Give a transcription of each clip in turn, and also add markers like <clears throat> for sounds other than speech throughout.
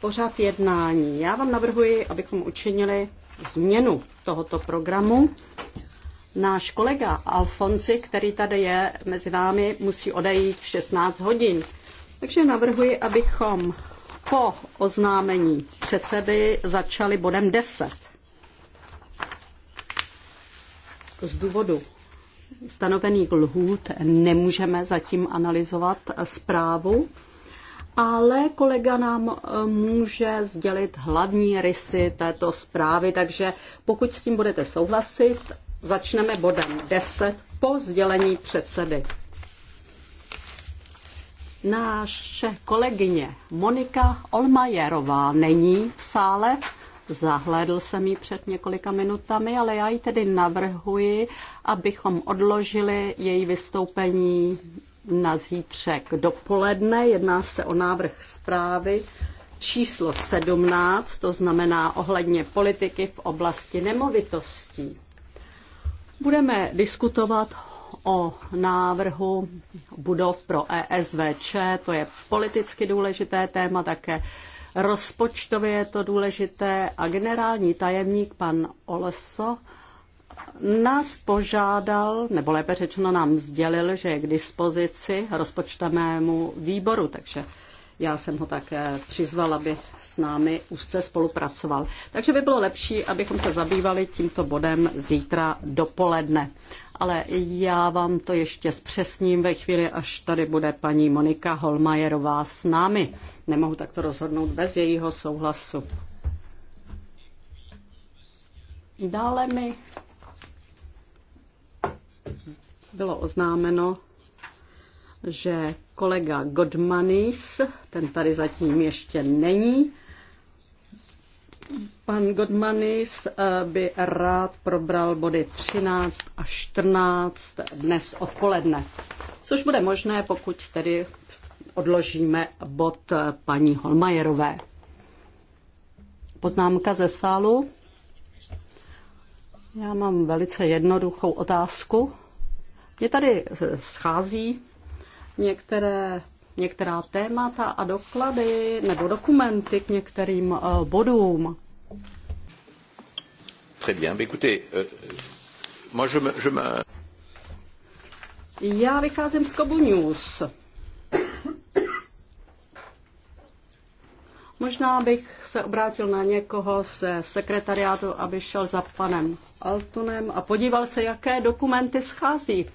pořad jednání. Já vám navrhuji, abychom učinili změnu tohoto programu. Náš kolega Alfonsi, který tady je mezi námi, musí odejít v 16 hodin. Takže navrhuji, abychom po oznámení předsedy začali bodem 10. Z důvodu stanovených lhůt nemůžeme zatím analyzovat zprávu ale kolega nám eh, může sdělit hlavní rysy této zprávy, takže pokud s tím budete souhlasit, začneme bodem 10 po sdělení předsedy. Naše kolegyně Monika Olmajerová není v sále, Zahlédl jsem ji před několika minutami, ale já ji tedy navrhuji, abychom odložili její vystoupení na zítřek dopoledne. Jedná se o návrh zprávy číslo 17, to znamená ohledně politiky v oblasti nemovitostí. Budeme diskutovat o návrhu budov pro ESVČ, to je politicky důležité téma také. Rozpočtově je to důležité a generální tajemník pan Oleso nás požádal, nebo lépe řečeno nám sdělil, že je k dispozici rozpočtovému výboru, takže já jsem ho také přizval, aby s námi úzce spolupracoval. Takže by bylo lepší, abychom se zabývali tímto bodem zítra dopoledne. Ale já vám to ještě zpřesním ve chvíli, až tady bude paní Monika Holmajerová s námi. Nemohu takto rozhodnout bez jejího souhlasu. Dále mi bylo oznámeno, že kolega Godmanis, ten tady zatím ještě není, pan Godmanis eh, by rád probral body 13 a 14 dnes odpoledne, což bude možné, pokud tedy odložíme bod paní Holmajerové. Poznámka ze sálu. Já mám velice jednoduchou otázku. Mě tady eh, schází některé, některá témata a doklady nebo dokumenty k některým uh, bodům. Très bien. Écoutez, euh, moi je me, je me... Já vycházím z Kobu News. Možná bych se obrátil na někoho ze sekretariátu, aby šel za panem Altunem a podíval se, jaké dokumenty schází,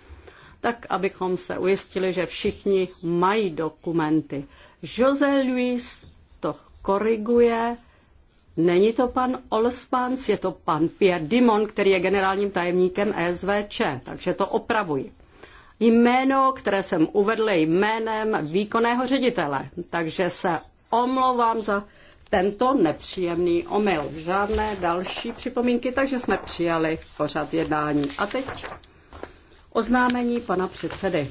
tak abychom se ujistili, že všichni mají dokumenty. José Luis to koriguje. Není to pan Olspans, je to pan Pierre Dimon, který je generálním tajemníkem SVČ, takže to opravuji. Jméno, které jsem uvedl jménem výkonného ředitele, takže se omlouvám za tento nepříjemný omyl. Žádné další připomínky, takže jsme přijali pořad jednání. A teď oznámení pana předsedy.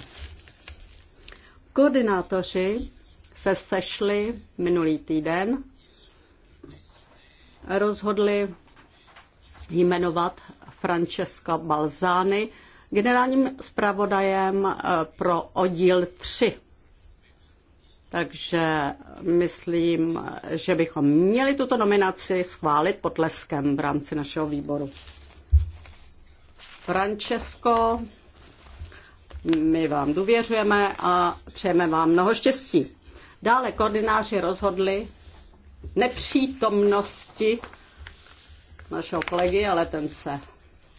Koordinátoři se sešli minulý týden, rozhodli jmenovat Francesco Balzány generálním zpravodajem eh, pro oddíl 3 takže myslím, že bychom měli tuto nominaci schválit potleskem v rámci našeho výboru. Francesco, my vám důvěřujeme a přejeme vám mnoho štěstí. Dále koordináři rozhodli nepřítomnosti našeho kolegy, ale ten se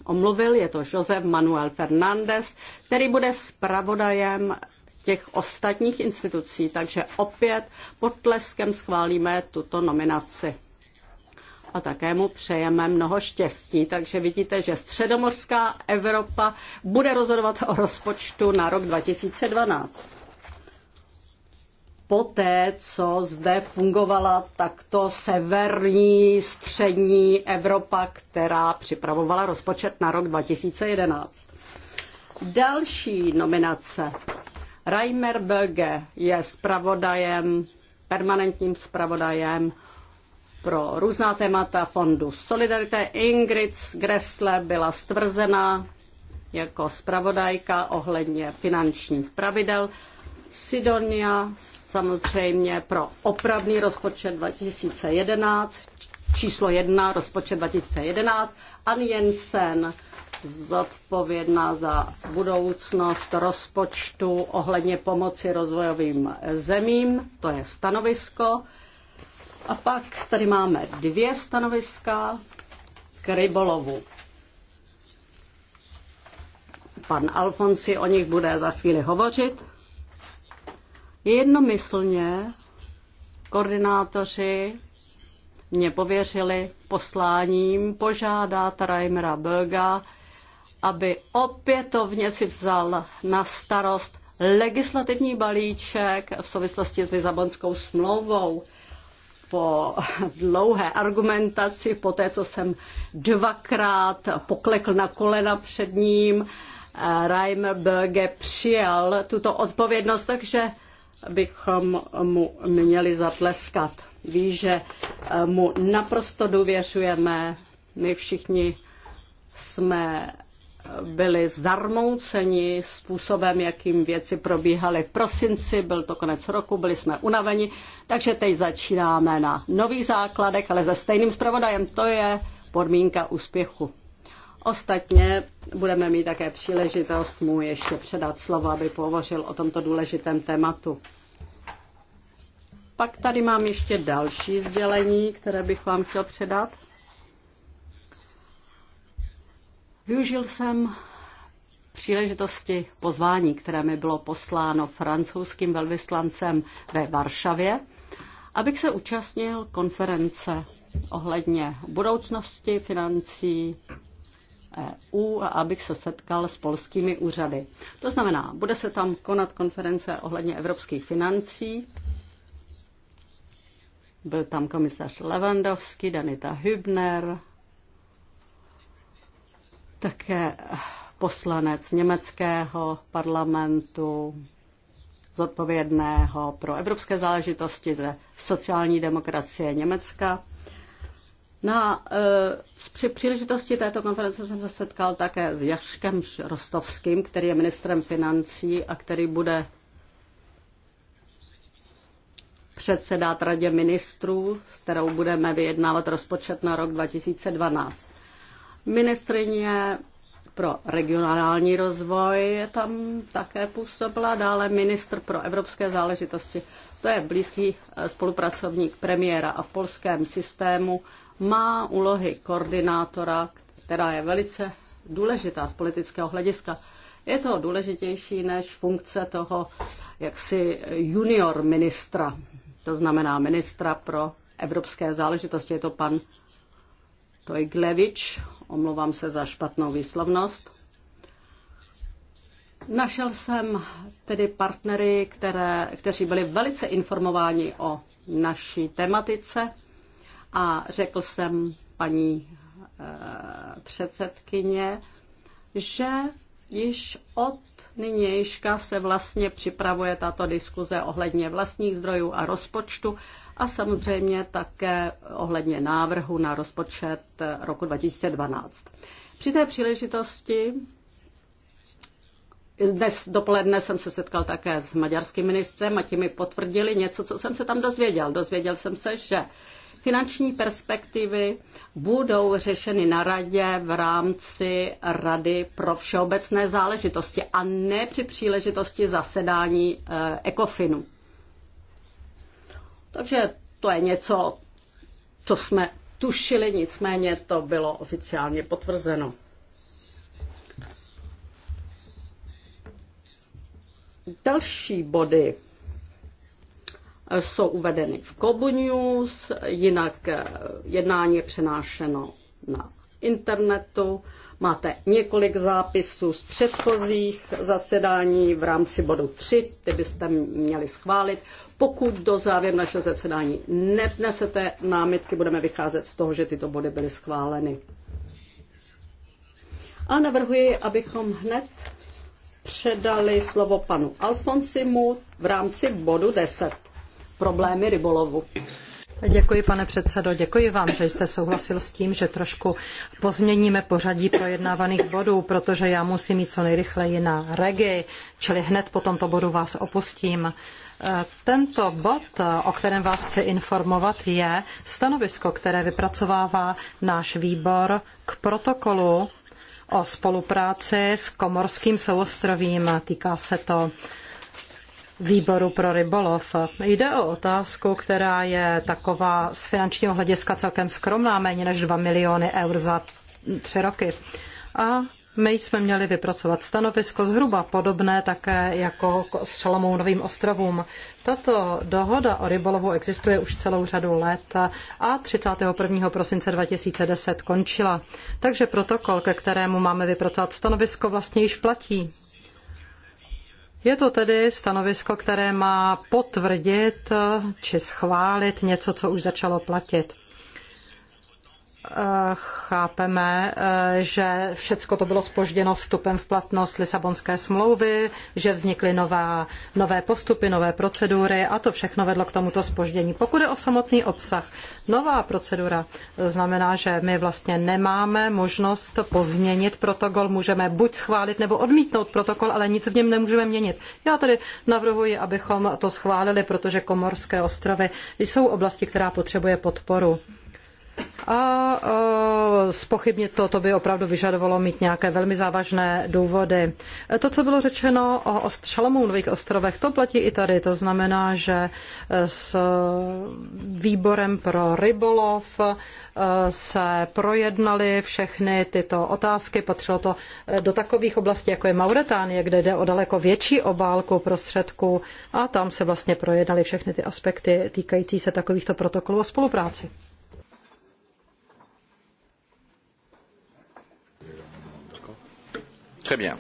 omluvil, je to Josef Manuel Fernández, který bude zpravodajem těch ostatních institucí, takže opět pod tleskem schválíme tuto nominaci. A také mu přejeme mnoho štěstí, takže vidíte, že středomorská Evropa bude rozhodovat o rozpočtu na rok 2012. Poté, co zde fungovala takto severní, střední Evropa, která připravovala rozpočet na rok 2011. Další nominace Reimer Böge je spravodajem, permanentním spravodajem pro různá témata fondu Solidarité. Ingrid Gressle byla stvrzena jako spravodajka ohledně finančních pravidel. Sidonia samozřejmě pro opravný rozpočet 2011, číslo 1 rozpočet 2011. Ann Jensen zodpovědná za budoucnost rozpočtu ohledně pomoci rozvojovým zemím, to je stanovisko. A pak tady máme dvě stanoviska k rybolovu. Pan Alfonsi o nich bude za chvíli hovořit. Jednomyslně koordinátoři mě pověřili posláním požádat Reimera Böga, aby opětovně si vzal na starost legislativní balíček v souvislosti s Lizabonskou smlouvou. Po dlouhé argumentaci, po té, co jsem dvakrát poklekl na kolena před ním, Reimer Böge přijal tuto odpovědnost, takže bychom mu měli zatleskat. Ví, že mu naprosto důvěřujeme. My všichni jsme byli zarmouceni způsobem, jakým věci probíhaly v prosinci, byl to konec roku, byli jsme unaveni, takže teď začínáme na nových základech, ale se stejným zpravodajem to je podmínka úspěchu. Ostatně budeme mít také příležitost mu ještě předat slovo, aby pohovořil o tomto důležitém tématu. Pak tady mám ještě další sdělení, které bych vám chtěl předat. Využil jsem příležitosti pozvání, které mi bylo posláno francouzským velvyslancem ve Varšavě, abych se účastnil konference ohledně budoucnosti financí EU a abych se setkal s polskými úřady. To znamená, bude se tam konat konference ohledně evropských financí. Byl tam komisař Lewandowski, Danita Hübner, také poslanec německého parlamentu, zodpovědného pro evropské záležitosti ze sociální demokracie Německa. Na, e, při příležitosti této konference jsem se setkal také s Jaškem Rostovským, který je ministrem financí a který bude předsedat radě ministrů, s kterou budeme vyjednávat rozpočet na rok 2012 ministrině pro regionální rozvoj tam také působila, dále ministr pro evropské záležitosti. To je blízký eh, spolupracovník premiéra a v polském systému má úlohy koordinátora, která je velice důležitá z politického hlediska. Je to důležitější než funkce toho jaksi junior ministra, to znamená ministra pro evropské záležitosti. Je to pan Tojglevič, omlouvám se za špatnou výslovnost. Našel jsem tedy partnery, které, kteří byli velice informováni o naší tematice a řekl jsem paní e, předsedkyně, že již od nynějška se vlastně připravuje tato diskuze ohledně vlastních zdrojů a rozpočtu a samozřejmě také ohledně návrhu na rozpočet roku 2012. Při té příležitosti dnes dopoledne jsem se setkal také s maďarským ministrem a ti mi potvrdili něco, co jsem se tam dozvěděl. Dozvěděl jsem se, že Finanční perspektivy budou řešeny na radě v rámci Rady pro všeobecné záležitosti a ne při příležitosti zasedání eh, ECOFINu. Takže to je něco, co jsme tušili, nicméně to bylo oficiálně potvrzeno. Další body jsou uvedeny v Kobu News, jinak eh, jednání je přenášeno na internetu. Máte několik zápisů z předchozích zasedání v rámci bodu 3, ty byste měli schválit. Pokud do závěru našeho zasedání nevznesete námitky, budeme vycházet z toho, že tyto body byly schváleny. A navrhuji, abychom hned předali slovo panu Alfonsimu v rámci bodu 10 problémy rybolovu. Děkuji, pane předsedo. Děkuji vám, že jste souhlasil s tím, že trošku pozměníme pořadí projednávaných bodů, protože já musím mít co nejrychleji na regi, čili hned po tomto bodu vás opustím. E, tento bod, e, o kterém vás chci informovat, je stanovisko, které vypracovává náš výbor k protokolu o spolupráci s Komorským souostrovím. Týká se to výboru pro rybolov. Jde o otázku, která je taková z finančního hlediska celkem skromná, méně než 2 miliony eur za tři roky. A my jsme měli vypracovat stanovisko zhruba podobné také jako s Šalamounovým ostrovům. Tato dohoda o rybolovu existuje už celou řadu let a 31. prosince 2010 končila. Takže protokol, ke kterému máme vypracovat stanovisko, vlastně již platí. Je to tedy stanovisko, které má potvrdit či schválit něco, co už začalo platit chápeme, eh, že všecko to bylo spožděno vstupem v platnost Lisabonské smlouvy, že vznikly nová, nové postupy, nové procedury a to všechno vedlo k tomuto spoždění. Pokud je o samotný obsah, nová procedura znamená, že my vlastně nemáme možnost pozměnit protokol, můžeme buď schválit nebo odmítnout protokol, ale nic v něm nemůžeme měnit. Já tedy navrhuji, abychom to schválili, protože Komorské ostrovy jsou oblasti, která potřebuje podporu a e, spochybnit to, to by opravdu vyžadovalo mít nějaké velmi závažné důvody. E, to, co bylo řečeno o Šalomounových ostrovech, to platí i tady. To znamená, že e, s výborem pro rybolov se projednaly všechny tyto otázky. Patřilo to do takových oblastí, jako je Mauretánie, kde jde o daleko větší obálku prostředků a tam se vlastně projednaly všechny ty aspekty týkající se takovýchto protokolů o spolupráci. Très bien.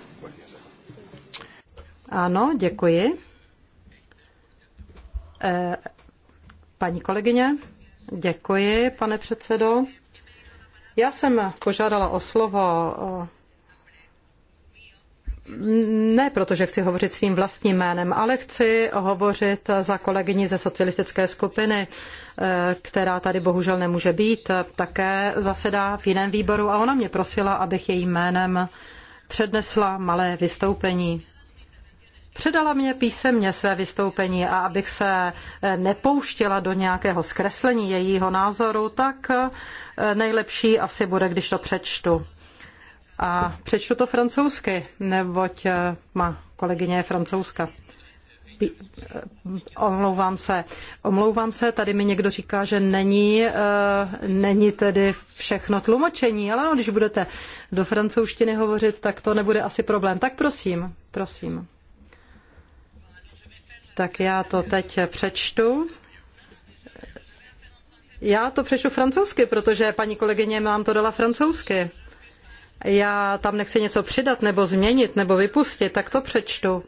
Ano, děkuji. Eh, paní kolegyně, děkuji, pane předsedo. Já jsem požádala o slovo eh, ne proto, že chci hovořit svým vlastním jménem, ale chci hovořit za kolegyni ze socialistické skupiny, eh, která tady bohužel nemůže být, také zasedá v jiném výboru a ona mě prosila, abych jejím jménem přednesla malé vystoupení. Předala mě písemně své vystoupení a abych se eh, nepouštěla do nějakého zkreslení jejího názoru, tak eh, nejlepší asi bude, když to přečtu. A přečtu to francouzsky, neboť eh, má kolegyně je francouzska. Omlouvám se. Omlouvám se, tady mi někdo říká, že není, eh, není tedy všechno tlumočení, ale no, když budete do francouzštiny hovořit, tak to nebude asi problém. Tak prosím, prosím. Tak já to teď přečtu. Já to přečtu francouzsky, protože paní kolegyně mám to dala francouzsky. Já tam nechci něco přidat nebo změnit nebo vypustit, tak to přečtu.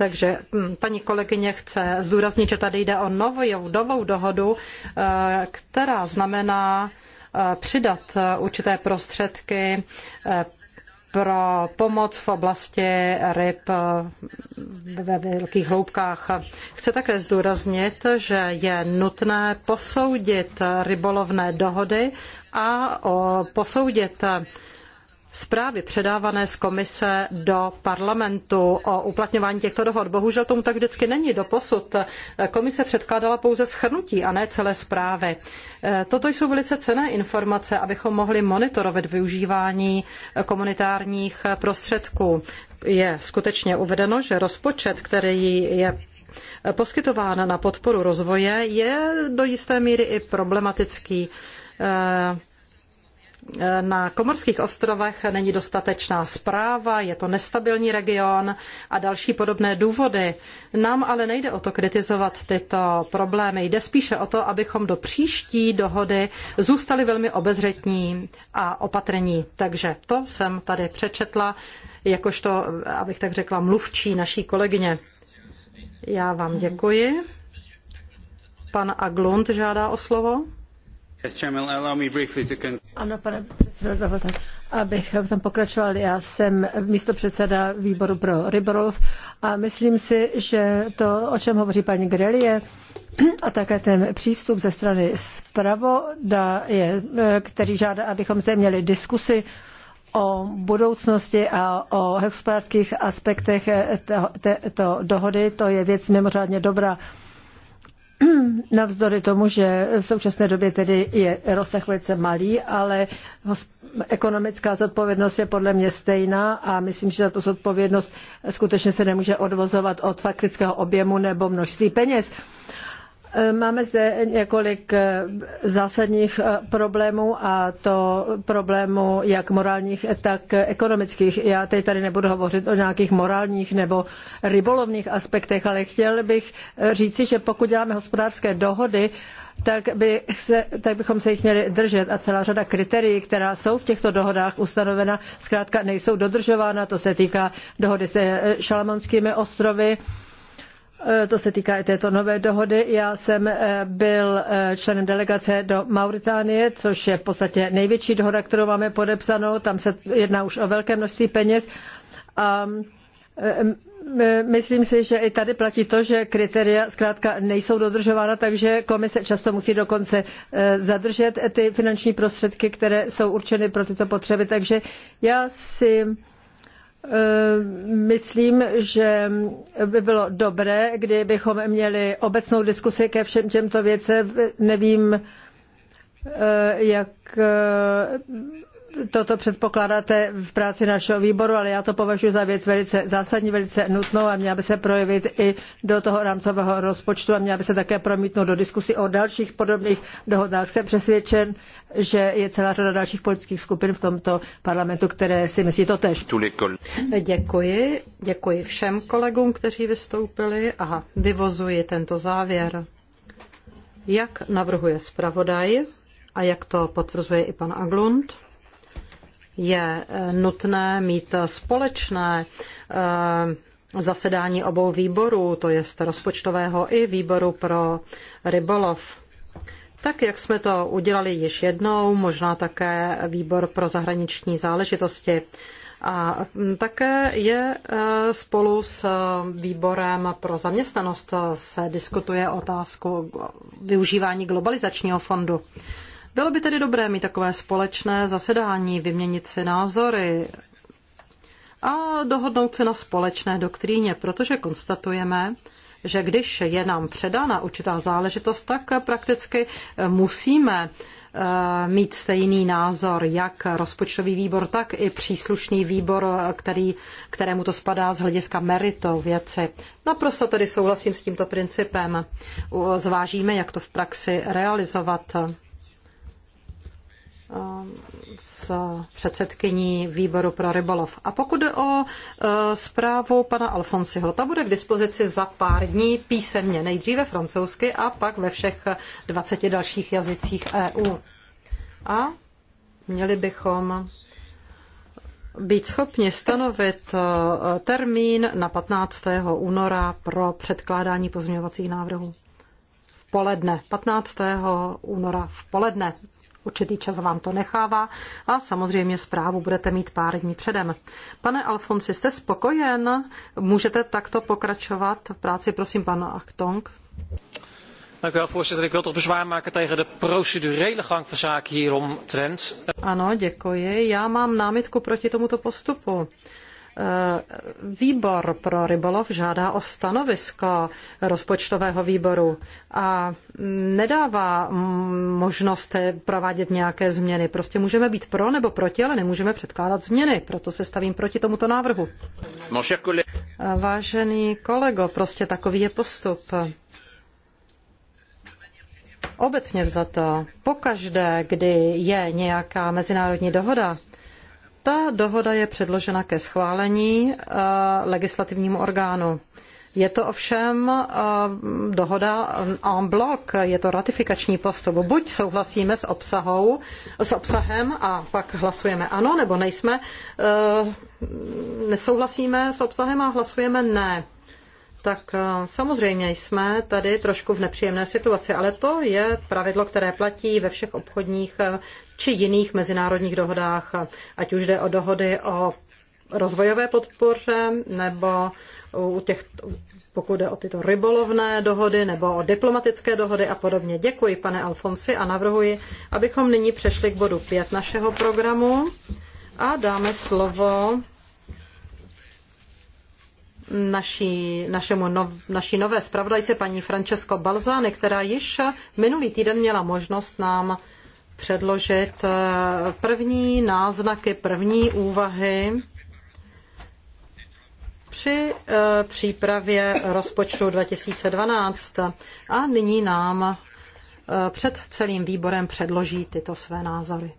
Takže hm, paní kolegyně chce zdůraznit, že tady jde o novou, novou dohodu, eh, která znamená eh, přidat eh, určité prostředky pro pomoc v oblasti ryb ve velkých hloubkách. Chci také zdůraznit, že je nutné posoudit rybolovné dohody a posoudit zprávy předávané z komise do parlamentu o uplatňování těchto dohod. Bohužel tomu tak vždycky není. Doposud komise předkládala pouze schrnutí a ne celé zprávy. Toto jsou velice cenné informace, abychom mohli monitorovat využívání komunitárních prostředků. Je skutečně uvedeno, že rozpočet, který je poskytován na podporu rozvoje, je do jisté míry i problematický na Komorských ostrovech není dostatečná správa, je to nestabilní region a další podobné důvody. Nám ale nejde o to kritizovat tyto problémy, jde spíše o to, abychom do příští dohody zůstali velmi obezřetní a opatrní. Takže to jsem tady přečetla, jakožto, abych tak řekla, mluvčí naší kolegyně. Já vám děkuji. Pan Aglund žádá o slovo. Ano, pane předsedo, dovolte, abych tom pokračoval. Já jsem místo předseda výboru pro rybolov a myslím si, že to, o čem hovoří paní Grelie, a také ten přístup ze strany zpravodaje, který žádá, abychom zde měli diskusy o budoucnosti a o hospodářských aspektech této dohody. To je věc mimořádně dobrá. <clears throat> Navzdory tomu, že v současné době tedy je rozsah velice malý, ale ekonomická zodpovědnost je podle mě stejná a myslím, že tato zodpovědnost skutečně se nemůže odvozovat od faktického objemu nebo množství peněz. Máme zde několik eh, zásadních eh, problémů a to problémů jak morálních, tak ekonomických. Já teď tady nebudu hovořit o nějakých morálních nebo rybolovných aspektech, ale chtěl bych eh, říci, že pokud děláme hospodářské dohody, tak, by se, tak bychom se jich měli držet. A celá řada kritérií, která jsou v těchto dohodách ustanovena, zkrátka nejsou dodržována. To se týká dohody se Šalamonskými ostrovy, Eh, to se týká i této nové dohody. Já jsem eh, byl eh, členem delegace do Mauritánie, což je v podstatě největší dohoda, kterou máme podepsanou. Tam se jedná už o velké množství peněz. A myslím si, že i tady platí to, že kritéria zkrátka nejsou dodržována, takže komise často musí dokonce zadržet ty finanční prostředky, které jsou určeny pro tyto potřeby. Takže já si Eh, myslím, že by bylo dobré, kdybychom měli obecnou diskusi ke všem těmto věcem. Nevím, eh, jak eh, toto předpokládáte v práci našeho výboru, ale já to považuji za věc velice zásadní, velice nutnou a měla by se projevit i do toho rámcového rozpočtu a měla by se také promítnout do diskusy o dalších podobných dohodách. Jsem přesvědčen, že je celá řada dalších politických skupin v tomto parlamentu, které si myslí to tež. Děkuji, děkuji všem kolegům, kteří vystoupili a vyvozuji tento závěr. Jak navrhuje zpravodaj a jak to potvrzuje i pan Aglund, je eh, nutné mít společné eh, zasedání obou výborů, to je rozpočtového i výboru pro rybolov. Tak, jak jsme to udělali již jednou, možná také výbor pro zahraniční záležitosti. A mm, také je eh, spolu s výborem pro zaměstnanost se diskutuje otázku využívání globalizačního fondu. Bylo by tedy dobré mít takové společné zasedání, vyměnit si názory a dohodnout se na společné doktríně, protože konstatujeme, že když je nám předána určitá záležitost, tak prakticky eh, musíme eh, mít stejný názor, jak rozpočtový výbor, tak i příslušný výbor, eh, který, kterému to spadá z hlediska merito věci. Naprosto tedy souhlasím s tímto principem. Zvážíme, jak to v praxi realizovat s předsedkyní výboru pro rybolov. A pokud jde o e, zprávu pana Alfonsiho, ta bude k dispozici za pár dní písemně, nejdříve francouzsky a pak ve všech 20 dalších jazycích EU. A měli bychom být schopni stanovit e, termín na 15. února pro předkládání pozměňovacích návrhů. V poledne, 15. února v poledne Určitý čas vám to nechává a samozřejmě zprávu budete mít pár dní předem. Pane Alfonsi, jste spokojen? Můžete takto pokračovat v práci? Prosím, pana Achtong. Dank u wel, voorzitter. Ik wil toch bezwaar maken tegen de procedurele gang van zaken hieromtrent. Ano, děkuji. Já mám námitku proti tomuto postupu. Výbor pro rybolov žádá o stanovisko rozpočtového výboru a nedává možnost provádět nějaké změny. Prostě můžeme být pro nebo proti, ale nemůžeme předkládat změny. Proto se stavím proti tomuto návrhu. Vážený kolego, prostě takový je postup. Obecně za to. pokaždé, kdy je nějaká mezinárodní dohoda, ta dohoda je předložena ke schválení eh, legislativnímu orgánu. Je to ovšem eh, dohoda en bloc, je to ratifikační postup. Buď souhlasíme s, obsahou, s obsahem a pak hlasujeme ano, nebo nejsme, eh, nesouhlasíme s obsahem a hlasujeme ne. Tak samozřejmě jsme tady trošku v nepříjemné situaci, ale to je pravidlo, které platí ve všech obchodních či jiných mezinárodních dohodách, ať už jde o dohody o rozvojové podpoře nebo u těch, pokud jde o tyto rybolovné dohody nebo o diplomatické dohody a podobně. Děkuji, pane Alfonsi, a navrhuji, abychom nyní přešli k bodu 5 našeho programu a dáme slovo naší, našemu nov, naší nové zpravodajce paní Francesco Balzány, která již minulý týden měla možnost nám předložit eh, první náznaky, první úvahy při eh, přípravě rozpočtu 2012 a nyní nám eh, před celým výborem předloží tyto své názory.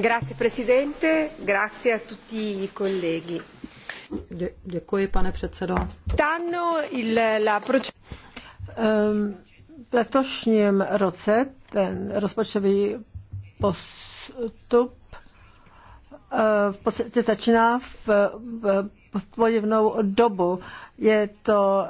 Grazie presidente, grazie a tutti i colleghi. Dě, děkuji, pane předsedo. Tanno il, la proce- um, v letošním roce ten rozpočtový postup eh, v podstatě začíná v, v podivnou dobu. Je to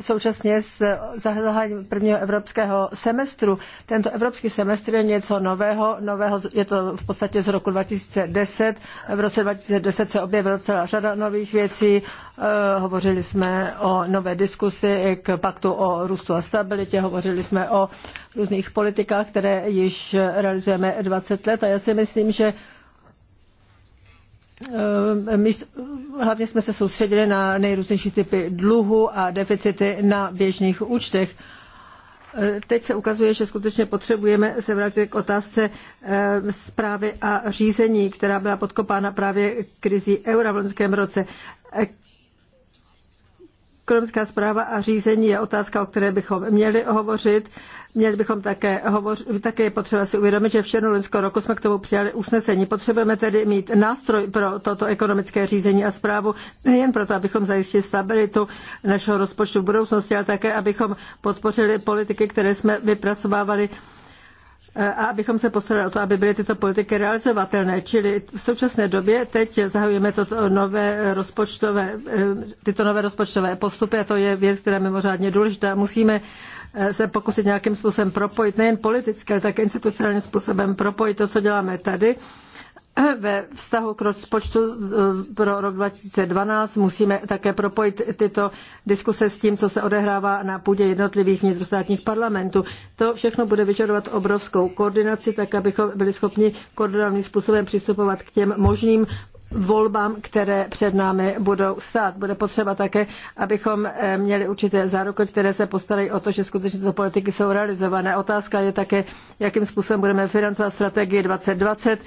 současně s zahájením prvního evropského semestru. Tento evropský semestr je něco nového, nového je to v podstatě z roku 2010. V roce 2010 se objevila celá řada nových věcí. E, hovořili jsme o nové diskusi k paktu o růstu a stabilitě, hovořili jsme o různých politikách, které již realizujeme 20 let a já si myslím, že Eh, my hlavně jsme se soustředili na nejrůznější typy dluhu a deficity na běžných účtech. Eh, teď se ukazuje, že skutečně potřebujeme se vrátit k otázce eh, zprávy a řízení, která byla podkopána právě krizí eura v loňském roce. Ekonomická zpráva a řízení je otázka, o které bychom měli hovořit. Měli bychom také hovořit, také je potřeba si uvědomit, že v černu loňského roku jsme k tomu přijali usnesení. Potřebujeme tedy mít nástroj pro toto ekonomické řízení a zprávu, nejen proto, abychom zajistili stabilitu našeho rozpočtu v budoucnosti, ale také, abychom podpořili politiky, které jsme vypracovávali E, a abychom se postarali o to, aby byly tyto politiky realizovatelné. Čili v současné době teď zahajujeme toto nové rozpočtové, e, tyto nové rozpočtové postupy a to je věc, která je mimořádně důležitá. Musíme e, se pokusit nějakým způsobem propojit, nejen politicky, ale také institucionálním způsobem propojit to, co děláme tady ve vztahu k rozpočtu eh, pro rok 2012 musíme také propojit tyto diskuse s tím, co se odehrává na půdě jednotlivých vnitrostátních parlamentů. To všechno bude vyžadovat obrovskou koordinaci, tak abychom byli schopni koordinovaným způsobem přistupovat k těm možným volbám, které před námi budou stát. Bude potřeba také, abychom eh, měli určité záruky, které se postarají o to, že skutečně tyto politiky jsou realizované. Otázka je také, jakým způsobem budeme financovat strategii 2020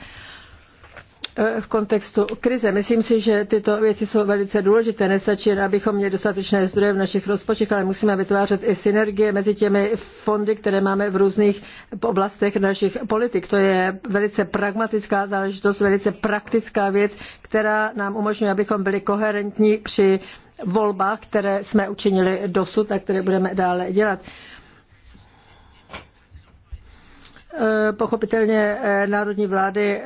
Eh, v kontextu krize. Myslím si, že tyto věci jsou velice důležité. Nestačí abychom měli dostatečné zdroje v našich rozpočtech, ale musíme vytvářet i synergie mezi těmi fondy, které máme v různých oblastech našich politik. To je velice pragmatická záležitost, velice praktická věc, která nám umožňuje, abychom byli koherentní při volbách, které jsme učinili dosud a které budeme dále dělat. Eh, pochopitelně eh, národní vlády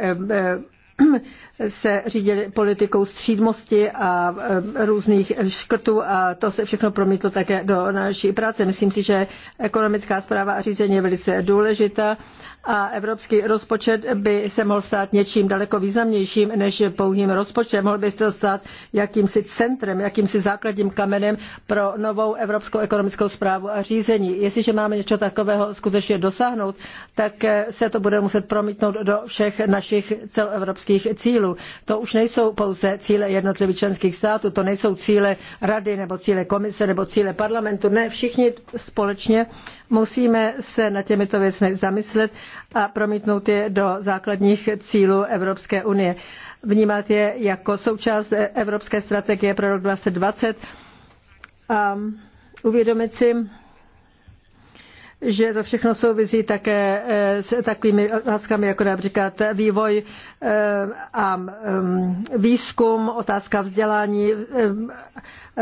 <clears throat> se řídili politikou střídmosti a e, různých škrtů a to se všechno promítlo také do naší práce. Myslím si, že ekonomická zpráva a řízení je velice důležitá a evropský rozpočet by se mohl stát něčím daleko významnějším než pouhým rozpočtem. Mohl by se to stát jakýmsi centrem, jakýmsi základním kamenem pro novou evropskou ekonomickou zprávu a řízení. Jestliže máme něco takového skutečně dosáhnout, tak se to bude muset promítnout do všech našich celoevropských cílů. To už nejsou pouze cíle jednotlivých členských států, to nejsou cíle rady nebo cíle komise nebo cíle parlamentu. Ne, všichni společně Musíme se na těmito věcmi zamyslet a promítnout je do základních cílů Evropské unie. Vnímat je jako součást Evropské strategie pro rok 2020 a uvědomit si, že to všechno souvisí také s takovými otázkami, jako například vývoj a um, výzkum, otázka vzdělání, um,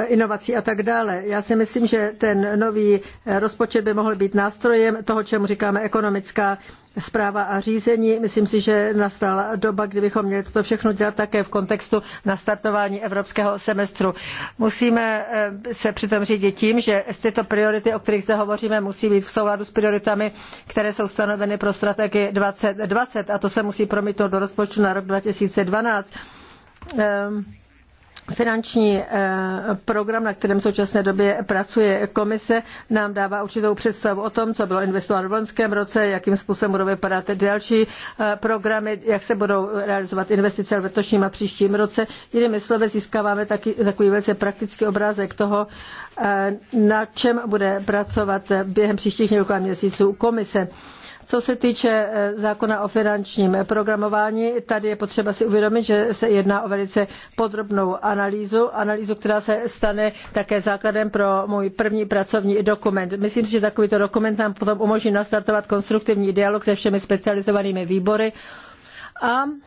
inovací a tak dále. Já si myslím, že ten nový rozpočet by mohl být nástrojem toho, čemu říkáme ekonomická zpráva a řízení. Myslím si, že nastala doba, kdy bychom měli toto všechno dělat také v kontextu nastartování evropského semestru. Musíme eh, se přitom řídit tím, že tyto priority, o kterých se hovoříme, musí být v souladu s prioritami, které jsou stanoveny pro strategii 2020 a to se musí promítnout do rozpočtu rozpočtu na rok 2012 ehm, finanční eh, program, na kterém v současné době pracuje komise, nám dává určitou představu o tom, co bylo investováno v loňském roce, jakým způsobem budou vypadat další eh, programy, jak se budou realizovat investice v letošním a příštím roce. Jinými slovy, získáváme taky, takový velice praktický obrázek toho, eh, na čem bude pracovat během příštích několika měsíců komise. Co se týče eh, zákona o finančním programování, tady je potřeba si uvědomit, že se jedná o velice podrobnou analýzu, analýzu, která se stane také základem pro můj první pracovní dokument. Myslím si, že takovýto dokument nám potom umožní nastartovat konstruktivní dialog se všemi specializovanými výbory a um,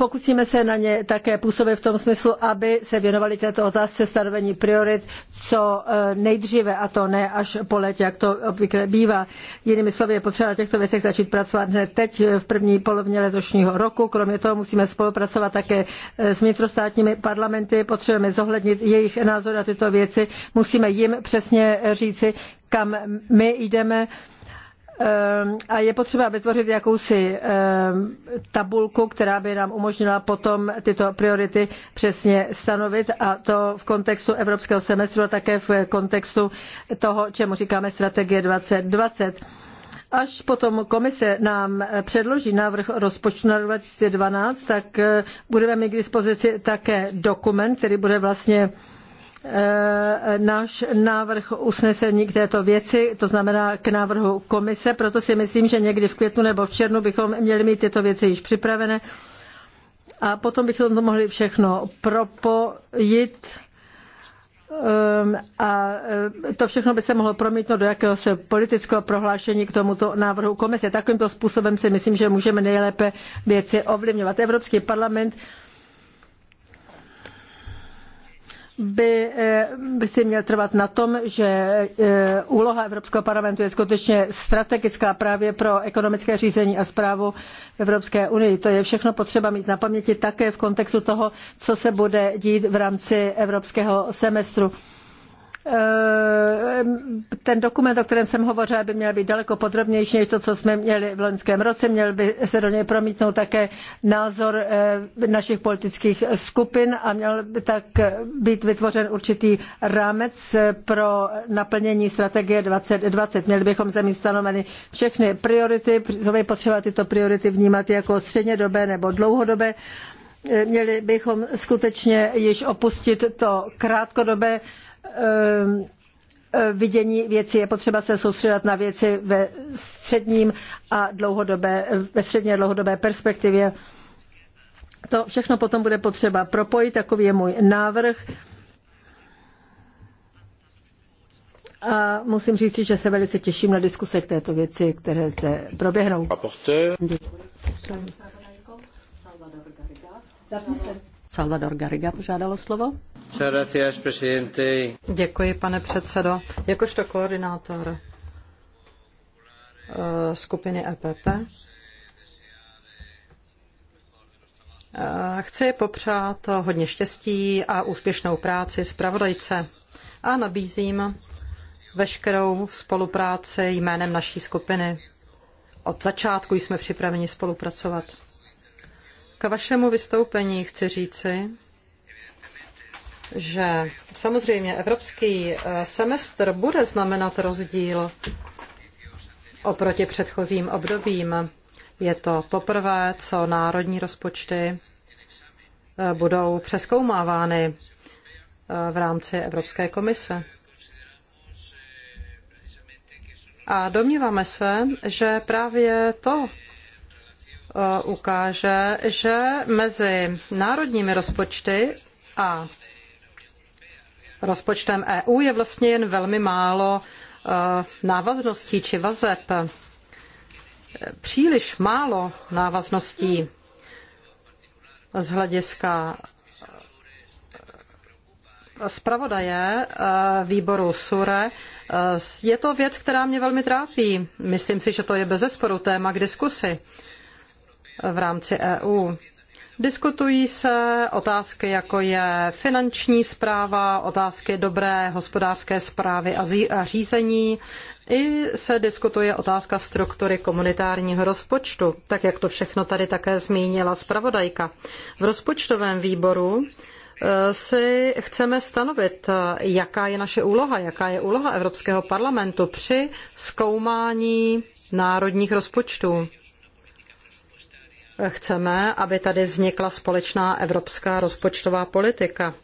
Pokusíme se na ně také působit v tom smyslu, aby se věnovali této otázce stanovení priorit co e, nejdříve a to ne až po létě, jak to obvykle bývá. Jinými slovy je potřeba na těchto věcech začít pracovat hned teď e, v první polovině letošního roku. Kromě toho musíme spolupracovat také e, s vnitrostátními parlamenty, potřebujeme zohlednit jejich názor na tyto věci, musíme jim přesně říci, kam my jdeme Ehm, a je potřeba vytvořit jakousi ehm, tabulku, která by nám umožnila potom tyto priority přesně stanovit a to v kontextu evropského semestru a také v kontextu toho, čemu říkáme strategie 2020. Až potom komise nám předloží návrh rozpočtu na 2012, tak eh, budeme mít k dispozici také dokument, který bude vlastně Eh, náš návrh usnesení k této věci, to znamená k návrhu komise, proto si myslím, že někdy v květnu nebo v červnu bychom měli mít tyto věci již připravené a potom bychom to mohli všechno propojit eh, a eh, to všechno by se mohlo promítnout do jakéhosi politického prohlášení k tomuto návrhu komise. Takovýmto způsobem si myslím, že můžeme nejlépe věci ovlivňovat. Evropský parlament by, eh, by si měl trvat na tom, že eh, úloha Evropského parlamentu je skutečně strategická právě pro ekonomické řízení a zprávu v Evropské unii. To je všechno potřeba mít na paměti také v kontextu toho, co se bude dít v rámci evropského semestru. Eh, ten dokument, o kterém jsem hovořila, by měl být daleko podrobnější než to, co jsme měli v loňském roce. Měl by se do něj promítnout také názor eh, našich politických skupin a měl by tak být vytvořen určitý rámec eh, pro naplnění strategie 2020. Měli bychom zde mít stanoveny všechny priority, to by potřeba tyto priority vnímat jako střednědobé nebo dlouhodobé měli bychom skutečně již opustit to krátkodobé vidění věcí je potřeba se soustředit na věci ve středním a dlouhodobé, ve středně dlouhodobé perspektivě. To všechno potom bude potřeba propojit, takový je můj návrh. A musím říct, že se velice těším na diskuse k této věci, které zde proběhnou. Děkuji. Salvador Garriga požádalo slovo. Děkuji, pane předsedo. Jakožto koordinátor eh, skupiny EPP eh, chci popřát hodně štěstí a úspěšnou práci zpravodajce a nabízím veškerou spolupráci jménem naší skupiny. Od začátku jsme připraveni spolupracovat. K vašemu vystoupení chci říci, že samozřejmě evropský eh, semestr bude znamenat rozdíl oproti předchozím obdobím. Je to poprvé, co národní rozpočty eh, budou přeskoumávány eh, v rámci Evropské komise. A domníváme se, že právě to Eh, ukáže, že mezi národními rozpočty a rozpočtem EU je vlastně jen velmi málo eh, návazností či vazeb. Příliš málo návazností z hlediska eh, zpravodaje výboru SURE. Je to věc, která mě velmi trápí. Myslím si, že to je bezesporu téma k diskusi v rámci EU. Diskutují se otázky, jako je finanční správa, otázky dobré hospodářské správy a řízení. I se diskutuje otázka struktury komunitárního rozpočtu, tak jak to všechno tady také zmínila zpravodajka. V rozpočtovém výboru eh, si chceme stanovit, eh, jaká je naše úloha, jaká je úloha Evropského parlamentu při zkoumání národních rozpočtů. Chceme, aby tady vznikla společná evropská rozpočtová politika.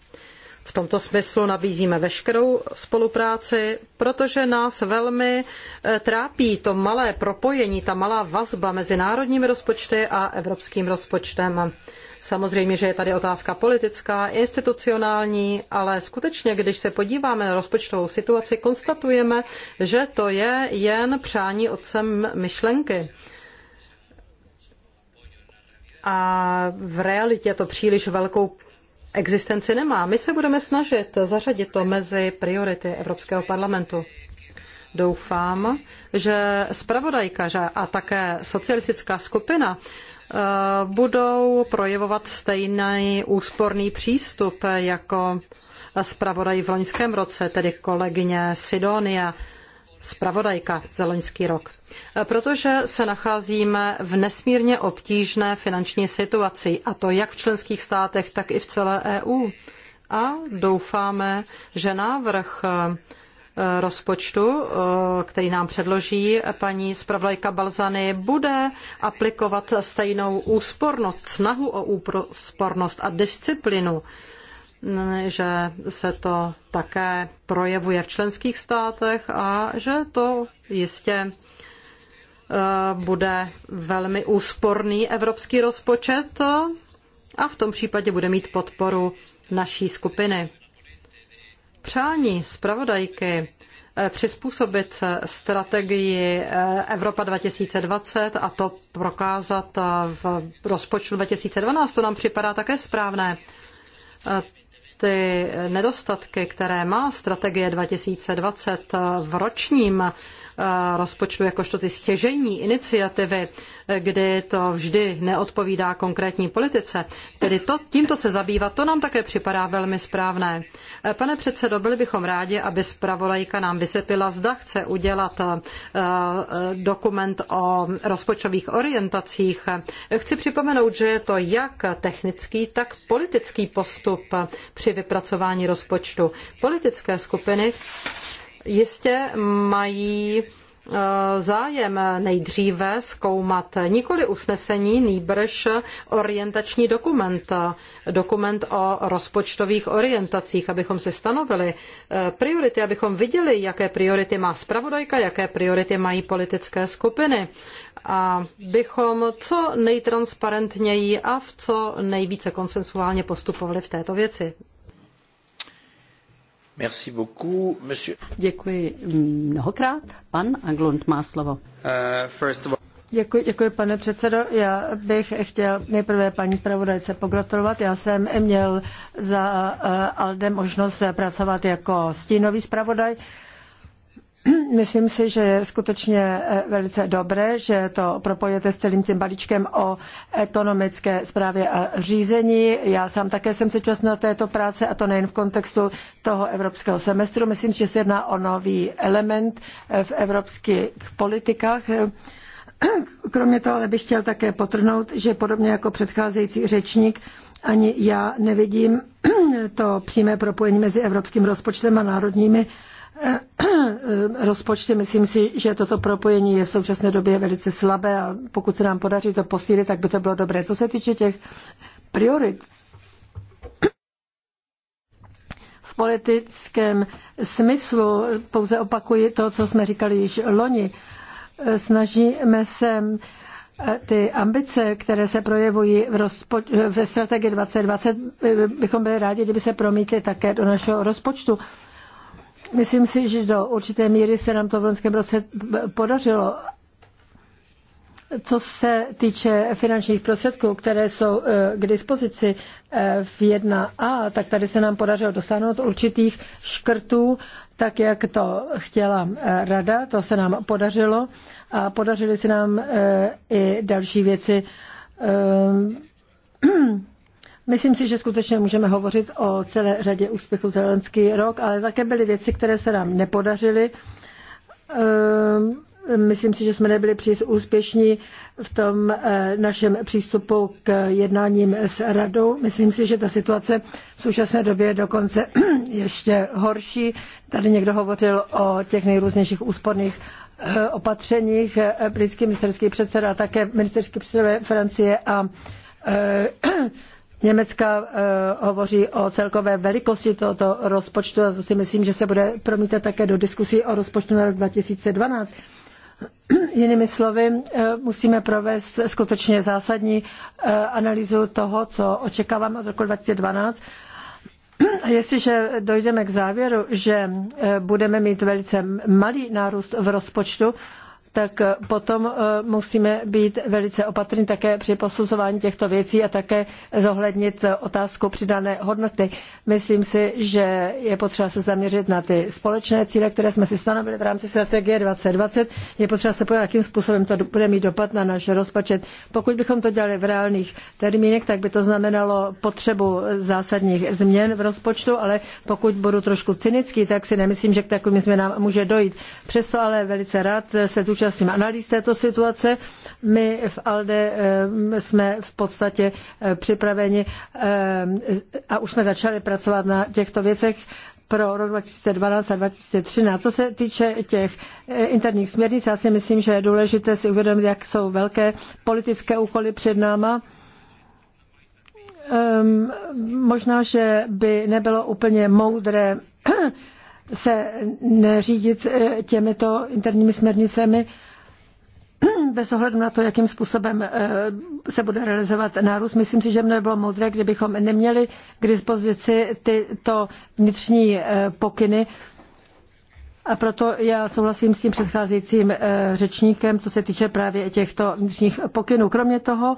V tomto smyslu nabízíme veškerou spolupráci, protože nás velmi eh, trápí to malé propojení, ta malá vazba mezi národními rozpočty a evropským rozpočtem. Samozřejmě, že je tady otázka politická, institucionální, ale skutečně, když se podíváme na rozpočtovou situaci, konstatujeme, že to je jen přání otcem myšlenky a v realitě to příliš velkou existenci nemá. My se budeme snažit zařadit to mezi priority Evropského parlamentu. Doufám, že zpravodajka a také socialistická skupina eh, budou projevovat stejný úsporný přístup jako zpravodaj v loňském roce, tedy kolegyně Sidonia zpravodajka za loňský rok. Protože se nacházíme v nesmírně obtížné finanční situaci, a to jak v členských státech, tak i v celé EU. A doufáme, že návrh eh, rozpočtu, eh, který nám předloží paní zpravodajka Balzany, bude aplikovat stejnou úspornost, snahu o úspornost a disciplinu že se to také projevuje v členských státech a že to jistě eh, bude velmi úsporný evropský rozpočet a v tom případě bude mít podporu naší skupiny. Přání zpravodajky eh, přizpůsobit strategii eh, Evropa 2020 a to prokázat v rozpočtu 2012, to nám připadá také správné ty nedostatky, které má strategie 2020 v ročním Eh, rozpočtu jakožto ty stěžení iniciativy, eh, kdy to vždy neodpovídá konkrétní politice, tedy to, tímto se zabývat, to nám také připadá velmi správné. Eh, pane předsedo, byli bychom rádi, aby zpravodajka nám vysvětlila, zda chce udělat dokument o rozpočtových orientacích. Chci připomenout, že je to jak technický, tak politický postup při vypracování rozpočtu. Politické skupiny jistě mají eh, zájem nejdříve zkoumat nikoli usnesení, nýbrž orientační dokument, dokument o rozpočtových orientacích, abychom si stanovili eh, priority, abychom viděli, jaké priority má zpravodajka, jaké priority mají politické skupiny a bychom co nejtransparentněji a v co nejvíce konsensuálně postupovali v této věci. Merci beaucoup, monsieur. Děkuji mnohokrát. Pan Anglund má slovo. Uh, first of all... Děkuji, děkuji, pane předsedo. Já bych chtěl nejprve paní zpravodajce pogratulovat. Já jsem měl za eh, ALDE možnost pracovat jako stínový zpravodaj. Uh, <clears throat> Myslím si, že je skutečně eh, velice dobré, že to propojete s celým tím balíčkem o ekonomické zprávě a řízení. Já sám také jsem se na této práce a to nejen v kontextu toho evropského semestru. Myslím, že se jedná o nový element eh, v evropských politikách. <clears throat> Kromě toho ale bych chtěl také potrhnout, že podobně jako předcházející řečník, ani já nevidím <clears throat> to přímé propojení mezi evropským rozpočtem a národními <clears throat> rozpočty. Myslím si, že toto propojení je v současné době velice slabé a pokud se nám podaří to posílit, tak by to bylo dobré. Co se týče těch priorit, v politickém smyslu pouze opakuji to, co jsme říkali již loni. Snažíme se eh, ty ambice, které se projevují v rozpoč- ve strategii 2020, eh, bychom byli rádi, kdyby se promítly také do našeho rozpočtu. Myslím si, že do určité míry se nám to v loňském roce podařilo. Co se týče finančních prostředků, které jsou eh, k dispozici eh, v 1A, tak tady se nám podařilo dosáhnout určitých škrtů, tak jak to chtěla eh, rada, to se nám podařilo a podařily se nám i další věci <clears throat> Myslím si, že skutečně můžeme hovořit o celé řadě úspěchů za loňský rok, ale také byly věci, které se nám nepodařily. Ehm, myslím si, že jsme nebyli příliš úspěšní v tom eh, našem přístupu k jednáním s radou. Myslím si, že ta situace v současné době je dokonce <clears throat> ještě horší. Tady někdo hovořil o těch nejrůznějších úsporných eh, opatřeních. Britský ministerský předseda a také ministerský předseda Francie a eh, <clears throat> Německa eh, hovoří o celkové velikosti tohoto rozpočtu a to si myslím, že se bude promítat také do diskusí o rozpočtu na rok 2012. <clears throat> Jinými slovy, eh, musíme provést skutečně zásadní eh, analýzu toho, co očekáváme od roku 2012. <clears throat> A jestliže dojdeme k závěru, že budeme mít velice malý nárůst v rozpočtu, tak eh, potom eh, musíme být velice opatrní také při posuzování těchto věcí a také zohlednit eh, otázku přidané hodnoty. Myslím si, že je potřeba se zaměřit na ty společné cíle, které jsme si stanovili v rámci strategie 2020. Je potřeba se podívat, jakým způsobem to bude mít dopad na náš rozpočet. Pokud bychom to dělali v reálných termínech, tak by to znamenalo potřebu zásadních změn v rozpočtu, ale pokud budu trošku cynický, tak si nemyslím, že k takovým změnám může dojít. Přesto ale velice rád se zúčastním současným. analýz této situace. My v ALDE eh, jsme v podstatě eh, připraveni eh, a už jsme začali pracovat na těchto věcech pro rok 2012 a 2013. Co se týče těch interních směrnic, já si myslím, že je důležité si uvědomit, jak jsou velké politické úkoly před náma. Um, možná, že by nebylo úplně moudré se neřídit eh, těmito interními směrnicemi <clears throat> bez ohledu na to, jakým způsobem eh, se bude realizovat nárůst. Myslím si, že by bylo moudré, kdybychom neměli k dispozici tyto vnitřní eh, pokyny. A proto já souhlasím s tím předcházejícím řečníkem, co se týče právě těchto vnitřních pokynů. Kromě toho,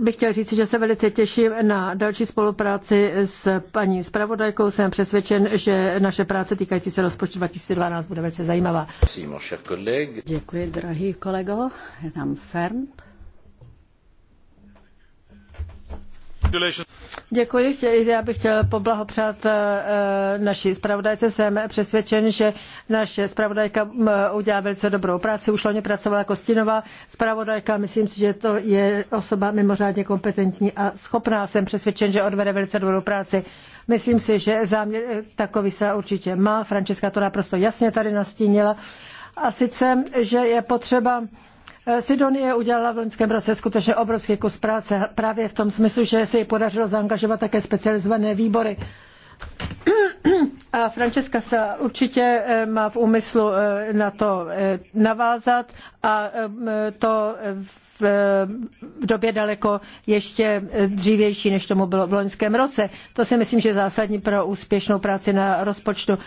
bych chtěl říct, že se velice těším na další spolupráci s paní zpravodajkou. Jsem přesvědčen, že naše práce týkající se rozpočtu 2012 bude velice zajímavá. Děkuji, drahý kolego. Nám Fern. Děkuji, já bych chtěl poblahopřát eh, eh, naší zpravodajce. Jsem přesvědčen, že naše zpravodajka udělá velice dobrou práci. Už loni pracovala jako stínová zpravodajka. Myslím si, že to je osoba mimořádně kompetentní a schopná. Jsem přesvědčen, že odvede velice dobrou práci. Myslím si, že záměr eh, takový se určitě má. Francesca to naprosto jasně tady nastínila. A sice, že je potřeba Eh, Sidonie udělala v loňském roce skutečně obrovský kus práce, právě v tom smyslu, že se jí podařilo zaangažovat také specializované výbory. A Francesca se určitě eh, má v úmyslu eh, na to navázat a to v době daleko ještě dřívější, než tomu bylo v loňském roce. To si myslím, že je zásadní pro úspěšnou práci na rozpočtu.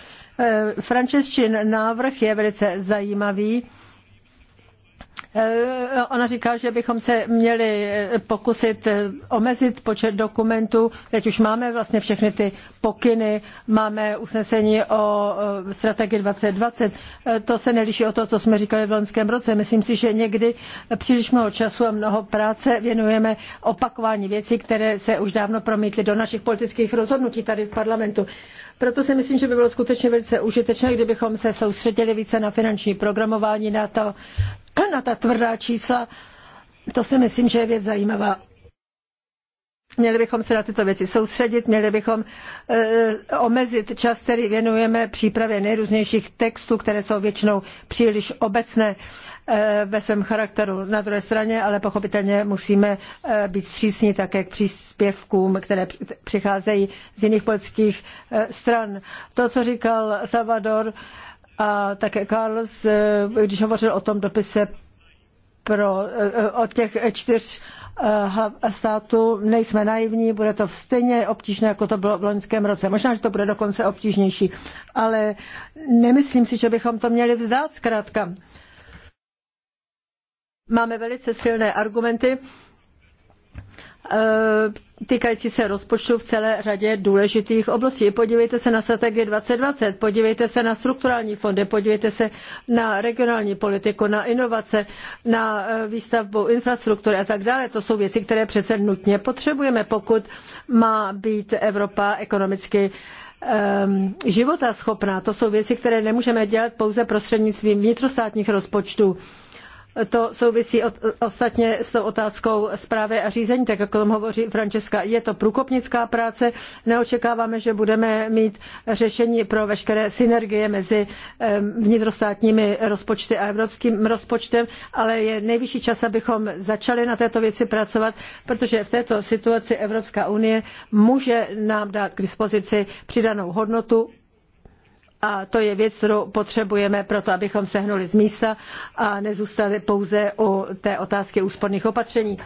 Francesčin návrh je velice zajímavý Eh, ona říká, že bychom se měli eh, pokusit eh, omezit počet dokumentů. Teď už máme vlastně všechny ty pokyny, máme usnesení o strategii 2020. To se neliší o to, co jsme říkali v loňském roce. Myslím si, že někdy příliš mnoho času a mnoho práce věnujeme opakování věcí, které se už dávno promítly do našich politických rozhodnutí tady v parlamentu. Proto si myslím, že by bylo skutečně velice užitečné, kdybychom se soustředili více na finanční programování, na to, na ta tvrdá čísla, to si myslím, že je věc zajímavá. Měli bychom se na tyto věci soustředit, měli bychom uh, omezit čas, který věnujeme přípravě nejrůznějších textů, které jsou většinou příliš obecné uh, ve svém charakteru. Na druhé straně, ale pochopitelně musíme uh, být střísní také k příspěvkům, které přicházejí z jiných politických uh, stran. To, co říkal Salvador, uh, a také Carlos, když hovořil o tom dopise pro, eh, o těch čtyř eh, hlav státu, nejsme naivní, bude to stejně obtížné, jako to bylo v loňském roce. Možná, že to bude dokonce obtížnější, ale nemyslím si, že bychom to měli vzdát zkrátka. Máme velice silné argumenty, Eh, týkající se rozpočtu v celé řadě důležitých oblastí. Podívejte se na strategii 2020, podívejte se na strukturální fondy, podívejte se na regionální politiku, na inovace, na eh, výstavbu infrastruktury a tak dále. To jsou věci, které přece nutně potřebujeme, pokud má být Evropa ekonomicky ehm, života schopná. To jsou věci, které nemůžeme dělat pouze prostřednictvím vnitrostátních rozpočtů. To souvisí od, ostatně s tou otázkou zprávy a řízení, tak jak o tom hovoří Francesca. Je to průkopnická práce. Neočekáváme, že budeme mít řešení pro veškeré synergie mezi vnitrostátními rozpočty a evropským rozpočtem, ale je nejvyšší čas, abychom začali na této věci pracovat, protože v této situaci Evropská unie může nám dát k dispozici přidanou hodnotu, a to je věc, kterou potřebujeme pro to, abychom sehnuli z místa a nezůstali pouze u té otázky úsporných opatření.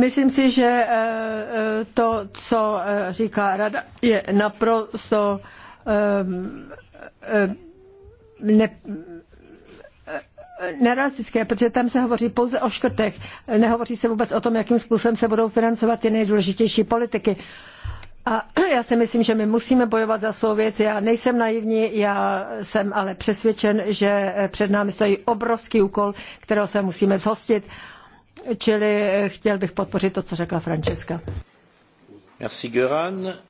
Myslím si, že eh, eh, to, co eh, říká rada, je naprosto ne, nerealistické, protože tam se hovoří pouze o škrtech, nehovoří se vůbec o tom, jakým způsobem se budou financovat ty nejdůležitější politiky. A <clears throat> já si myslím, že my musíme bojovat za svou věc. Já nejsem naivní, já jsem ale přesvědčen, že před námi stojí obrovský úkol, kterého se musíme zhostit. Čili eh, chtěl bych podpořit to, co řekla Francesca.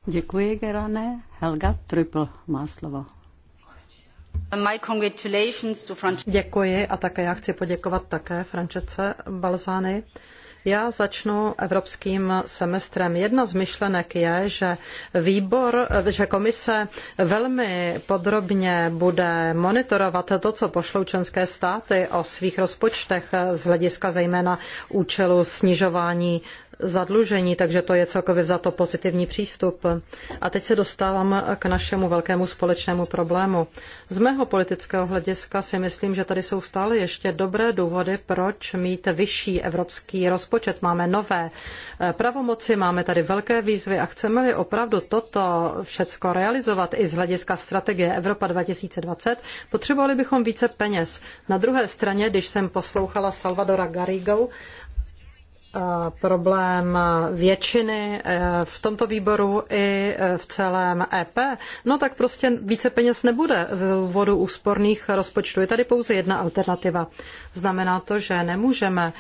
Děkuji, Gerane. Helga Triple má slovo. Děkuji a také já chci poděkovat také Francesce Balzány. Já začnu evropským semestrem. Jedna z myšlenek je, že výbor, že komise velmi podrobně bude monitorovat to, co pošlou členské státy o svých rozpočtech z hlediska zejména účelu snižování zadlužení, takže to je celkově vzato pozitivní přístup. A teď se dostávám k našemu velkému společnému problému. Z mého politického hlediska si myslím, že tady jsou stále ještě dobré důvody, proč mít vyšší evropský rozpočet. Máme nové eh, pravomoci, máme tady velké výzvy a chceme-li opravdu toto všecko realizovat i z hlediska strategie Evropa 2020, potřebovali bychom více peněz. Na druhé straně, když jsem poslouchala Salvadora Garrigu, Eh, problém většiny eh, v tomto výboru i eh, v celém EP, no tak prostě více peněz nebude z důvodu úsporných rozpočtů. Je tady pouze jedna alternativa. Znamená to, že nemůžeme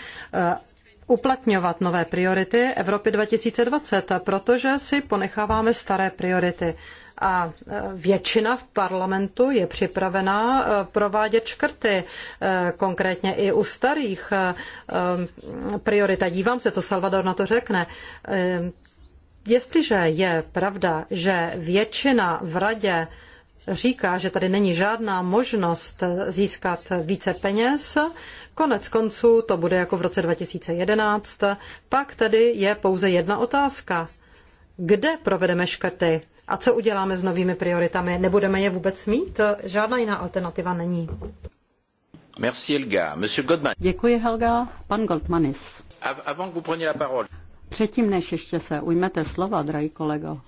uplatňovat nové priority Evropy 2020, protože si ponecháváme staré priority a e, většina v parlamentu je připravená e, provádět škrty, e, konkrétně i u starých priorit. A dívám se, co Salvador na to řekne. Jestliže je pravda, že většina v radě říká, že tady není žádná možnost získat více peněz, konec konců to bude jako v roce 2011, pak tady je pouze jedna otázka. Kde provedeme škrty? A co uděláme s novými prioritami? Nebudeme je vůbec mít? Žádná jiná alternativa není. Merci Helga. Monsieur Děkuji Helga. Pan Goldmanis. Avant que vous preniez la parole. Předtím, než ještě se ujmete slova, drahý kolego,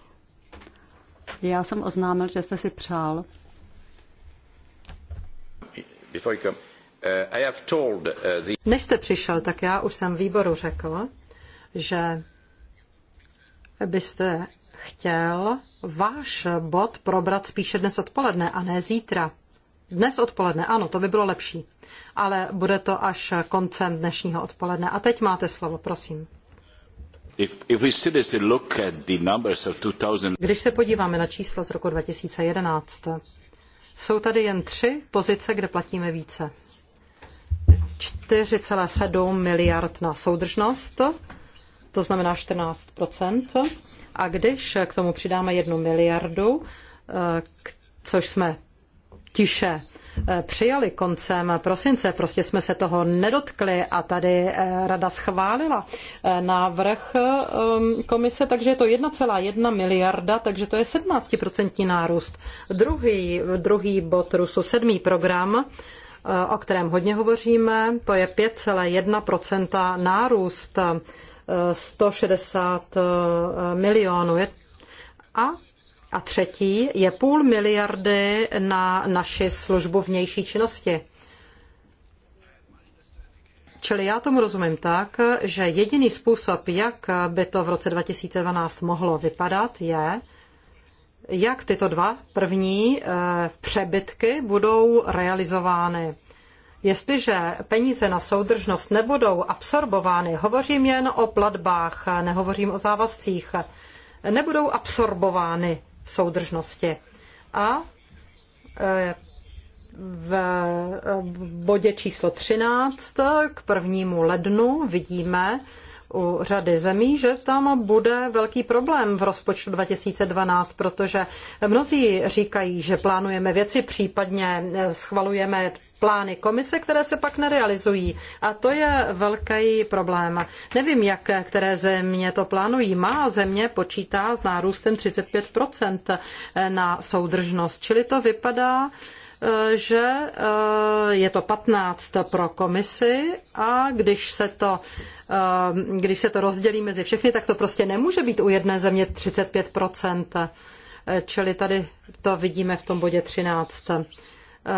já jsem oznámil, že jste si přál. Before you come. Uh, uh, než jste přišel, tak já už jsem výboru řekl, že byste chtěl váš bod probrat spíše dnes odpoledne a ne zítra. Dnes odpoledne, ano, to by bylo lepší. Ale bude to až koncem dnešního odpoledne. A teď máte slovo, prosím. Když se podíváme na čísla z roku 2011, jsou tady jen tři pozice, kde platíme více. 4,7 miliard na soudržnost, to znamená 14 a když k tomu přidáme jednu miliardu, eh, což jsme tiše eh, přijali koncem prosince, prostě jsme se toho nedotkli a tady eh, rada schválila návrh um, komise, takže je to 1,1 miliarda, takže to je 17% nárůst. Druhý, druhý bod Rusu, sedmý program, o kterém hodně hovoříme, to je 5,1% nárůst 160 eh, milionů. A a třetí je půl miliardy na naši službu vnější činnosti. Čili já tomu rozumím tak, že jediný způsob, jak by to v roce 2012 mohlo vypadat, je, jak tyto dva první eh, přebytky budou realizovány. Jestliže peníze na soudržnost nebudou absorbovány, hovořím jen o platbách, nehovořím o závazcích, nebudou absorbovány v soudržnosti. A e, v e, bodě číslo 13 k prvnímu lednu vidíme u řady zemí, že tam bude velký problém v rozpočtu 2012, protože mnozí říkají, že plánujeme věci, případně schvalujeme plány komise, které se pak nerealizují. A to je velký problém. Nevím, jak které země to plánují. Má země počítá s nárůstem 35% na soudržnost. Čili to vypadá, eh, že eh, je to 15 pro komisi a když se to eh, když se to rozdělí mezi všechny, tak to prostě nemůže být u jedné země 35%. Čili tady to vidíme v tom bodě 13. Eh,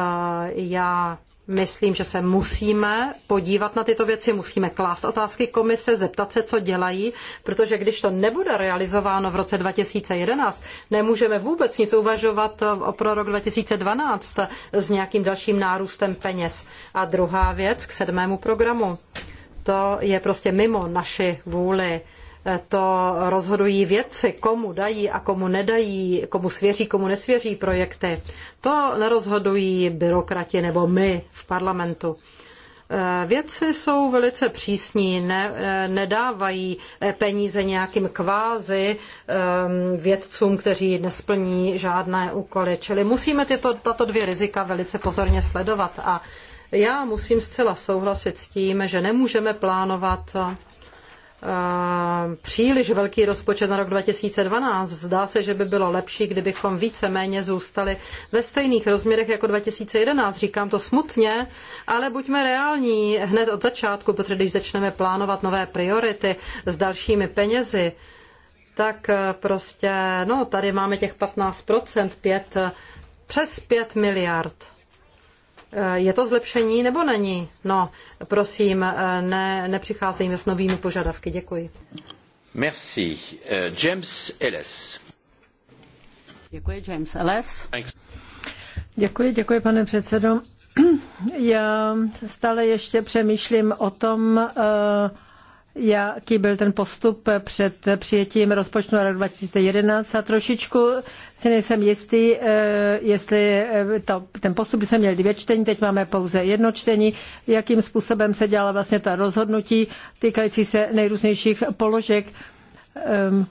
já myslím, že se musíme podívat na tyto věci, musíme klást otázky komise, zeptat se, co dělají, protože když to nebude realizováno v roce 2011, nemůžeme vůbec nic uvažovat pro rok 2012 s nějakým dalším nárůstem peněz. A druhá věc k sedmému programu. To je prostě mimo naši vůli to rozhodují vědci, komu dají a komu nedají, komu svěří, komu nesvěří projekty. To nerozhodují byrokrati nebo my v parlamentu. Eh, vědci jsou velice přísní, ne, eh, nedávají eh, peníze nějakým kvázi ehm, vědcům, kteří nesplní žádné úkoly. Čili musíme tyto, tato dvě rizika velice pozorně sledovat. A já musím zcela souhlasit s tím, že nemůžeme plánovat příliš velký rozpočet na rok 2012. Zdá se, že by bylo lepší, kdybychom více méně zůstali ve stejných rozměrech jako 2011. Říkám to smutně, ale buďme reální hned od začátku, protože když začneme plánovat nové priority s dalšími penězi, tak e, prostě, no, tady máme těch 15%, 5, přes 5 miliard. Eh, je to zlepšení nebo není? No, prosím, eh, ne, nepřicházejme s novými požadavky. Děkuji. Merci. Eh, James Ellis. Děkuji, James Ellis. Thanks. Děkuji, děkuji, pane předsedo. <clears throat> Já stále ještě přemýšlím o tom, uh, jaký byl ten postup před přijetím rozpočtu na rok 2011 a trošičku si nejsem jistý, eh, jestli eh, to, ten postup by se měl dvě čtení, teď máme pouze jedno čtení, jakým způsobem se dělala vlastně ta rozhodnutí týkající se nejrůznějších položek ehm,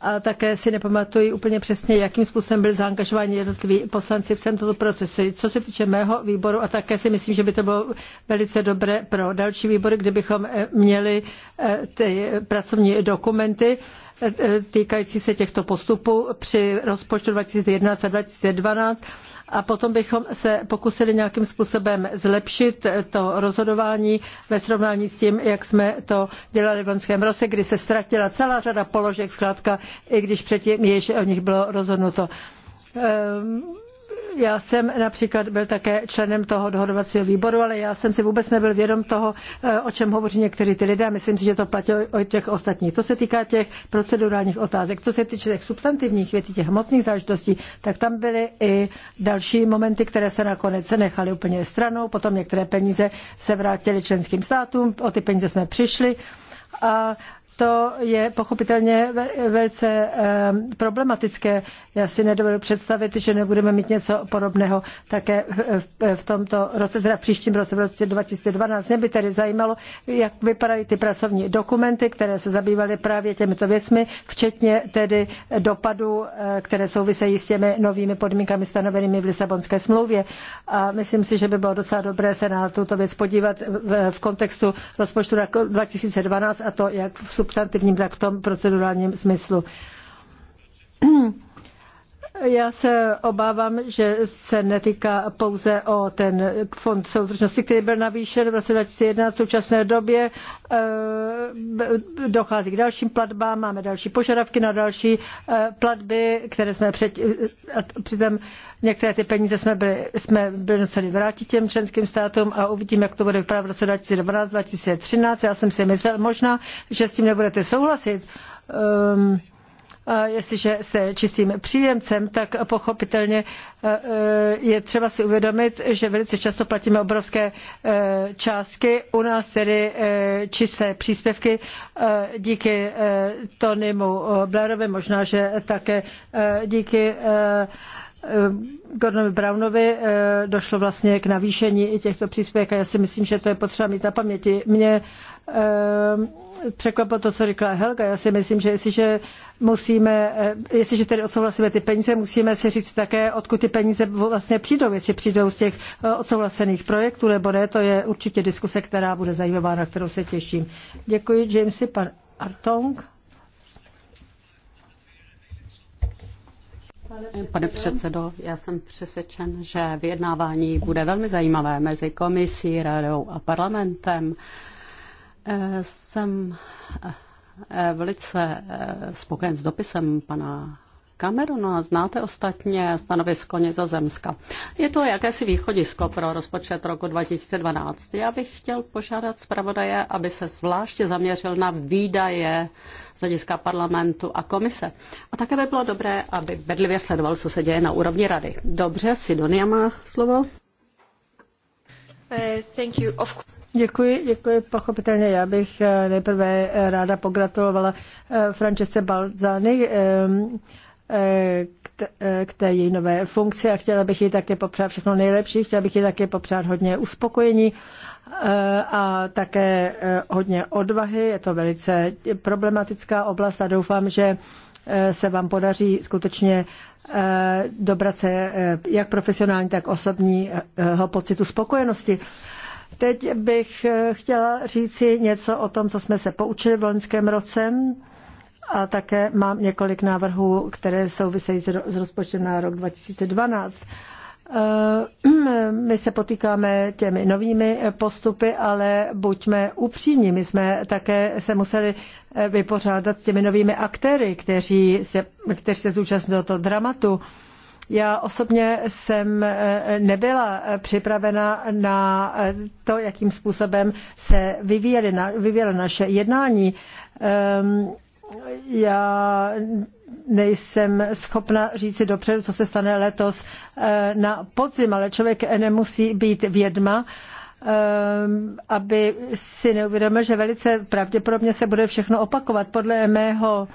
a také si nepamatuji úplně přesně, jakým způsobem byli zaangažováni jednotliví poslanci v tomto procesu. Co se týče mého výboru, a také si myslím, že by to bylo velice dobré pro další výbory, kdybychom eh, měli eh, ty pracovní dokumenty eh, týkající se těchto postupů při rozpočtu 2011 a 2012 a potom bychom se pokusili nějakým způsobem zlepšit to rozhodování ve srovnání s tím, jak jsme to dělali v loňském roce, kdy se ztratila celá řada položek zkrátka, i když předtím již o nich bylo rozhodnuto. Um, já jsem například byl také členem toho dohodovacího výboru, ale já jsem si vůbec nebyl vědom toho, eh, o čem hovoří někteří ty lidé. Myslím si, že to platí o těch ostatních. To se týká těch procedurálních otázek. Co se týče těch substantivních věcí, těch hmotných záležitostí, tak tam byly i další momenty, které se nakonec se nechaly úplně stranou. Potom některé peníze se vrátily členským státům, o ty peníze jsme přišli. A to je pochopitelně velice eh, problematické. Já si nedovedu představit, že nebudeme mít něco podobného také v tomto roce, teda v příštím roce, v roce 2012. Mě by tedy zajímalo, jak vypadaly ty pracovní dokumenty, které se zabývaly právě těmito věcmi, včetně tedy dopadů, eh, které souvisejí s těmi novými podmínkami stanovenými v Lisabonské smlouvě. A myslím si, že by bylo docela dobré se na tuto věc podívat v kontextu rozpočtu 2012 a to, jak v substantivním, tak v tom procedurálním smyslu. Já se obávám, že se netýká pouze o ten fond soudržnosti, který byl navýšen v roce 2011. V současné době eh, dochází k dalším platbám, máme další požadavky na další eh, platby, které jsme před, eh, přitom některé ty peníze jsme byli, jsme byli museli vrátit těm členským státům a uvidíme, jak to bude vypadat v roce 2012, 2013. Já jsem si myslel možná, že s tím nebudete souhlasit. Um, jestliže jste čistým příjemcem, tak pochopitelně e, e, je třeba si uvědomit, že velice často platíme obrovské e, částky. U nás tedy čisté příspěvky díky Tonymu Blairovi, možná, že také díky Gordonovi Brownovi došlo vlastně k navýšení i těchto příspěvek a já si myslím, že to je potřeba mít na paměti. Mě Ehm, překvapilo to, co říkala Helga. Já si myslím, že jestliže musíme, eh, jestliže tedy odsouhlasíme ty peníze, musíme si říct také, odkud ty peníze vlastně přijdou, jestli přijdou z těch eh, odsouhlasených projektů nebo ne, to je určitě diskuse, která bude zajímavá, na kterou se těším. Děkuji, Jamesy, pan Artong. Pane předsedo, já jsem přesvědčen, že vyjednávání bude velmi zajímavé mezi komisí, radou a parlamentem. Jsem eh, eh, velice eh, spokojen s dopisem pana Camerona. Znáte ostatně stanovisko Nizozemska. Je to jakési východisko pro rozpočet roku 2012. Já bych chtěl požádat zpravodaje, aby se zvláště zaměřil na výdaje z hlediska parlamentu a komise. A také by bylo dobré, aby bedlivě sledoval, co se děje na úrovni rady. Dobře, Sidonia má slovo. Uh, thank you. Of Děkuji, děkuji. Pochopitelně já bych eh, nejprve ráda pogratulovala eh, Francesce Balzány eh, k té její nové funkci a chtěla bych jí také popřát všechno nejlepší, chtěla bych jí také popřát hodně uspokojení a také hodně odvahy. Je to velice problematická oblast a doufám, že se vám podaří skutečně dobrat se jak profesionální, tak osobního pocitu spokojenosti. Teď bych eh, chtěla říci něco o tom, co jsme se poučili v loňském roce a také mám několik návrhů, které souvisejí s rozpočtem na rok 2012. Eh, <clears throat> my se potýkáme těmi novými eh, postupy, ale buďme upřímní. My jsme také se museli vypořádat s těmi novými aktéry, kteří se, kteří se zúčastnili toho dramatu. Já osobně jsem e, nebyla e, připravena na e, to, jakým způsobem se vyvíjely, na, naše jednání. Ehm, já nejsem schopna říci dopředu, co se stane letos na podzim, ale člověk nemusí být vědma, ehm, aby si neuvědomil, že velice pravděpodobně se bude všechno opakovat. Podle mého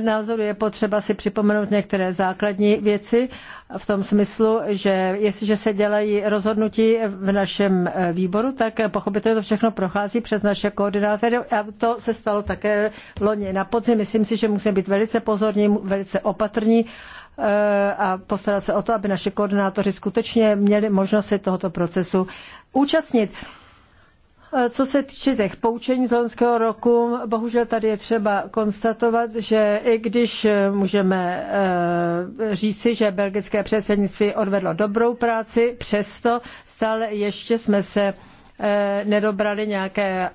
názoru je potřeba si připomenout některé základní věci v tom smyslu, že jestliže se dělají rozhodnutí v našem eh, výboru, tak pochopitelně to všechno prochází přes naše koordinátory a to se stalo také loni na podzim. Myslím si, že musíme být velice pozorní, velice opatrní eh, a postarat se o to, aby naše koordinátoři skutečně měli možnost se tohoto procesu účastnit. Eh, co se týče těch poučení z loňského roku, bohužel tady je třeba konstatovat, že i když eh, můžeme eh, říci, že belgické předsednictví odvedlo dobrou práci, přesto stále ještě jsme se nedobrali nějaké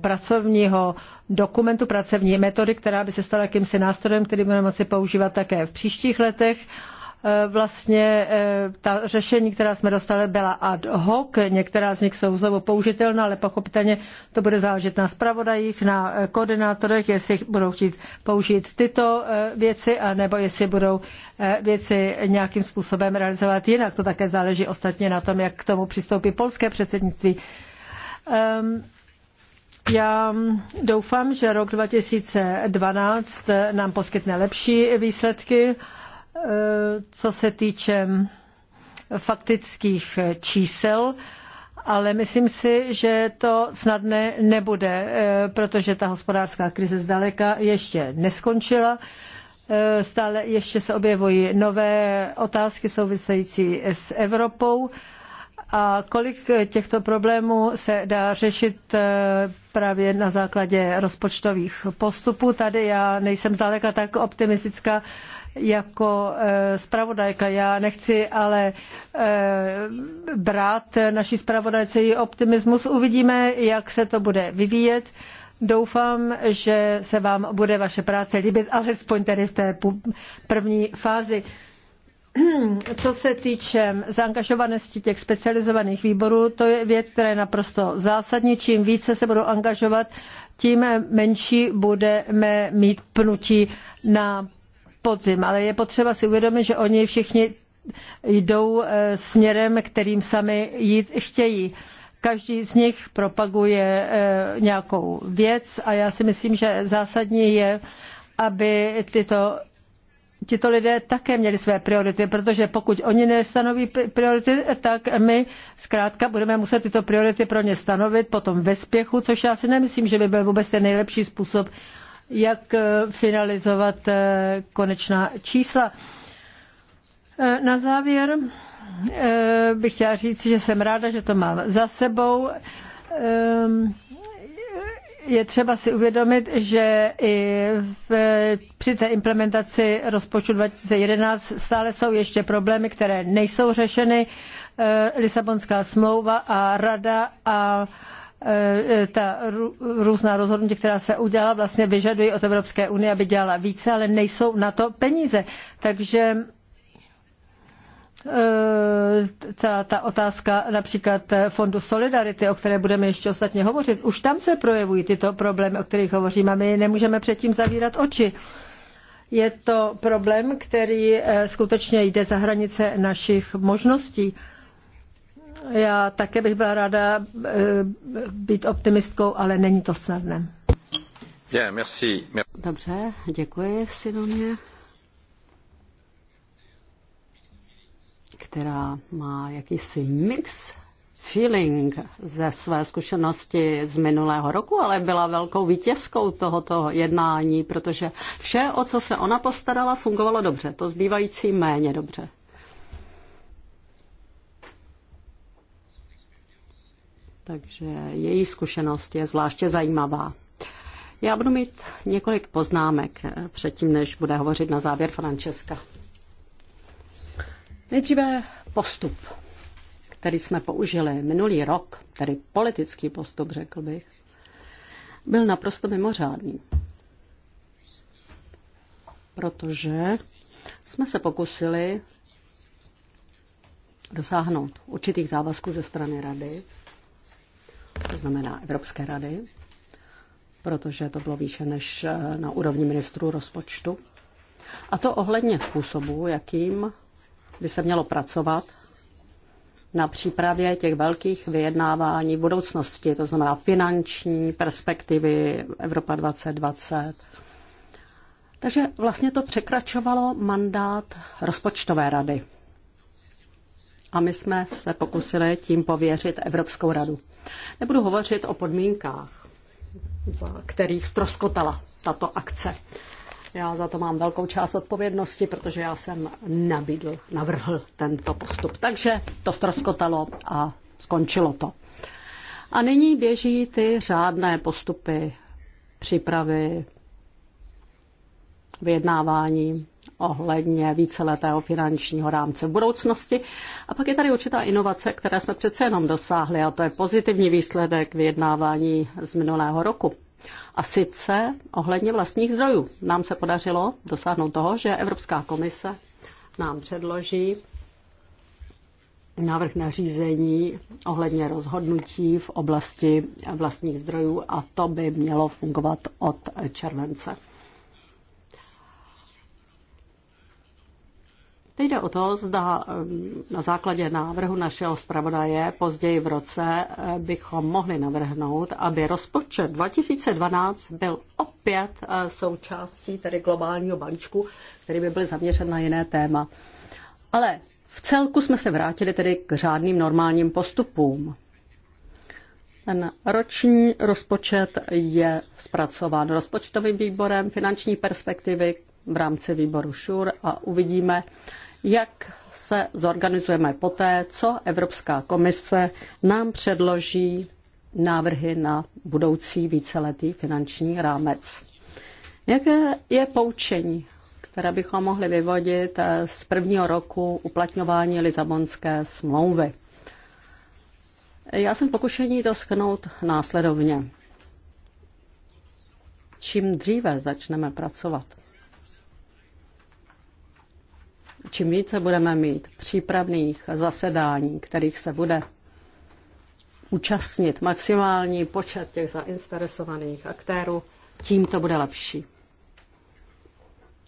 pracovního dokumentu, pracovní metody, která by se stala jakýmsi nástrojem, který budeme moci používat také v příštích letech. Eh, vlastně eh, ta řešení, která jsme dostali, byla ad hoc. Některá z nich jsou znovu použitelná, ale pochopitelně to bude záležet na spravodajích, na eh, koordinátorech, jestli budou chtít použít tyto věci, nebo jestli budou věci nějakým způsobem realizovat jinak. To také záleží ostatně na tom, jak k tomu přistoupí polské předsednictví. Um, já doufám, že rok 2012 nám poskytne lepší výsledky. Eh, co se týče mm, faktických eh, čísel, ale myslím si, že to snadné nebude, eh, protože ta hospodářská krize zdaleka ještě neskončila. Stále ještě se objevují nové otázky související s Evropou. A kolik těchto problémů se dá řešit právě na základě rozpočtových postupů? Tady já nejsem zdaleka tak optimistická jako eh, zpravodajka. Já nechci ale eh, brát naší zpravodajce její optimismus. Uvidíme, jak se to bude vyvíjet. Doufám, že se vám bude vaše práce líbit, alespoň tedy v té první fázi. <clears throat> Co se týče zaangažovanosti těch specializovaných výborů, to je věc, která je naprosto zásadní. Čím více se budou angažovat, tím menší budeme mít pnutí na podzim, ale je potřeba si uvědomit, že oni všichni jdou eh, směrem, kterým sami jít chtějí. Každý z nich propaguje eh, nějakou věc a já si myslím, že zásadní je, aby tyto tito lidé také měli své priority, protože pokud oni nestanoví priority, tak my zkrátka budeme muset tyto priority pro ně stanovit potom ve spěchu, což já si nemyslím, že by byl vůbec ten nejlepší způsob, jak eh, finalizovat eh, konečná čísla. Eh, na závěr bych chtěla říct, že jsem ráda, že to mám za sebou. Je třeba si uvědomit, že i v, při té implementaci rozpočtu 2011 stále jsou ještě problémy, které nejsou řešeny. Lisabonská smlouva a rada a E, e, ta různá rozhodnutí, která se udělala, vlastně vyžadují od Evropské unie, aby dělala více, ale nejsou na to peníze. Takže e, celá ta otázka například Fondu Solidarity, o které budeme ještě ostatně hovořit, už tam se projevují tyto problémy, o kterých hovoříme my nemůžeme předtím zavírat oči. Je to problém, který skutečně jde za hranice našich možností. Já také bych byla ráda eh, být optimistkou, ale není to snadné. Dobře, děkuji Sidonie, která má jakýsi mix feeling ze své zkušenosti z minulého roku, ale byla velkou vítězkou tohoto jednání, protože vše, o co se ona postarala, fungovalo dobře, to zbývající méně dobře. takže její zkušenost je zvláště zajímavá. Já budu mít několik poznámek eh, předtím, než bude hovořit na závěr Francesca. Nejdříve postup, který jsme použili minulý rok, tedy politický postup, řekl bych, byl naprosto mimořádný. Protože jsme se pokusili dosáhnout určitých závazků ze strany rady to znamená Evropské rady, protože to bylo výše než eh, na úrovni ministrů rozpočtu. A to ohledně způsobu, jakým by se mělo pracovat na přípravě těch velkých vyjednávání budoucnosti, to znamená finanční perspektivy Evropa 2020. Takže vlastně to překračovalo mandát rozpočtové rady. A my jsme se pokusili tím pověřit Evropskou radu. Nebudu hovořit o podmínkách, za kterých stroskotala tato akce. Já za to mám velkou část odpovědnosti, protože já jsem nabídl, navrhl tento postup. Takže to stroskotalo a skončilo to. A nyní běží ty řádné postupy přípravy, vyjednávání ohledně víceletého finančního rámce v budoucnosti. A pak je tady určitá inovace, které jsme přece jenom dosáhli, a to je pozitivní výsledek vyjednávání z minulého roku. A sice ohledně vlastních zdrojů. Nám se podařilo dosáhnout toho, že Evropská komise nám předloží návrh nařízení ohledně rozhodnutí v oblasti vlastních zdrojů a to by mělo fungovat od července. Teď jde o to, zda na základě návrhu našeho zpravodaje později v roce eh, bychom mohli navrhnout, aby rozpočet 2012 byl opět eh, součástí tedy globálního balíčku, který by byl zaměřen na jiné téma. Ale v celku jsme se vrátili tedy k řádným normálním postupům. Ten roční rozpočet je zpracován rozpočtovým výborem finanční perspektivy v rámci výboru ŠUR a uvidíme, jak se zorganizujeme poté, co Evropská komise nám předloží návrhy na budoucí víceletý finanční rámec. Jaké je poučení, které bychom mohli vyvodit eh, z prvního roku uplatňování Lisabonské smlouvy? Já jsem pokušení to sknout následovně. Čím dříve začneme pracovat, čím více budeme mít přípravných zasedání, kterých se bude účastnit maximální počet těch zainteresovaných aktérů, tím to bude lepší.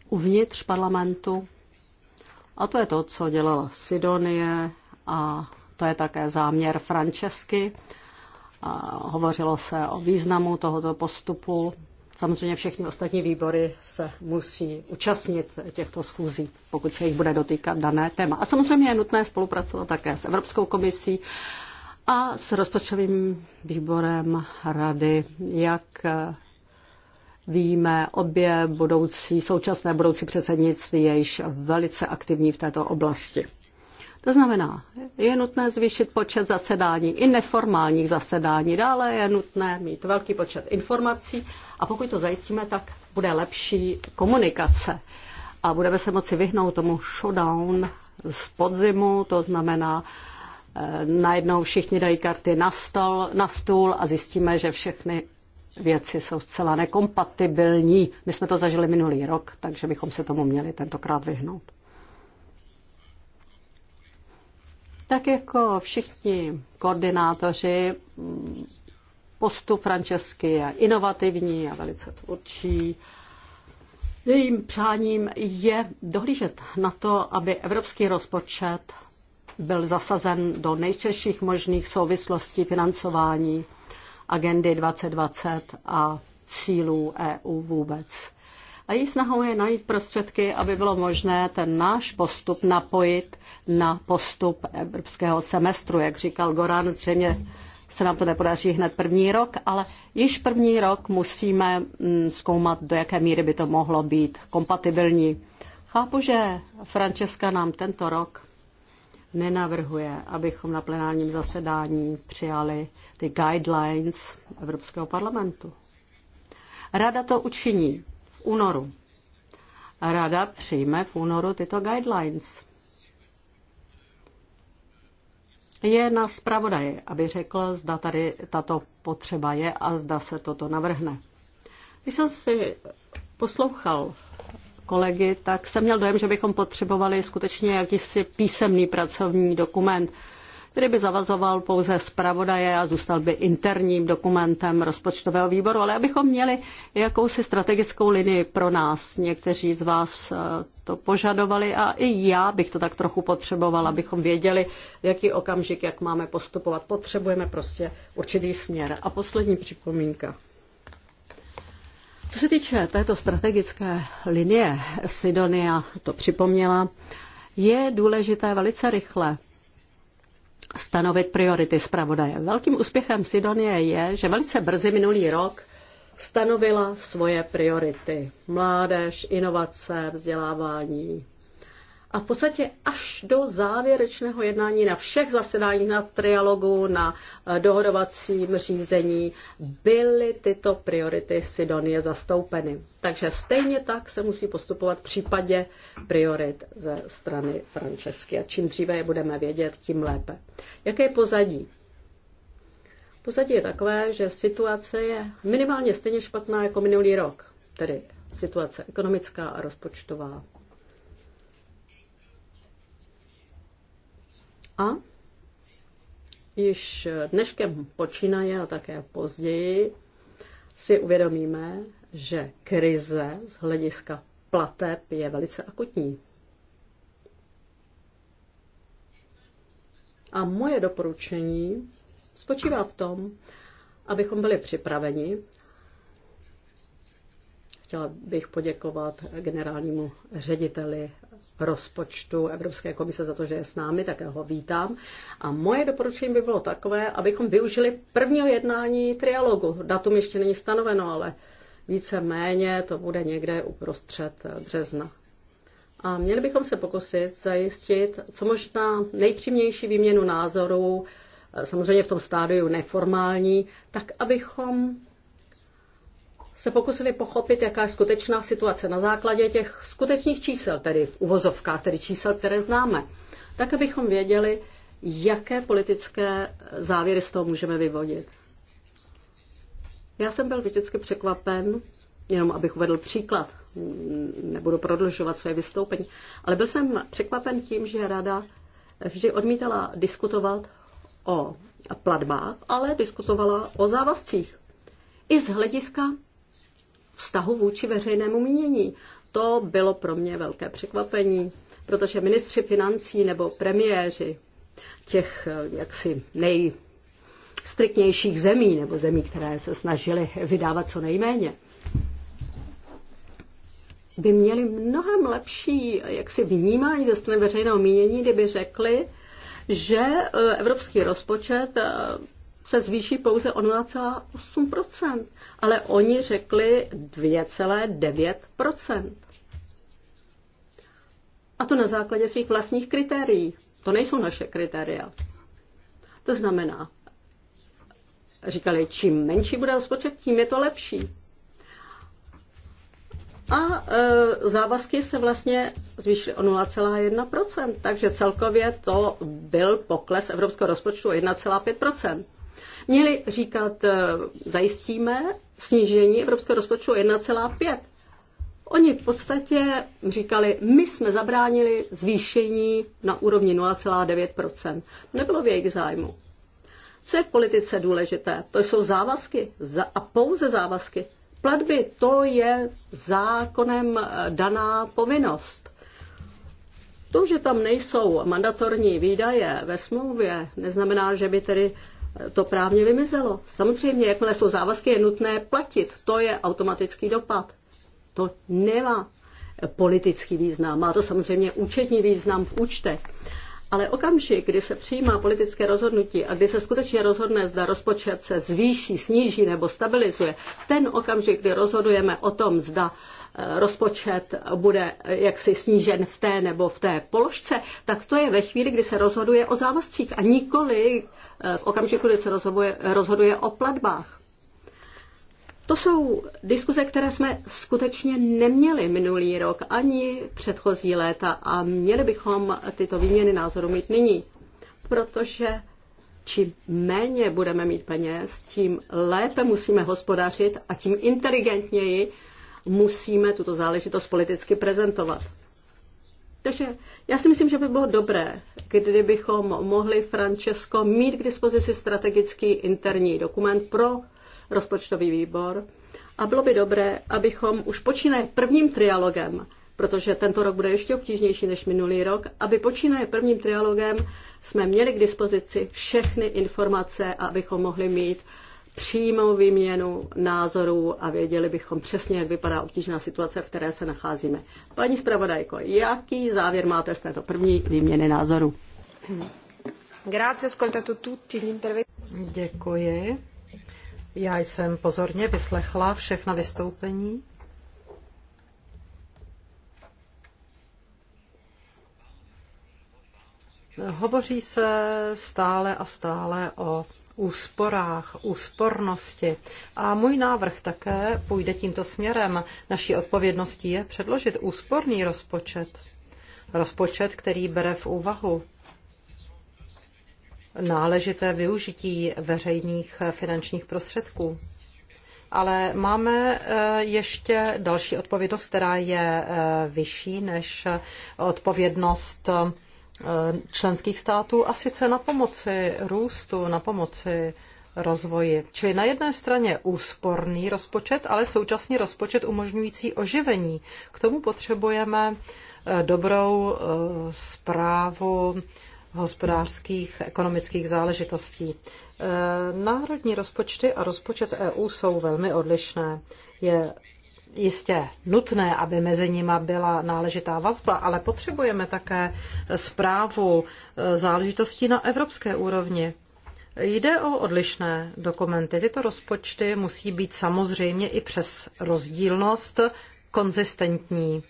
Uvnitř parlamentu, a to je to, co dělala Sidonie a to je také záměr Francesky, a hovořilo se o významu tohoto postupu Samozřejmě všechny ostatní výbory se musí účastnit těchto schůzí, pokud se jich bude dotýkat dané téma. A samozřejmě je nutné spolupracovat také s Evropskou komisí a s rozpočtovým výborem rady, jak eh, Víme, obě budoucí, současné budoucí předsednictví je již velice aktivní v této oblasti. To znamená, je nutné zvýšit počet zasedání, i neformálních zasedání. Dále je nutné mít velký počet informací a pokud to zajistíme, tak bude lepší komunikace a budeme se moci vyhnout tomu showdown v podzimu, to znamená, eh, najednou všichni dají karty na, stol, na stůl a zjistíme, že všechny věci jsou zcela nekompatibilní. My jsme to zažili minulý rok, takže bychom se tomu měli tentokrát vyhnout. Tak jako všichni koordinátoři, postup Francesky je inovativní a velice tvůrčí. Jejím přáním je dohlížet na to, aby evropský rozpočet byl zasazen do nejširších možných souvislostí financování agendy 2020 a cílů EU vůbec a její snahou je najít prostředky, aby bylo možné ten náš postup napojit na postup evropského semestru, jak říkal Goran, zřejmě se nám to nepodaří hned první rok, ale již první rok musíme mm, zkoumat, do jaké míry by to mohlo být kompatibilní. Chápu, že Francesca nám tento rok nenavrhuje, abychom na plenárním zasedání přijali ty guidelines Evropského parlamentu. Rada to učiní únoru. Rada přijme v únoru tyto guidelines. Je na zpravodaji, aby řekl, zda tady tato potřeba je a zda se toto navrhne. Když jsem si poslouchal kolegy, tak jsem měl dojem, že bychom potřebovali skutečně jakýsi písemný pracovní dokument, který by zavazoval pouze zpravodaje a zůstal by interním dokumentem rozpočtového výboru, ale abychom měli jakousi strategickou linii pro nás. Někteří z vás eh, to požadovali a i já bych to tak trochu potřebovala, abychom věděli, v jaký okamžik, jak máme postupovat. Potřebujeme prostě určitý směr. A poslední připomínka. Co se týče této strategické linie, Sidonia to připomněla, je důležité velice rychle stanovit priority zpravodaje. Velkým úspěchem Sidonie je, že velice brzy minulý rok stanovila svoje priority. Mládež, inovace, vzdělávání, a v podstatě až do závěrečného jednání na všech zasedáních, na trialogu, na eh, dohodovacím řízení byly tyto priority Sidonie zastoupeny. Takže stejně tak se musí postupovat v případě priorit ze strany Francesky. A čím dříve je budeme vědět, tím lépe. Jaké je pozadí? Pozadí je takové, že situace je minimálně stejně špatná jako minulý rok, tedy situace ekonomická a rozpočtová. A již dneškem počínaje a také později si uvědomíme, že krize z hlediska plateb je velice akutní. A moje doporučení spočívá v tom, abychom byli připraveni. Chtěla bych poděkovat generálnímu řediteli rozpočtu Evropské komise za to, že je s námi, tak ho vítám. A moje doporučení by bylo takové, abychom využili prvního jednání trialogu. Datum ještě není stanoveno, ale více-méně to bude někde uprostřed března. A měli bychom se pokusit zajistit co možná nejpřímější výměnu názorů, eh, samozřejmě v tom stádiu neformální, tak abychom se pokusili pochopit, jaká je skutečná situace na základě těch skutečných čísel, tedy v uvozovkách, tedy čísel, které známe, tak abychom věděli, jaké politické závěry z toho můžeme vyvodit. Já jsem byl vždycky překvapen, jenom abych uvedl příklad, nebudu prodlužovat své vystoupení, ale byl jsem překvapen tím, že rada vždy odmítala diskutovat o platbách, ale diskutovala o závazcích. I z hlediska vztahu vůči veřejnému mínění. To bylo pro mě velké překvapení, protože ministři financí nebo premiéři těch eh, jaksi nej striktnějších zemí nebo zemí, které se snažily vydávat co nejméně, by měli mnohem lepší eh, jaksi vnímání ze strany veřejného mínění, kdyby řekli, že eh, evropský rozpočet se zvýší pouze o 0,8%, ale oni řekli 2,9%. A to na základě svých vlastních kritérií. To nejsou naše kritéria. To znamená, říkali, čím menší bude rozpočet, tím je to lepší. A e, závazky se vlastně zvýšily o 0,1%, takže celkově to byl pokles evropského rozpočtu o 1,5% měli říkat, eh, zajistíme snížení evropského rozpočtu 1,5. Oni v podstatě říkali, my jsme zabránili zvýšení na úrovni 0,9 Nebylo v jejich zájmu. Co je v politice důležité? To jsou závazky a pouze závazky. Platby to je zákonem eh, daná povinnost. To, že tam nejsou mandatorní výdaje ve smlouvě, neznamená, že by tedy to právně vymizelo. Samozřejmě, jakmile jsou závazky, je nutné platit. To je automatický dopad. To nemá politický význam. Má to samozřejmě účetní význam v účtech. Ale okamžik, kdy se přijímá politické rozhodnutí a kdy se skutečně rozhodne, zda rozpočet se zvýší, sníží nebo stabilizuje, ten okamžik, kdy rozhodujeme o tom, zda eh, rozpočet bude eh, jaksi snížen v té nebo v té položce, tak to je ve chvíli, kdy se rozhoduje o závazcích a nikoli, v okamžiku, kdy se rozhoduje, rozhoduje o platbách. To jsou diskuze, které jsme skutečně neměli minulý rok ani předchozí léta a měli bychom tyto výměny názorů mít nyní, protože čím méně budeme mít peněz, tím lépe musíme hospodařit a tím inteligentněji musíme tuto záležitost politicky prezentovat. Takže já si myslím, že by bylo dobré, kdybychom mohli, Francesco, mít k dispozici strategický interní dokument pro rozpočtový výbor. A bylo by dobré, abychom už počínaje prvním trialogem, protože tento rok bude ještě obtížnější než minulý rok, aby počínaje prvním trialogem jsme měli k dispozici všechny informace, abychom mohli mít přímou výměnu názorů a věděli bychom přesně, jak vypadá obtížná situace, v které se nacházíme. Paní zpravodajko, jaký závěr máte z této první výměny názorů? Děkuji. Já jsem pozorně vyslechla všechna vystoupení. Hovoří se stále a stále o úsporách, úspornosti. A můj návrh také půjde tímto směrem. Naší odpovědností je předložit úsporný rozpočet. Rozpočet, který bere v úvahu náležité využití veřejných finančních prostředků. Ale máme eh, ještě další odpovědnost, která je eh, vyšší než odpovědnost Eh, členských států a sice na pomoci růstu, na pomoci rozvoji. Čili na jedné straně úsporný rozpočet, ale současně rozpočet umožňující oživení. K tomu potřebujeme eh, dobrou eh, zprávu hospodářských, ekonomických záležitostí. Národní rozpočty a rozpočet EU jsou velmi odlišné. Je jistě nutné, aby mezi nima byla náležitá vazba, ale potřebujeme také zprávu e, záležitostí na evropské úrovni. Jde o odlišné dokumenty. Tyto rozpočty musí být samozřejmě i přes rozdílnost konzistentní.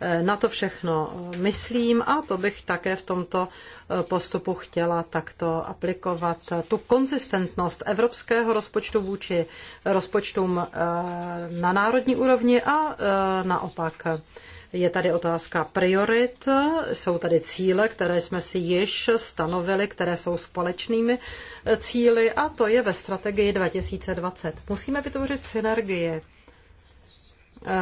Eh, na to všechno eh, myslím a to bych také v tomto eh, postupu chtěla takto aplikovat. Tu konzistentnost evropského rozpočtu vůči rozpočtům na národní úrovni a naopak. Je tady otázka priorit, jsou tady cíle, které jsme si již stanovili, které jsou společnými cíly a to je ve strategii 2020. Musíme vytvořit synergie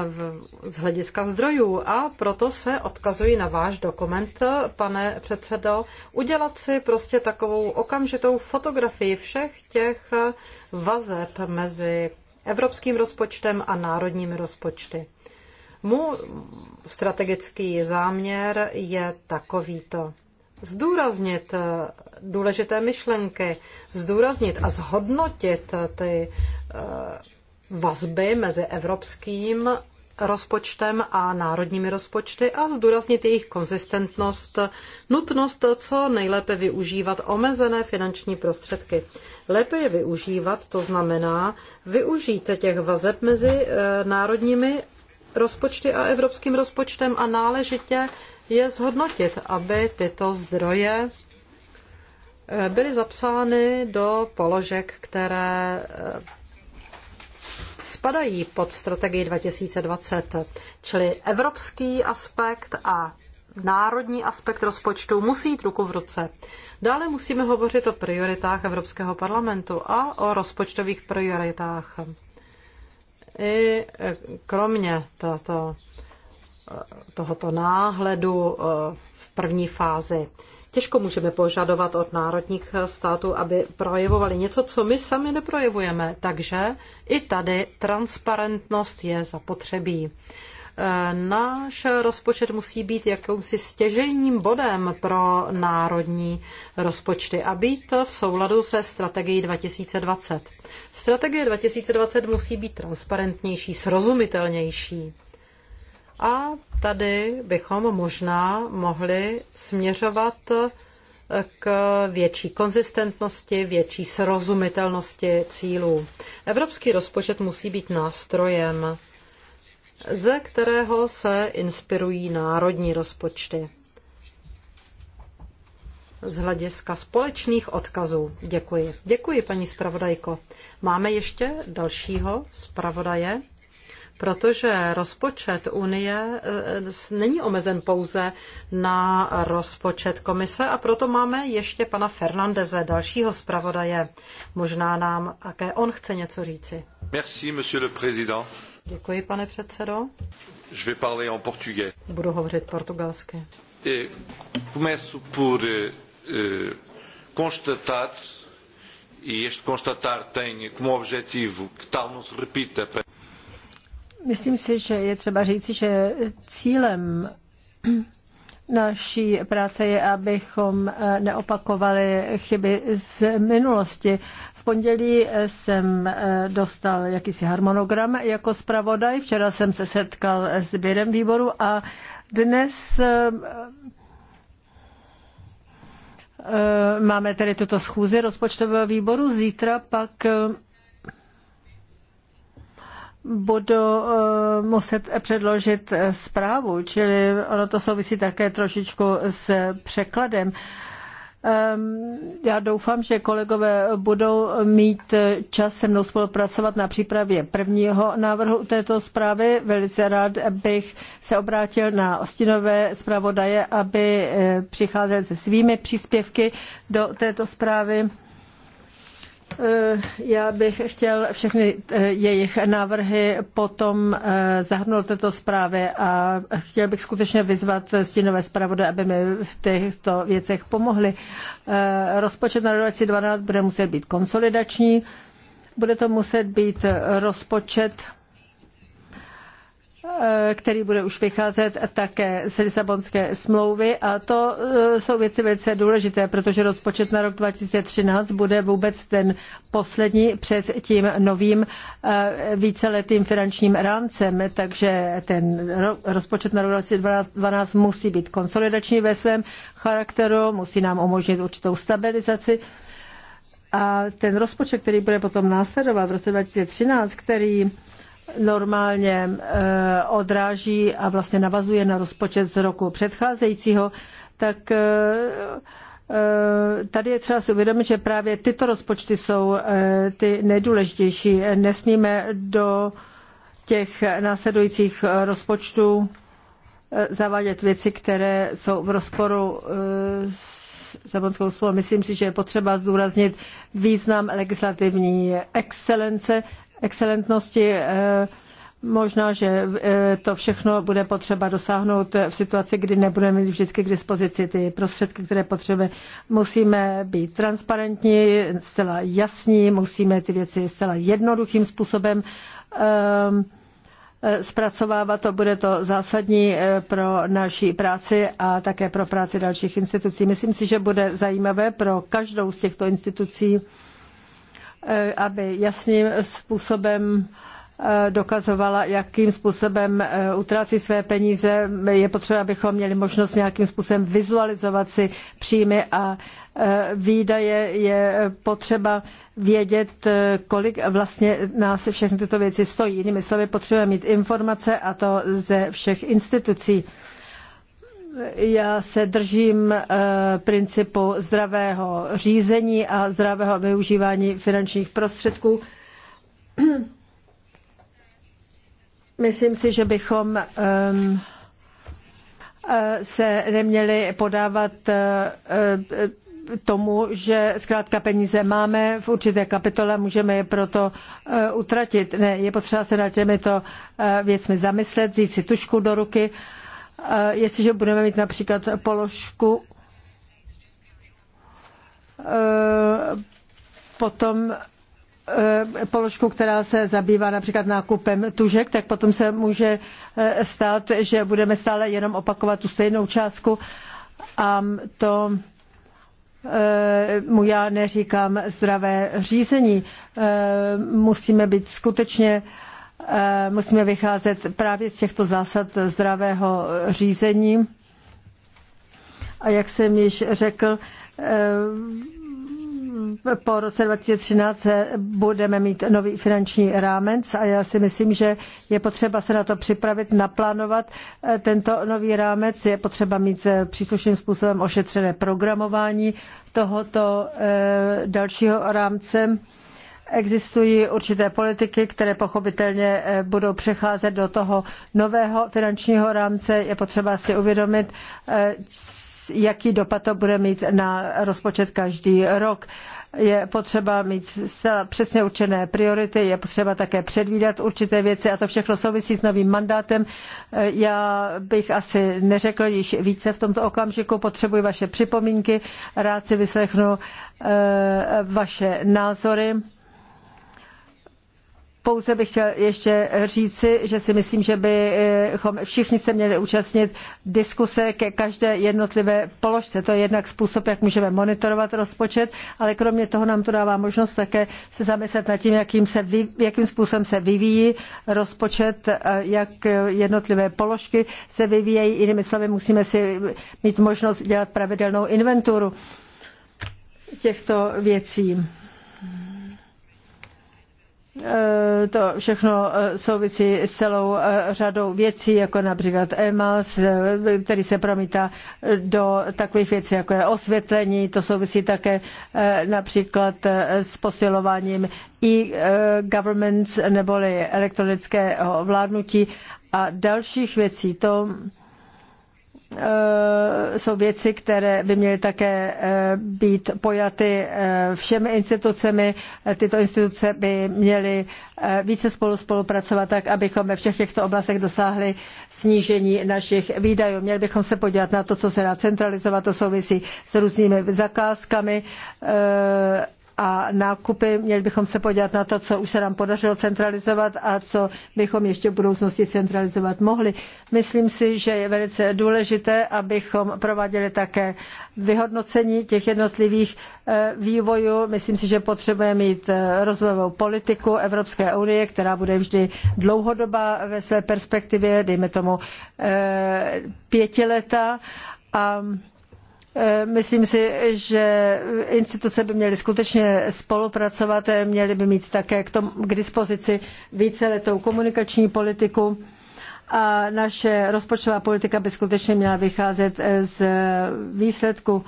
v, z hlediska zdrojů a proto se odkazuji na váš dokument, pane předsedo, udělat si prostě takovou okamžitou fotografii všech těch vazeb mezi evropským rozpočtem a národními rozpočty. Můj strategický záměr je takovýto. Zdůraznit důležité myšlenky, zdůraznit a zhodnotit ty uh, vazby mezi evropským rozpočtem a národními rozpočty a zdůraznit jejich konzistentnost, nutnost co nejlépe využívat omezené finanční prostředky. Lépe je využívat, to znamená využít těch vazeb mezi eh, národními rozpočty a evropským rozpočtem a náležitě je zhodnotit, aby tyto zdroje eh, byly zapsány do položek, které eh, spadají pod strategii 2020, čili evropský aspekt a národní aspekt rozpočtu musí jít ruku v ruce. Dále musíme hovořit o prioritách Evropského parlamentu a o rozpočtových prioritách. I e, kromě e, tohoto náhledu e, v první fázi Těžko můžeme požadovat od národních států, aby projevovali něco, co my sami neprojevujeme. Takže i tady transparentnost je zapotřebí. E, náš rozpočet musí být jakousi stěžejním bodem pro národní rozpočty a být v souladu se strategií 2020. Strategie 2020 musí být transparentnější, srozumitelnější. A tady bychom možná mohli směřovat eh, k větší konzistentnosti, větší srozumitelnosti cílů. Evropský rozpočet musí být nástrojem, ze kterého se inspirují národní rozpočty. Z hlediska společných odkazů. Děkuji. Děkuji, paní zpravodajko. Máme ještě dalšího zpravodaje protože rozpočet Unie eh, není omezen pouze na rozpočet komise a proto máme ještě pana Fernandeze, dalšího zpravodaje. Možná nám také on chce něco říci. Merci, monsieur le président. Děkuji, pane předsedo. Je vais parler en portugais. Budu hovořit portugalsky. E, começo por e, constatar, e este constatar tem como objetivo que tal não se repita para Myslím si, že je třeba říci, že cílem naší práce je, abychom eh, neopakovali chyby z minulosti. V pondělí jsem eh, dostal jakýsi harmonogram jako zpravodaj, včera jsem se setkal s sběrem výboru a dnes eh, máme tedy tuto schůzi rozpočtového výboru, zítra pak budu eh, muset předložit eh, zprávu, čili ono to souvisí také trošičku s překladem. Ehm, já doufám, že kolegové budou mít eh, čas se mnou spolupracovat na přípravě prvního návrhu této zprávy. Velice rád bych se obrátil na ostinové zpravodaje, aby přicházeli se svými příspěvky do této zprávy. Eh, já bych chtěl všechny eh, jejich návrhy potom eh, zahrnout této zprávy a chtěl bych skutečně vyzvat stínové zpravodaje, aby mi v těchto věcech pomohli. Rozpočet na 2012 bude muset být konsolidační, bude to muset být rozpočet Eh, který bude už vycházet také z Lisabonské smlouvy a to eh, jsou věci velice důležité, protože rozpočet na rok 2013 bude vůbec ten poslední před tím novým eh, víceletým finančním rámcem, takže ten rozpočet na rok 2012 musí být konsolidační ve svém charakteru, musí nám umožnit určitou stabilizaci a ten rozpočet, který bude potom následovat v roce 2013, který normálně eh, odráží a vlastně navazuje na rozpočet z roku předcházejícího, tak eh, eh, tady je třeba si uvědomit, že právě tyto rozpočty jsou ty nejdůležitější. Nesmíme do těch následujících rozpočtů zavádět věci, které jsou v rozporu s Japonskou slovo. Myslím si, že je potřeba zdůraznit význam legislativní excelence, excelentnosti. Eh, možná, že eh, to všechno bude potřeba dosáhnout v situaci, kdy nebudeme mít vždycky k dispozici ty prostředky, které potřebujeme. Musíme být transparentní, zcela jasní, musíme ty věci zcela jednoduchým způsobem ehm, eh, zpracovávat. To bude to zásadní pro naší práci a také pro práci dalších institucí. Myslím si, že bude zajímavé pro každou z těchto institucí Eh, aby jasným způsobem eh, dokazovala, jakým způsobem eh, utrácí své peníze. Je potřeba, abychom měli možnost nějakým způsobem vizualizovat si příjmy a výdaje. Je potřeba vědět, kolik vlastně nás všechny tyto věci stojí. Jinými slovy, potřebujeme mít informace a to ze všech institucí. Já se držím eh, principu zdravého řízení a zdravého využívání finančních prostředků. <clears throat> Myslím si, že bychom ehm, eh, se neměli podávat eh, tomu, že zkrátka peníze máme v určité kapitole, můžeme je proto utratit. Ne, je potřeba se nad těmito věcmi zamyslet, vzít si tušku do ruky Eh, jestliže budeme mít například položku eh, potom eh, položku, která se zabývá například nákupem tužek, tak potom se může stát, že budeme stále jenom opakovat tu stejnou částku a to mu já neříkám zdravé řízení. Musíme být skutečně Eh, musíme vycházet právě z těchto zásad zdravého řízení. A jak jsem již řekl, eh, po roce 2013 budeme mít nový finanční rámec a já si myslím, že je potřeba se na to připravit, naplánovat eh, tento nový rámec, je potřeba mít příslušným způsobem ošetřené programování tohoto dalšího rámce. Existují určité politiky, které pochopitelně eh, budou přecházet do toho nového finančního rámce. Je potřeba si uvědomit, eh, jaký dopad to bude mít na rozpočet každý rok. Je potřeba mít přesně určené priority, je potřeba také předvídat určité věci a to všechno souvisí s novým mandátem. Eh, já bych asi neřekl již více v tomto okamžiku, potřebuji vaše připomínky, rád si vyslechnu vaše názory. Pouze bych chtěl ještě říci, že si myslím, že bychom všichni se měli účastnit diskuse ke každé jednotlivé položce. To je jednak způsob, jak můžeme monitorovat rozpočet, ale kromě toho nám to dává možnost také se zamyslet nad tím, jakým, se, jakým způsobem se vyvíjí rozpočet, jak jednotlivé položky se vyvíjejí. Jinými slovy, musíme si mít možnost dělat pravidelnou inventuru těchto věcí. Eh, to všechno eh, souvisí s celou eh, řadou věcí, jako například EMAS, který se promítá do takových věcí, jako je osvětlení. To souvisí také například s posilováním i governments neboli elektronického vládnutí a dalších věcí. To Eh, jsou věci, které by měly také eh, být pojaty eh, všemi institucemi. Tyto instituce by měly více spolu spolupracovat tak, abychom ve všech těchto oblastech dosáhli snížení našich výdajů. Měli bychom se podívat na to, co se dá centralizovat, to souvisí s různými zakázkami a nákupy. Měli bychom se podívat na to, co už se nám podařilo centralizovat a co bychom ještě v budoucnosti centralizovat mohli. Myslím si, že je velice důležité, abychom prováděli také vyhodnocení těch jednotlivých eh, vývojů. Myslím si, že potřebujeme mít eh, rozvojovou politiku Evropské unie, která bude vždy dlouhodobá ve své perspektivě, dejme tomu eh, leta. A Eh, myslím si, že instituce by měly skutečně spolupracovat, eh, měly by mít také k, tomu, k dispozici víceletou komunikační politiku a naše rozpočtová politika by skutečně měla vycházet eh, z výsledku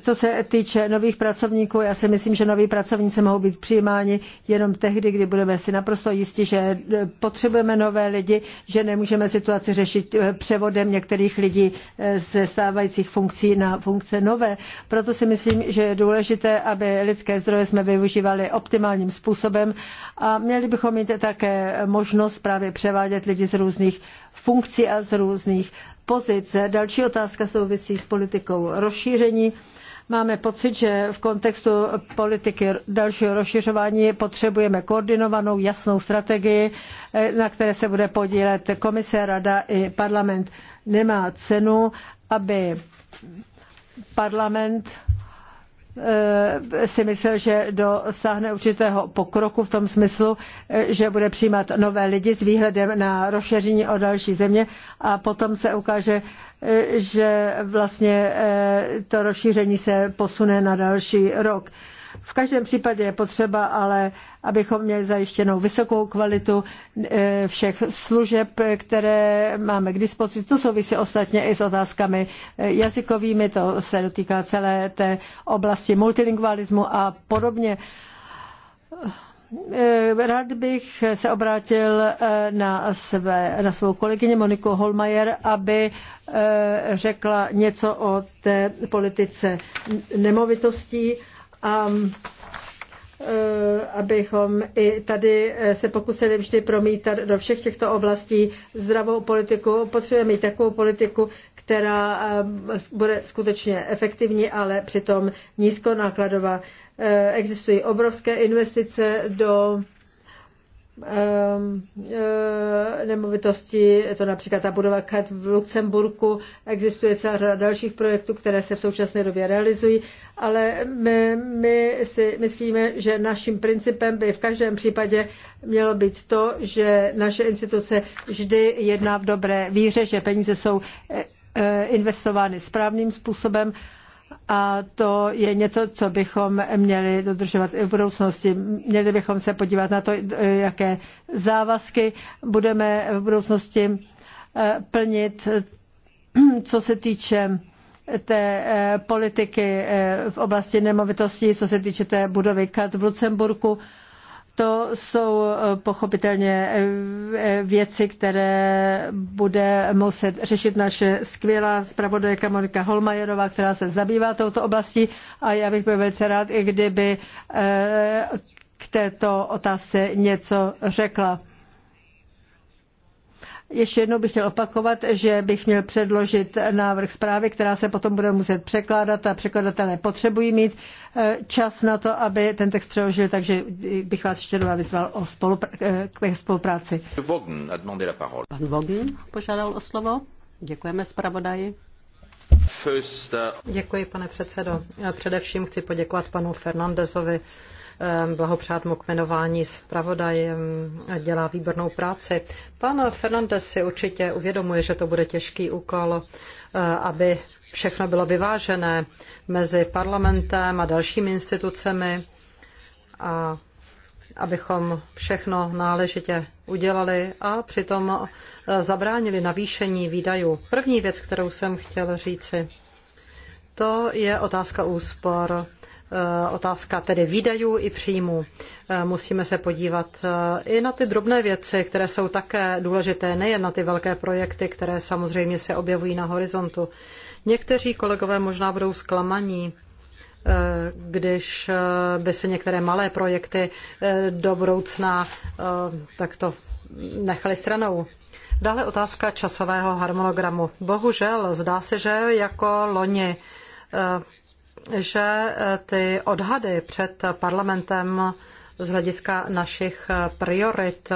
co se týče nových pracovníků, já si myslím, že noví pracovníci mohou být přijímáni jenom tehdy, kdy budeme si naprosto jistí, že potřebujeme nové lidi, že nemůžeme situaci řešit eh, převodem některých lidí eh, ze stávajících funkcí na funkce nové. Proto si myslím, že je důležité, aby lidské zdroje jsme využívali optimálním způsobem a měli bychom mít také možnost právě převádět lidi z různých funkcí a z různých pozic. Další otázka souvisí s politikou rozšíření. Máme pocit, že v kontextu politiky dalšího rozšiřování potřebujeme koordinovanou, jasnou strategii, eh, na které se bude podílet komise, rada i parlament. Nemá cenu, aby parlament Eh, si myslel, že dosáhne určitého pokroku v tom smyslu, eh, že bude přijímat nové lidi s výhledem na rozšíření o další země a potom se ukáže, eh, že vlastně to rozšíření se posune na další rok. V každém případě je potřeba ale, abychom měli zajištěnou vysokou kvalitu e, všech služeb, které máme k dispozici. To souvisí ostatně i s otázkami e, jazykovými, to se dotýká celé té oblasti multilingualismu a podobně. E, rád bych se obrátil na, své, na svou kolegyně Moniku Holmajer, aby řekla něco o té politice nemovitostí a um, eh, abychom i tady eh, se pokusili vždy promítat do všech těchto oblastí zdravou politiku. Potřebujeme mít takovou politiku, která eh, bude skutečně efektivní, ale přitom nízkonákladová. Existují obrovské investice do Ehm, ehm, nemovitosti, to například ta budova KAT v Luxemburku existuje celá řada dalších projektů, které se v současné době realizují, ale my, my si myslíme, že naším principem by v každém případě mělo být to, že naše instituce vždy jedná v dobré víře, že peníze jsou eh, eh, investovány správným způsobem a to je něco, co bychom měli dodržovat i v budoucnosti. Měli bychom se podívat na to, jaké závazky budeme v budoucnosti eh, plnit, <clears throat> co se týče eh, té eh, politiky v oblasti nemovitostí, co se týče té budovy KAT v Lucemburku. To jsou eh, pochopitelně eh, eh, věci, které bude muset řešit naše skvělá zpravodajka Monika Holmajerová, která se zabývá touto oblastí a já bych byl velice rád, i kdyby k této otázce něco řekla. Ještě jednou bych chtěl opakovat, že bych měl předložit návrh zprávy, která se potom bude muset překládat a překladatelé potřebují mít eh, čas na to, aby ten text přeložil, takže bych vás ještě doma vyzval o spolupr- eh, k spolupráci. Pan Vogn požádal o slovo. Děkujeme zpravodaji. Uh, Děkuji, pane předsedo. Já především chci poděkovat panu Fernandezovi Ehm, blahopřát mu k jmenování zpravodajem, dělá výbornou práci. Pan Fernandez si určitě uvědomuje, že to bude těžký úkol, eh, aby všechno bylo vyvážené mezi parlamentem a dalšími institucemi a abychom všechno náležitě udělali a přitom eh, zabránili navýšení výdajů. První věc, kterou jsem chtěl říci, to je otázka úspor. Eh, otázka tedy výdajů i příjmů. Eh, musíme se podívat eh, i na ty drobné věci, které jsou také důležité, nejen na ty velké projekty, které samozřejmě se objevují na horizontu. Někteří kolegové možná budou zklamaní, když by se některé malé projekty do budoucna takto nechali stranou. Dále otázka časového harmonogramu. Bohužel, zdá se, že jako loni že eh, ty odhady před parlamentem z hlediska našich eh, priorit,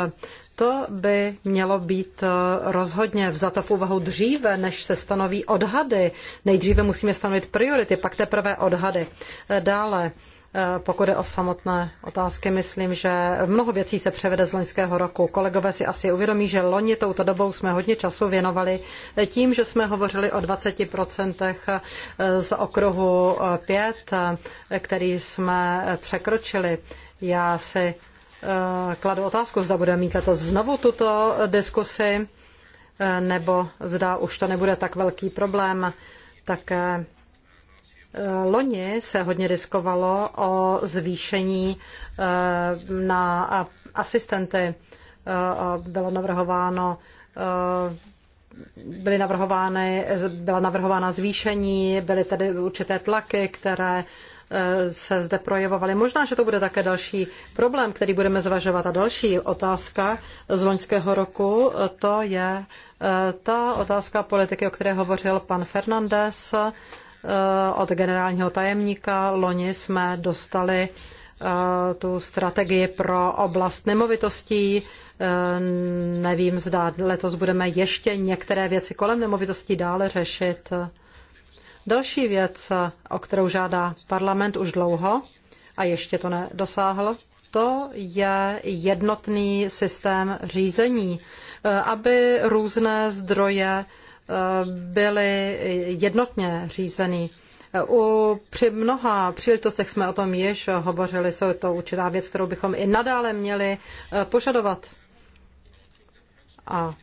to by mělo být eh, rozhodně vzato v úvahu dříve, než se stanoví odhady. Nejdříve musíme stanovit priority, pak teprve odhady. Dále Eh, pokud je o samotné otázky, myslím, že mnoho věcí se převede z loňského roku. Kolegové si asi uvědomí, že loni touto dobou jsme hodně času věnovali eh, tím, že jsme hovořili o 20% eh, z okruhu 5, který jsme překročili. Já si kladu otázku, zda budeme mít letos znovu tuto diskusi, nebo zda už to nebude tak velký problém. Také Eh, loni se hodně diskovalo o zvýšení eh, na eh, asistenty. Bylo navrhováno byly navrhovány, byla navrhována zvýšení, byly tady určité tlaky, které se zde projevovaly. Možná, že to bude také další problém, který budeme zvažovat. A další otázka z loňského roku, to je ta otázka politiky, o které hovořil pan Fernandez Eh, od generálního tajemníka. Loni jsme dostali eh, tu strategii pro oblast nemovitostí. Eh, nevím, zda letos budeme ještě některé věci kolem nemovitostí dále řešit. Další věc, o kterou žádá parlament už dlouho a ještě to nedosáhl, to je jednotný systém řízení, aby různé zdroje byly jednotně řízeny. U, při mnoha příležitostech jsme o tom již hovořili, jsou to určitá věc, kterou bychom i nadále měli eh, požadovat. A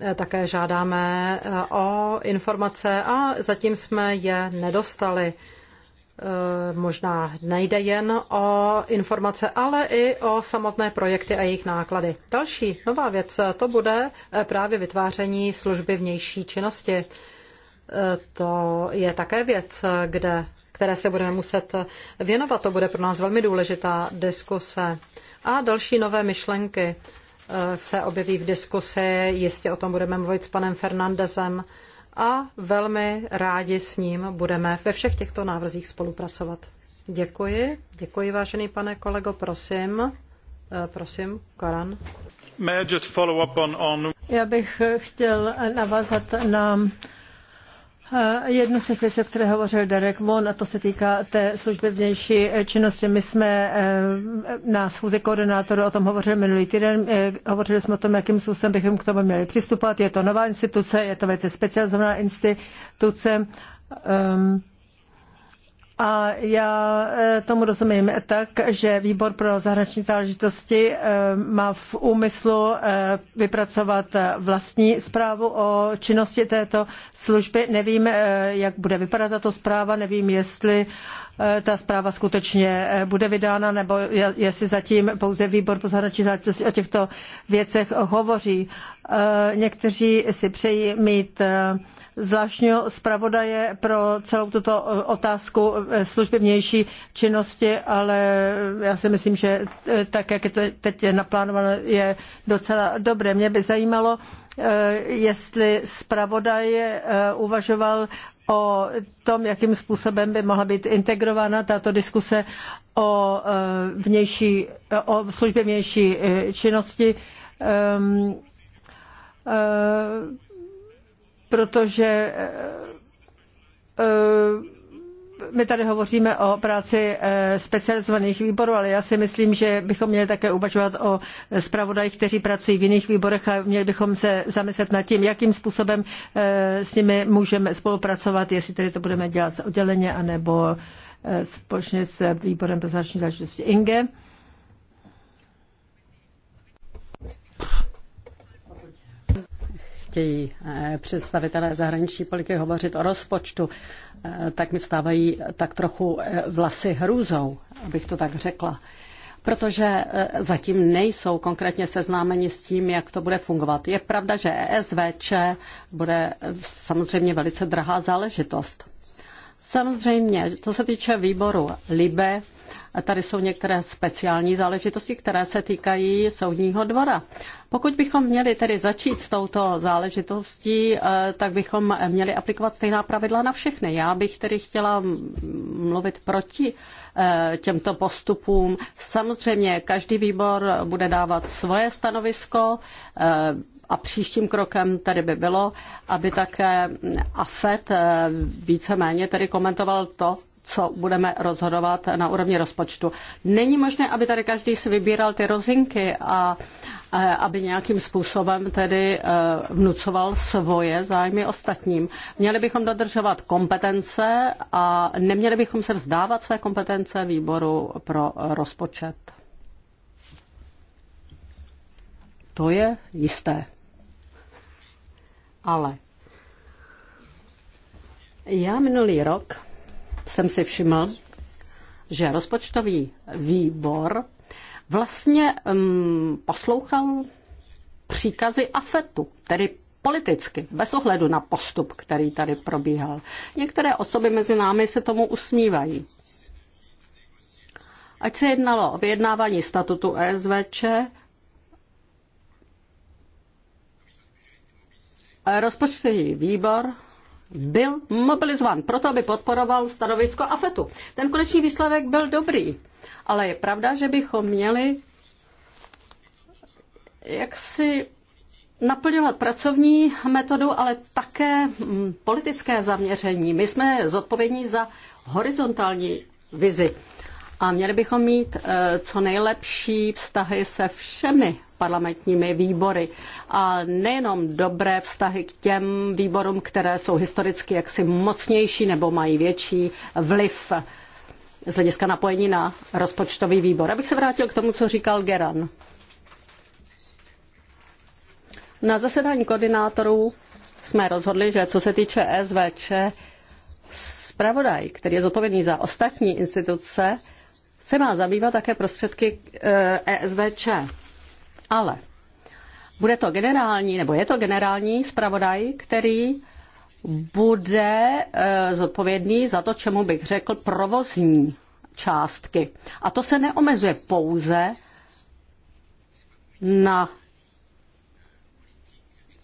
eh, také žádáme eh, o informace a zatím jsme je nedostali. Eh, možná nejde jen o informace, ale i o samotné projekty a jejich náklady. Další nová věc, eh, to bude eh, právě vytváření služby vnější činnosti. To je také věc, kde, které se budeme muset věnovat. To bude pro nás velmi důležitá diskuse. A další nové myšlenky se objeví v diskusi. Jistě o tom budeme mluvit s panem Fernandezem a velmi rádi s ním budeme ve všech těchto návrzích spolupracovat. Děkuji. Děkuji, vážený pane kolego. Prosím, eh, prosím, Karan. Já bych chtěl navázat na Jedno z těch věcí, o které hovořil Derek Mon, a to se týká té služby vnější činnosti. My jsme eh, na schůzi koordinátoru o tom hovořili minulý týden. Eh, hovořili jsme o tom, jakým způsobem bychom k tomu měli přistupovat. Je to nová instituce, je to velice specializovaná instituce. Um, a já e, tomu rozumím tak, že výbor pro zahraniční záležitosti e, má v úmyslu e, vypracovat vlastní zprávu o činnosti této služby. Nevím, jak bude vypadat tato zpráva, nevím, jestli Eh, ta zpráva skutečně eh, bude vydána, nebo jestli zatím pouze výbor pro zahraniční záležitosti o těchto věcech hovoří. Eh, někteří si přejí mít zvláštního zpravodaje pro celou tuto otázku služby vnější činnosti, ale já si myslím, že tak, jak je to teď naplánováno, je docela dobré. Mě by zajímalo, jestli zpravodaj uvažoval o tom, jakým způsobem by mohla být integrována tato diskuse o, e, vnější, o službě vnější e, činnosti, ehm, e, protože my tady hovoříme o práci eh, specializovaných výborů, ale já si myslím, že bychom měli také uvažovat o zpravodajích, kteří pracují v jiných výborech a měli bychom se zamyslet nad tím, jakým způsobem eh, s nimi můžeme spolupracovat, jestli tedy to budeme dělat odděleně anebo eh, společně s výborem pro záležitosti INGE. chtějí eh, představitelé zahraniční politiky hovořit o rozpočtu, eh, tak mi vstávají tak trochu eh, vlasy hrůzou, abych to tak řekla. Protože zatím nejsou konkrétně seznámeni s tím, jak to bude fungovat. Je pravda, že ESVČ bude samozřejmě velice drahá záležitost. Samozřejmě, co se týče výboru LIBE, a tady jsou některé speciální záležitosti, které se týkají soudního dvora. Pokud bychom měli tedy začít s touto záležitostí, eh, tak bychom měli aplikovat stejná pravidla na všechny. Já bych tedy chtěla mluvit proti eh, těmto postupům. Samozřejmě každý výbor bude dávat svoje stanovisko eh, a příštím krokem tedy by bylo, aby také AFET víceméně tedy komentoval to, co budeme rozhodovat na úrovni rozpočtu. Není možné, aby tady každý si vybíral ty rozinky a aby nějakým způsobem tedy e, vnucoval svoje zájmy ostatním. Měli bychom dodržovat kompetence a neměli bychom se vzdávat své kompetence výboru pro rozpočet. To je jisté. Ale já minulý rok jsem si všiml, že rozpočtový výbor vlastně um, poslouchal příkazy AFETu, tedy politicky, bez ohledu na postup, který tady probíhal. Některé osoby mezi námi se tomu usmívají. Ať se jednalo o vyjednávání statutu ESVČ, rozpočtový výbor byl mobilizován proto, aby podporoval stanovisko AFETu. Ten konečný výsledek byl dobrý, ale je pravda, že bychom měli jaksi naplňovat pracovní metodu, ale také mm, politické zaměření. My jsme zodpovědní za horizontální vizi a měli bychom mít eh, co nejlepší vztahy se všemi parlamentními výbory. A nejenom dobré vztahy k těm výborům, které jsou historicky jaksi mocnější nebo mají větší vliv z hlediska napojení na rozpočtový výbor. Abych se vrátil k tomu, co říkal Geran. Na zasedání koordinátorů jsme rozhodli, že co se týče SVČ, zpravodaj, který je zodpovědný za ostatní instituce, se má zabývat také prostředky ESVČ. Eh, e ale bude to generální, nebo je to generální zpravodaj, který bude eh, zodpovědný za to, čemu bych řekl provozní částky. A to se neomezuje pouze na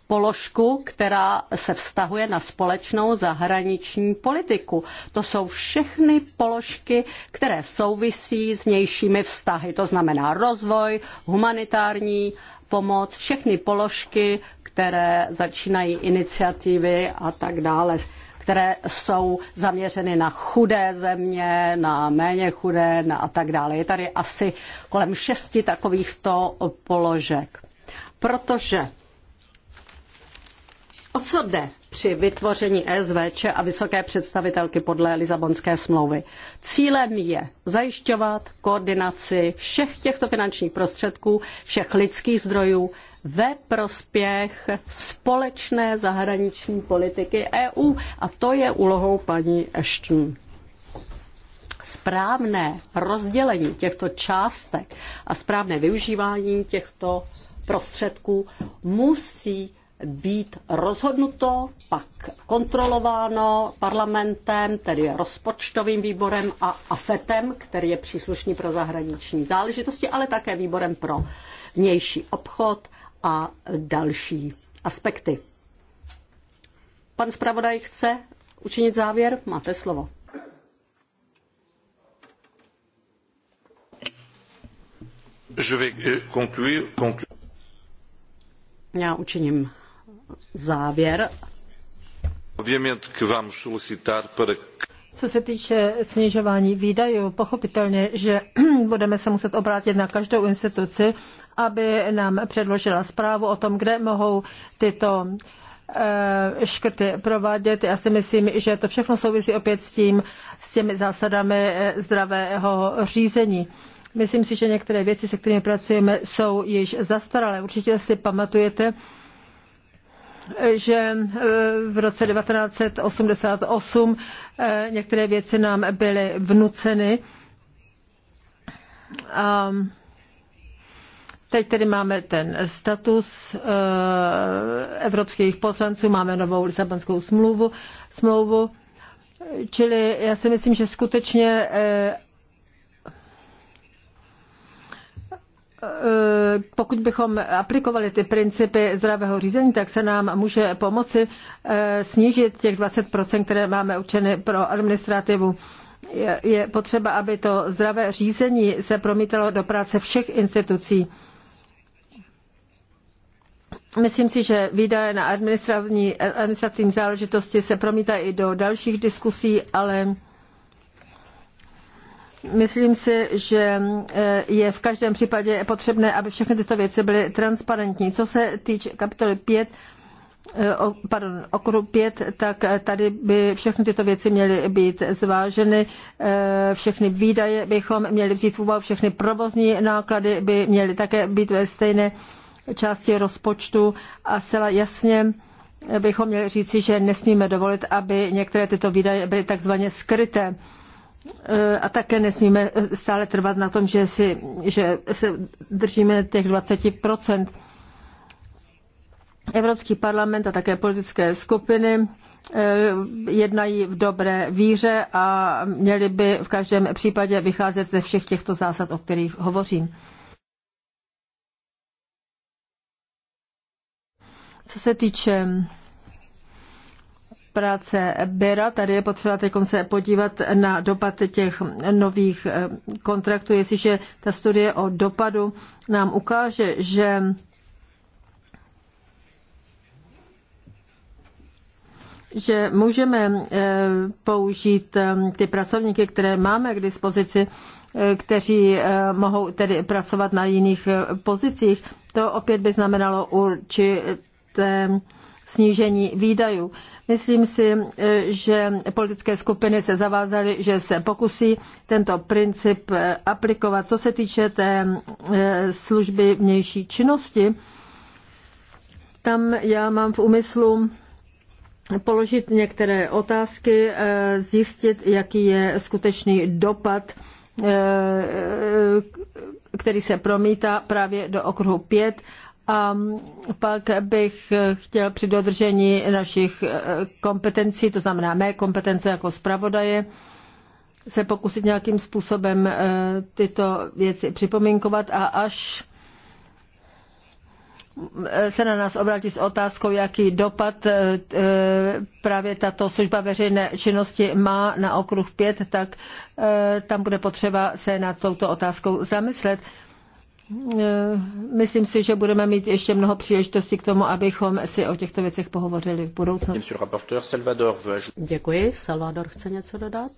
položku, která se vztahuje na společnou zahraniční politiku. To jsou všechny položky, které souvisí s vnějšími vztahy, to znamená rozvoj, humanitární pomoc, všechny položky, které začínají iniciativy a tak dále které jsou zaměřeny na chudé země, na méně chudé na a tak dále. Je tady asi kolem šesti takovýchto položek. Protože O co jde při vytvoření ESVČ a vysoké představitelky podle Lisabonské smlouvy? Cílem je zajišťovat koordinaci všech těchto finančních prostředků, všech lidských zdrojů ve prospěch společné zahraniční politiky EU a to je úlohou paní Ashton správné rozdělení těchto částek a správné využívání těchto prostředků musí být rozhodnuto, pak kontrolováno parlamentem, tedy rozpočtovým výborem a AFETem, který je příslušný pro zahraniční záležitosti, ale také výborem pro vnější obchod a další aspekty. Pan zpravodaj chce učinit závěr? Máte slovo. Je vais euh, conclure, conclure. Já učiním závěr. co se týče snižování výdajů, pochopitelně, že <clears throat> budeme se muset obrátit na každou instituci, aby nám předložila zprávu o tom, kde mohou tyto eh, škrty provádět. Já si myslím, že to všechno souvisí opět s tím, s těmi zásadami eh, zdravého řízení. Myslím si, že některé věci, se kterými pracujeme, jsou již zastaralé. Určitě si pamatujete, že eh, v roce 1988 eh, některé věci nám byly vnuceny. A Teď tedy máme ten status eh, evropských poslanců, máme novou Lisabonskou smlouvu, smlouvu, čili já si myslím, že skutečně Eh, pokud bychom aplikovali ty principy zdravého řízení, tak se nám může pomoci eh, snížit těch 20%, které máme určeny pro administrativu. Je potřeba, aby to zdravé řízení se promítalo do práce všech institucí. Myslím si, že výdaje na administrativní, eh, administrativní záležitosti se promítají i do dalších diskusí, ale Myslím si, že eh, je v každém případě potřebné, aby všechny tyto věci byly transparentní. Co se týče kapitoly 5, eh, pardon, okruhu 5, tak eh, tady by všechny tyto věci měly být zváženy. Všechny výdaje bychom měli vzít v úvahu, všechny provozní náklady by měly také být ve stejné části rozpočtu a zcela jasně bychom měli říci, že nesmíme dovolit, aby některé tyto výdaje byly takzvaně skryté E, a také nesmíme e, stále trvat na tom, že, si, že se držíme těch 20%. Evropský parlament a také politické skupiny e, jednají v dobré víře a měli by v každém případě vycházet ze všech těchto zásad, o kterých hovořím. Co se týče práce Bera. Tady je potřeba teď se podívat na dopad těch nových eh, kontraktů. Jestliže ta studie o dopadu nám ukáže, že že můžeme eh, použít eh, ty pracovníky, které máme k dispozici, kteří mohou tedy pracovat na jiných pozicích. To opět by znamenalo určité snížení výdajů. Myslím si, eh, že politické skupiny se zavázaly, že se pokusí tento princip eh, aplikovat. Co se týče té eh, služby vnější činnosti, tam já mám v úmyslu položit některé otázky, zjistit, jaký je skutečný dopad, který se promítá právě do okruhu 5 a pak bych chtěl při dodržení našich eh, kompetencí, to znamená mé kompetence jako zpravodaje, se pokusit nějakým způsobem eh, tyto věci připomínkovat a až eh, se na nás obrátí s otázkou, jaký dopad právě tato služba veřejné činnosti má na okruh 5, tak tam bude potřeba se nad touto otázkou zamyslet. Eh, myslím si, že budeme mít ještě mnoho příležitostí k tomu, abychom si o těchto věcech pohovořili v budoucnu. Děkuji. Salvador chce něco dodat?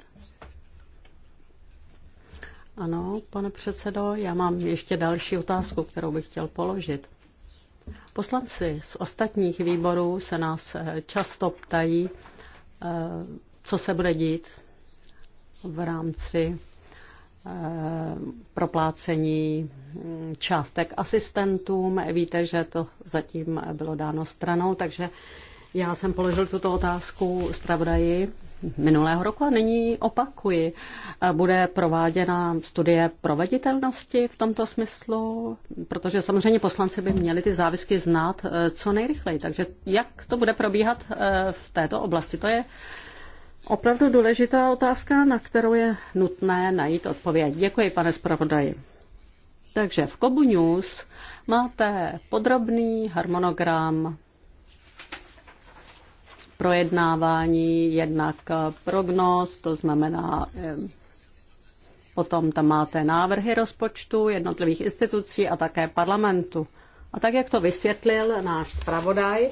Ano, pane předsedo, já mám ještě další otázku, kterou bych chtěl položit. Poslanci z ostatních výborů se nás eh, často ptají, eh, co se bude dít v rámci Eh, proplácení mm, částek asistentům. Víte, že to zatím bylo dáno stranou, takže já jsem položil tuto otázku zpravodaji minulého roku a nyní opakuji. Eh, bude prováděna studie proveditelnosti v tomto smyslu, protože samozřejmě poslanci by měli ty závisky znát eh, co nejrychleji. Takže jak to bude probíhat v této oblasti, to je opravdu důležitá otázka, na kterou je nutné najít odpověď. Děkuji, pane zpravodaji. Takže v Kobu News máte podrobný harmonogram projednávání, jednak prognóz, to znamená, eh, potom tam máte návrhy rozpočtu jednotlivých institucí a také parlamentu. A tak, jak to vysvětlil náš zpravodaj,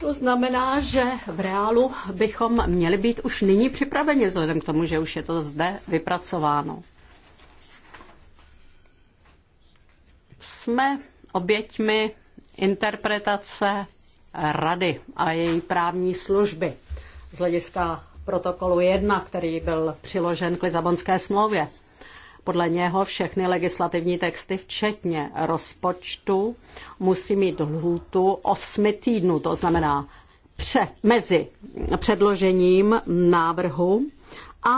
to znamená, že v reálu bychom měli být už nyní připraveni, vzhledem k tomu, že už je to zde vypracováno. Jsme oběťmi interpretace rady a její právní služby z hlediska protokolu 1, který byl přiložen k Lizabonské smlouvě. Podle něho všechny legislativní texty, včetně rozpočtu, musí mít lhůtu 8 týdnů, to znamená pře, mezi předložením návrhu a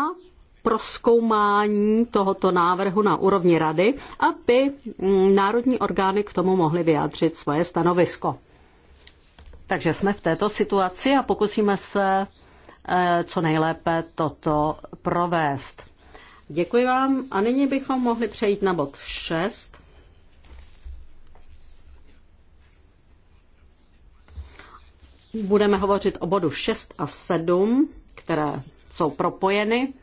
proskoumání tohoto návrhu na úrovni rady, aby mm, národní orgány k tomu mohly vyjádřit svoje stanovisko. Takže jsme v této situaci a pokusíme se eh, co nejlépe toto provést. Děkuji vám a nyní bychom mohli přejít na bod 6. Budeme hovořit o bodu 6 a 7, které jsou propojeny.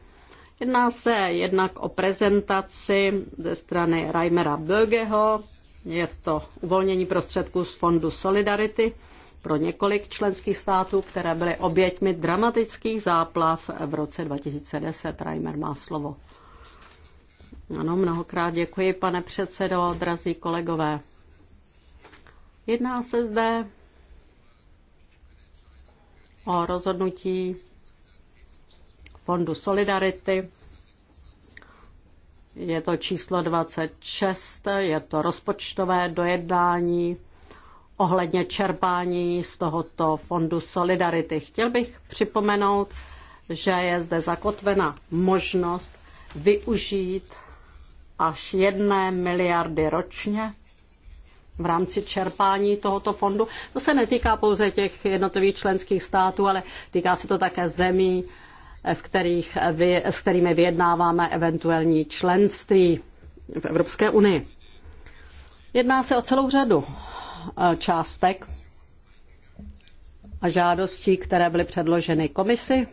Jedná se jednak o prezentaci ze strany Reimera Bögeho, je to uvolnění prostředků z Fondu Solidarity pro několik členských států, které byly oběťmi dramatických záplav v roce 2010. Reimer má slovo. Ano, mnohokrát děkuji, pane předsedo, drazí kolegové. Jedná se zde o rozhodnutí Fondu Solidarity. Je to číslo 26, je to rozpočtové dojednání ohledně čerpání z tohoto fondu Solidarity. Chtěl bych připomenout, že je zde zakotvena možnost využít až jedné miliardy ročně v rámci čerpání tohoto fondu. To se netýká pouze těch jednotlivých členských států, ale týká se to také zemí, v kterých, s kterými vyjednáváme eventuální členství v Evropské unii. Jedná se o celou řadu Eh, částek a žádostí, které byly předloženy komisi.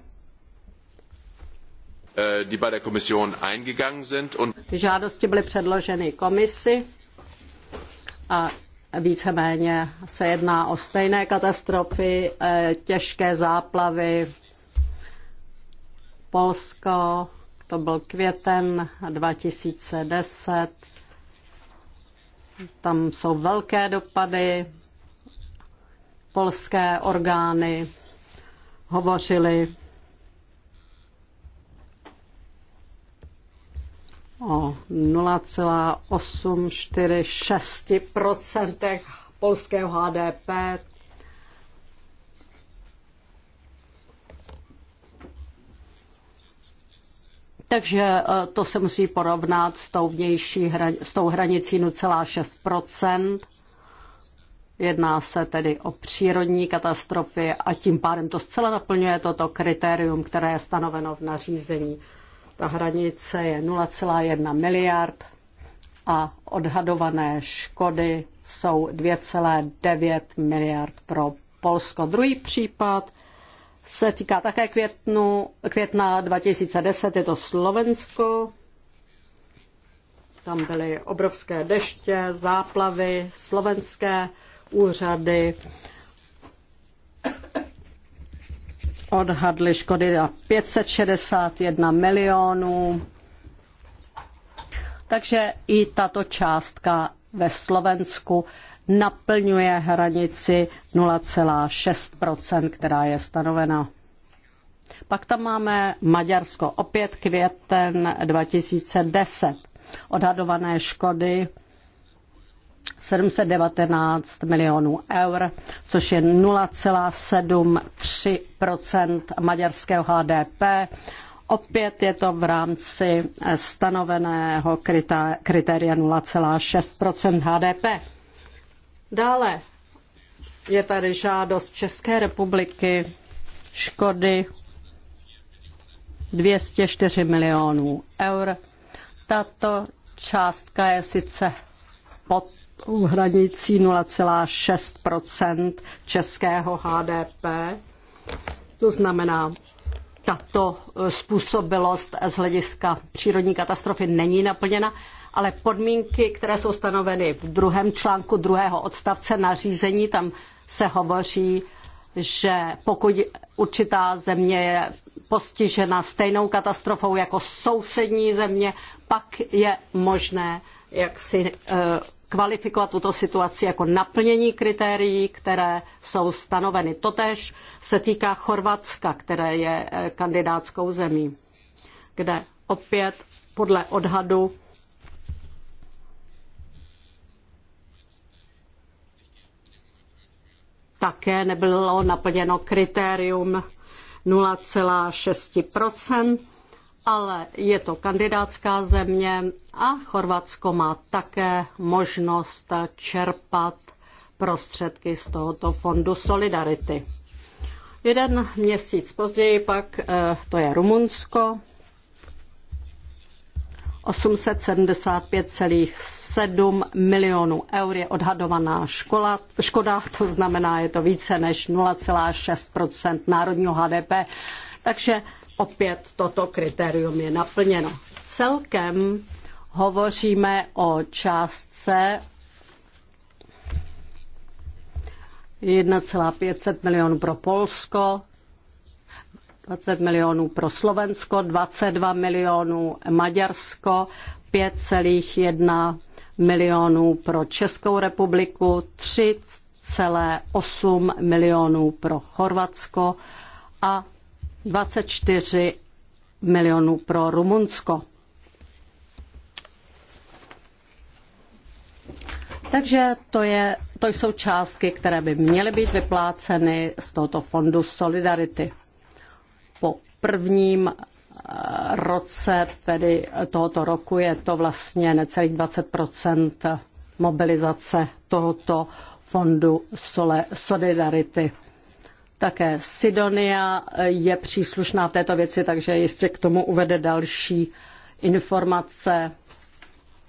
Eh, die bei der Kommission eingegangen sind und žádosti byly předloženy komisi a víceméně se jedná o stejné katastrofy, eh, těžké záplavy. Polsko, to byl květen 2010 tam jsou velké dopady. Polské orgány hovořily o 0,846 polského HDP, takže e, to se musí porovnat s tou, vnější, s tou hranicí 0,6 Jedná se tedy o přírodní katastrofy a tím pádem to zcela naplňuje toto kritérium, které je stanoveno v nařízení. Ta hranice je 0,1 miliard a odhadované škody jsou 2,9 miliard pro Polsko. Druhý případ se týká také květnu, května 2010, je to Slovensko. Tam byly obrovské deště, záplavy, slovenské úřady odhadly škody na 561 milionů. Takže i tato částka ve Slovensku naplňuje hranici 0,6%, která je stanovena. Pak tam máme Maďarsko, opět květen 2010. Odhadované škody 719 milionů eur, což je 0,73 maďarského HDP. Opět je to v rámci stanoveného kritéria 0,6 HDP. Dále je tady žádost České republiky škody 204 milionů eur. Tato částka je sice pod hranicí 0,6 českého HDP. To znamená, tato způsobilost z hlediska přírodní katastrofy není naplněna, ale podmínky, které jsou stanoveny v druhém článku druhého odstavce nařízení, tam se hovoří, že pokud určitá země je postižena stejnou katastrofou jako sousední země, pak je možné jak si eh, kvalifikovat tuto situaci jako naplnění kritérií, které jsou stanoveny. Totež se týká Chorvatska, které je eh, kandidátskou zemí, kde opět podle odhadu také nebylo naplněno kritérium 0,6 ale je to kandidátská země a Chorvatsko má také možnost čerpat prostředky z tohoto fondu Solidarity. Jeden měsíc později pak, eh, to je Rumunsko, 875,7 milionů eur je odhadovaná škola, škoda, to znamená, je to více než 0,6 národního HDP, takže opět toto kritérium je naplněno. Celkem hovoříme o částce 1,5 milionů pro Polsko, 20 milionů pro Slovensko, 22 milionů Maďarsko, 5,1 milionů pro Českou republiku, 3,8 milionů pro Chorvatsko a 24 milionů pro Rumunsko. Takže to, je, to jsou částky, které by měly být vypláceny z tohoto fondu Solidarity po prvním eh, roce, tedy tohoto roku, je to vlastně necelých 20 mobilizace tohoto fondu Solidarity. Také Sidonia eh, je příslušná této věci, takže jistě k tomu uvede další informace.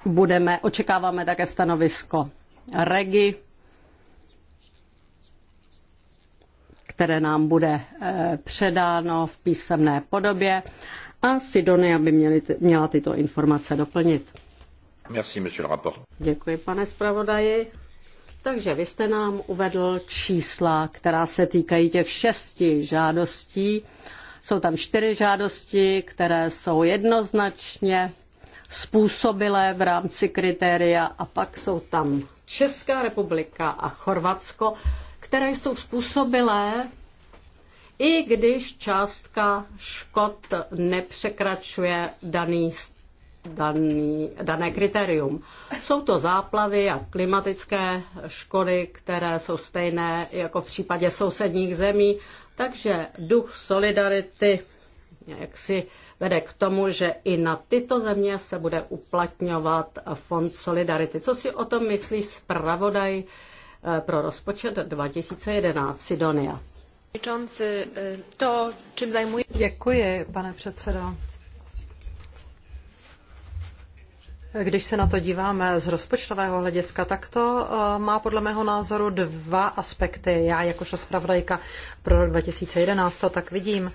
Budeme, očekáváme také stanovisko Regi které nám bude eh, předáno v písemné podobě a Sidonia by měli, měla tyto informace doplnit. Merci, monsieur le rapport. Děkuji, pane zpravodaji. Takže vy jste nám uvedl čísla, která se týkají těch šesti žádostí. Jsou tam čtyři žádosti, které jsou jednoznačně způsobilé v rámci kritéria a pak jsou tam Česká republika a Chorvatsko, které jsou způsobilé, i když částka škod nepřekračuje daný, daný, dané kritérium. Jsou to záplavy a klimatické škody, které jsou stejné jako v případě sousedních zemí, takže duch solidarity jak si vede k tomu, že i na tyto země se bude uplatňovat Fond Solidarity. Co si o tom myslí zpravodaj pro rozpočet 2011. Sidonia. Eh, to, čím zajmuji... Děkuji, pane předsedo. Když se na to díváme z rozpočtového hlediska, tak to eh, má podle mého názoru dva aspekty. Já jakožto zpravodajka pro 2011 to tak vidím.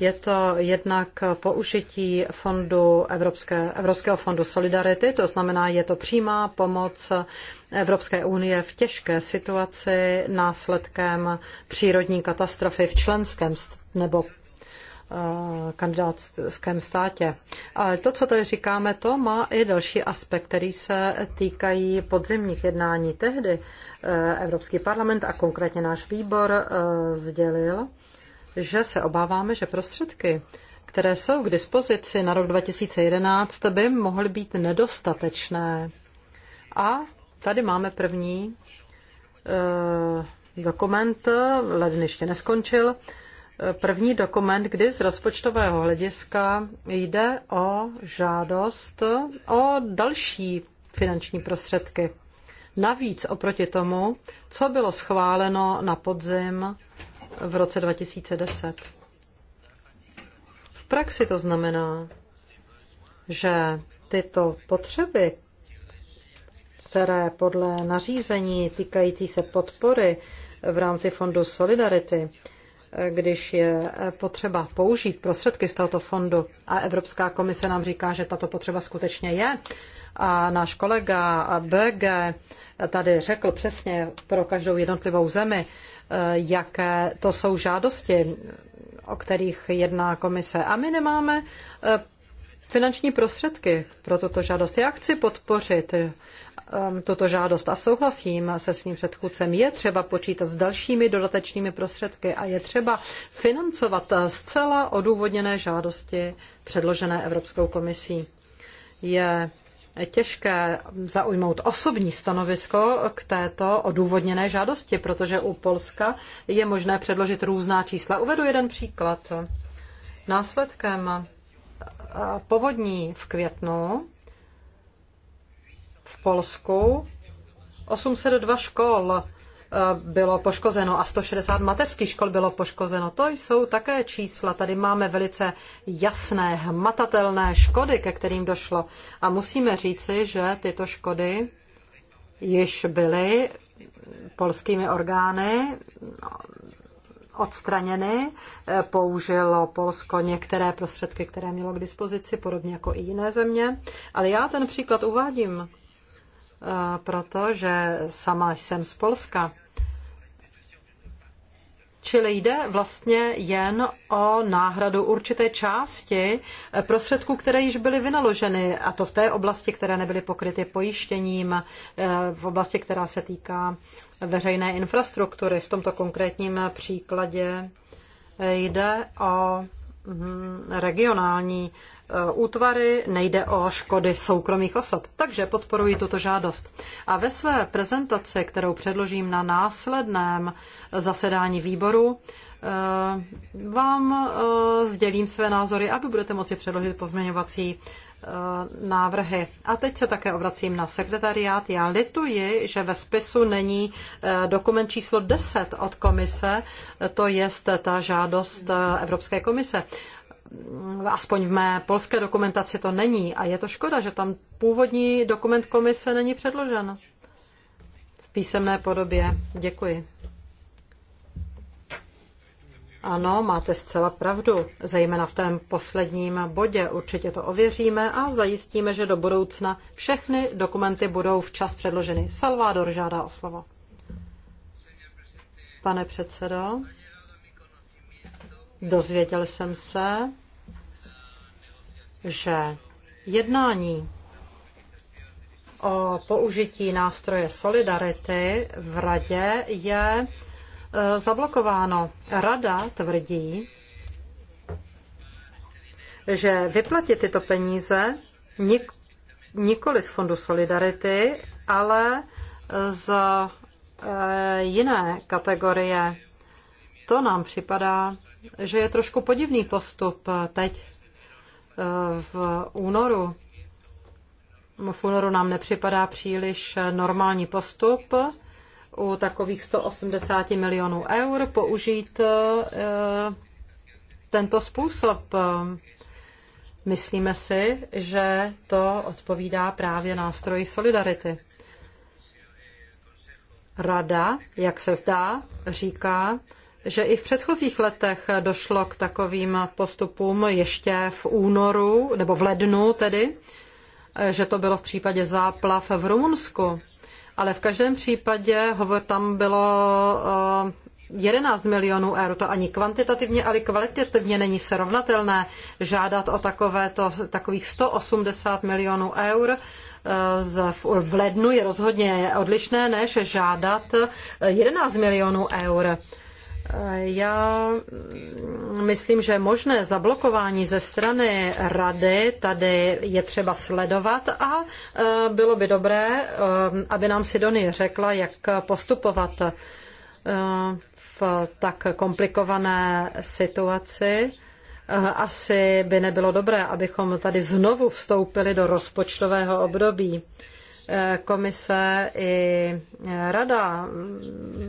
Je to jednak použití fondu Evropské, Evropského fondu Solidarity, to znamená, je to přímá pomoc Evropské unie v těžké situaci následkem přírodní katastrofy v členském nebo eh, kandidátském státě. Ale to, co tady říkáme, to má i další aspekt, který se týkají podzimních jednání. Tehdy eh, Evropský parlament a konkrétně náš výbor eh, sdělil, že se obáváme, že prostředky, které jsou k dispozici na rok 2011, by mohly být nedostatečné. A tady máme první eh, dokument, leden ještě neskončil, eh, první dokument, kdy z rozpočtového hlediska jde o žádost o další finanční prostředky. Navíc oproti tomu, co bylo schváleno na podzim v roce 2010. V praxi to znamená, že tyto potřeby, které podle nařízení týkající se podpory v rámci Fondu Solidarity, když je potřeba použít prostředky z tohoto fondu a Evropská komise nám říká, že tato potřeba skutečně je, a náš kolega BG tady řekl přesně pro každou jednotlivou zemi, Eh, jaké to jsou žádosti, o kterých jedná komise. A my nemáme eh, finanční prostředky pro tuto žádost. Já chci podpořit eh, tuto žádost a souhlasím se svým předchůdcem. Je třeba počítat s dalšími dodatečnými prostředky a je třeba financovat zcela odůvodněné žádosti předložené Evropskou komisí. Je těžké zaujmout osobní stanovisko k této odůvodněné žádosti, protože u Polska je možné předložit různá čísla. Uvedu jeden příklad. Následkem povodní v květnu v Polsku 802 škol Eh, bylo poškozeno a 160 mateřských škol bylo poškozeno. To jsou také čísla. Tady máme velice jasné, hmatatelné škody, ke kterým došlo. A musíme říci, že tyto škody již byly polskými orgány odstraněny. Eh, použilo Polsko některé prostředky, které mělo k dispozici, podobně jako i jiné země. Ale já ten příklad uvádím, eh, protože sama jsem z Polska. Čili jde vlastně jen o náhradu určité části prostředků, které již byly vynaloženy, a to v té oblasti, které nebyly pokryty pojištěním, eh, v oblasti, která se týká veřejné infrastruktury. V tomto konkrétním příkladě eh, jde o hm, regionální Eh, útvary, nejde o škody soukromých osob. Takže podporuji tuto žádost. A ve své prezentaci, kterou předložím na následném eh, zasedání výboru, eh, vám sdělím své názory a vy budete moci předložit pozměňovací návrhy. A teď se také obracím na sekretariát. Já lituji, že ve spisu není dokument číslo 10 od komise, to je ta žádost Evropské komise aspoň v mé polské dokumentaci to není a je to škoda, že tam původní dokument komise není předložen v písemné podobě. Děkuji. Ano, máte zcela pravdu, zejména v tom posledním bodě. Určitě to ověříme a zajistíme, že do budoucna všechny dokumenty budou včas předloženy. Salvador žádá o slovo. Pane předsedo, dozvěděl jsem se, že jednání o použití nástroje solidarity v radě je e, zablokováno. Rada tvrdí, že vyplatit tyto peníze nik, nikoli z Fondu Solidarity, ale z e, jiné kategorie. To nám připadá, že je trošku podivný postup teď v únoru. V únoru nám nepřipadá příliš normální postup u takových 180 milionů eur použít eh, tento způsob. Myslíme si, že to odpovídá právě nástroji solidarity. Rada, jak se zdá, říká, že i v předchozích letech došlo k takovým postupům ještě v únoru, nebo v lednu tedy, že to bylo v případě záplav v Rumunsku. Ale v každém případě hovor tam bylo 11 eh, milionů eur. To ani kvantitativně, ale kvalitativně není srovnatelné žádat o takové to takových 180 milionů eur eh, z, v lednu je rozhodně odlišné, než žádat 11 eh, milionů eur. Já myslím, že možné zablokování ze strany rady tady je třeba sledovat a e, bylo by dobré, e, aby nám Sidonie řekla, jak postupovat e, v tak komplikované situaci. Asi by nebylo dobré, abychom tady znovu vstoupili do rozpočtového období. Eh, komise i eh, rada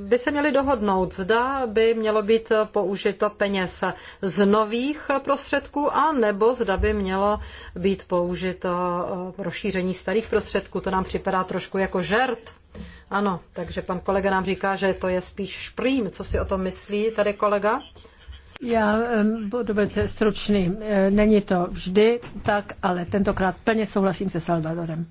by se měly dohodnout, zda by mělo být použito peněz z nových prostředků a nebo zda by mělo být použito eh, rozšíření starých prostředků. To nám připadá trošku jako žert. Ano, takže pan kolega nám říká, že to je spíš šprým. Co si o tom myslí tady kolega? Já budu velice stručný. Není to vždy tak, ale tentokrát plně souhlasím se Salvadorem.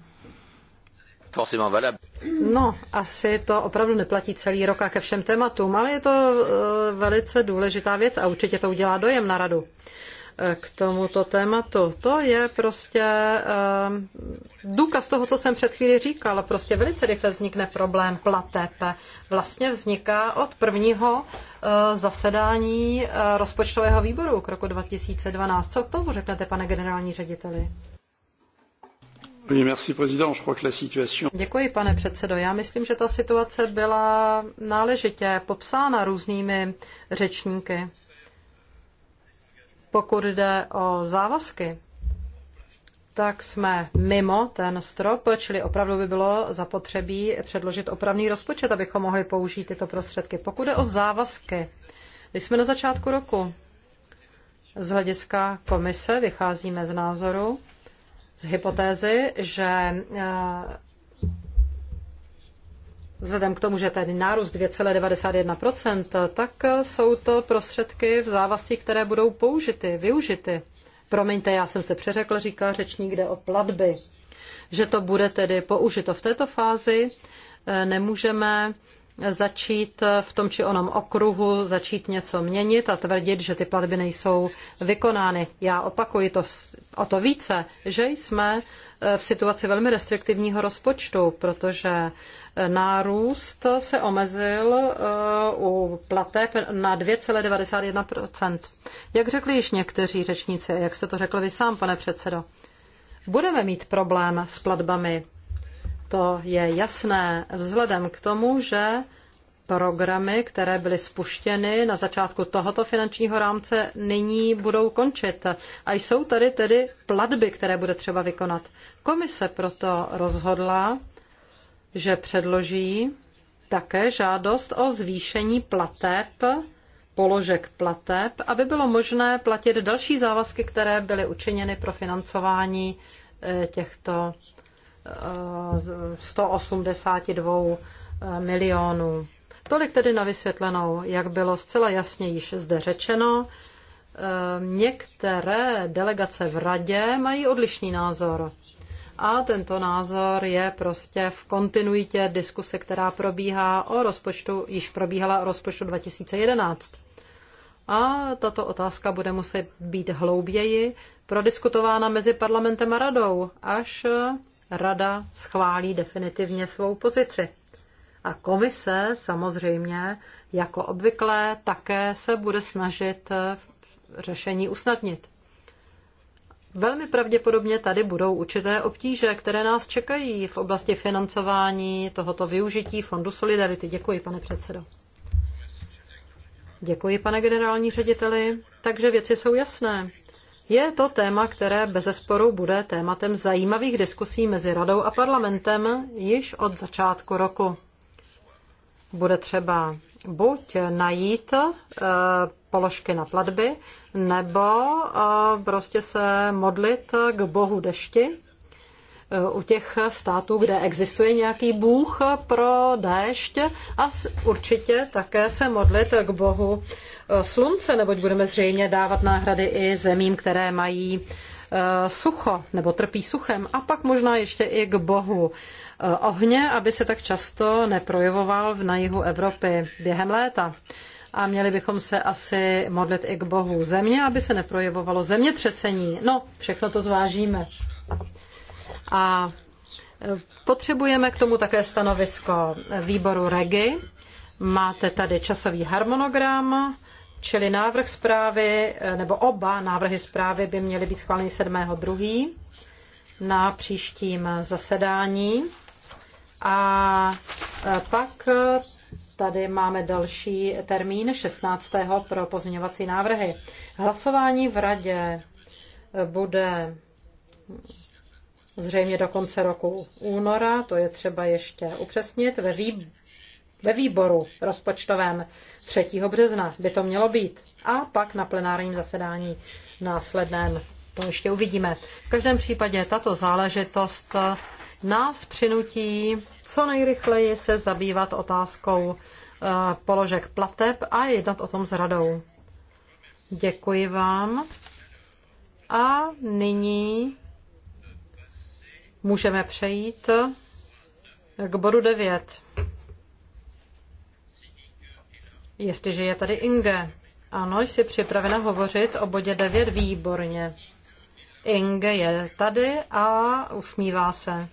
No, asi to opravdu neplatí celý rok a ke všem tématům, ale je to e, velice důležitá věc a určitě to udělá dojem na radu e, k tomuto tématu. To je prostě e, důkaz toho, co jsem před chvíli říkal. Prostě velice rychle vznikne problém plateb. Vlastně vzniká od prvního zasedání rozpočtového výboru k roku 2012. Co k tomu řeknete, pane generální řediteli? Děkuji, pane předsedo. Já myslím, že ta situace byla náležitě popsána různými řečníky. Pokud jde o závazky, tak jsme mimo ten strop, čili opravdu by bylo zapotřebí předložit opravný rozpočet, abychom mohli použít tyto prostředky. Pokud jde o závazky, když jsme na začátku roku, z hlediska komise vycházíme z názoru, z hypotézy, že eh, vzhledem k tomu, že ten nárůst 2,91%, tak jsou to prostředky v závazcích, které budou použity, využity. Promiňte, já jsem se přeřekl, říká řečník, kde o platby. Že to bude tedy použito v této fázi, eh, nemůžeme začít v tom či onom okruhu, začít něco měnit a tvrdit, že ty platby nejsou vykonány. Já opakuji to o to více, že jsme e, v situaci velmi restriktivního rozpočtu, protože e, nárůst se omezil e, u plateb na 2,91%. Jak řekli již někteří řečníci, jak jste to řekl vy sám, pane předsedo, budeme mít problém s platbami to je jasné vzhledem k tomu, že programy, které byly spuštěny na začátku tohoto finančního rámce, nyní budou končit. A jsou tady tedy platby, které bude třeba vykonat. Komise proto rozhodla, že předloží také žádost o zvýšení plateb, položek plateb, aby bylo možné platit další závazky, které byly učiněny pro financování eh, těchto 182 milionů. Tolik tedy na vysvětlenou, jak bylo zcela jasně již zde řečeno. Ehm, některé delegace v radě mají odlišný názor. A tento názor je prostě v kontinuitě diskuse, která probíhá o rozpočtu, již probíhala o rozpočtu 2011. A tato otázka bude muset být hlouběji prodiskutována mezi parlamentem a radou, až rada schválí definitivně svou pozici. A komise samozřejmě, jako obvykle, také se bude snažit eh, řešení usnadnit. Velmi pravděpodobně tady budou určité obtíže, které nás čekají v oblasti financování tohoto využití Fondu Solidarity. Děkuji, pane předsedo. Děkuji, pane generální řediteli. Takže věci jsou jasné. Je to téma, které bezesporu bude tématem zajímavých diskusí mezi radou a parlamentem již od začátku roku. Bude třeba buď najít eh, položky na platby, nebo eh, prostě se modlit k bohu dešti u těch států, kde existuje nějaký bůh pro déšť a určitě také se modlit k bohu eh, slunce, neboť budeme zřejmě dávat náhrady i zemím, které mají eh, sucho nebo trpí suchem a pak možná ještě i k bohu eh, ohně, aby se tak často neprojevoval na jihu Evropy během léta. A měli bychom se asi modlit i k bohu země, aby se neprojevovalo zemětřesení. No, všechno to zvážíme. A e, potřebujeme k tomu také stanovisko výboru REGI. Máte tady časový harmonogram, čili návrh zprávy, e, nebo oba návrhy zprávy by měly být schváleny 7.2. na příštím zasedání. A e, pak tady máme další termín 16. pro pozměňovací návrhy. Hlasování v radě bude zřejmě do konce roku února, to je třeba ještě upřesnit, ve, vý, ve výboru rozpočtovém 3. března by to mělo být a pak na plenárním zasedání následném. To ještě uvidíme. V každém případě tato záležitost nás přinutí co nejrychleji se zabývat otázkou eh, položek plateb a jednat o tom s radou. Děkuji vám. A nyní Můžeme přejít k bodu 9. Jestliže je tady Inge. Ano, jsi připravena hovořit o bodě 9 výborně. Inge je tady a usmívá se,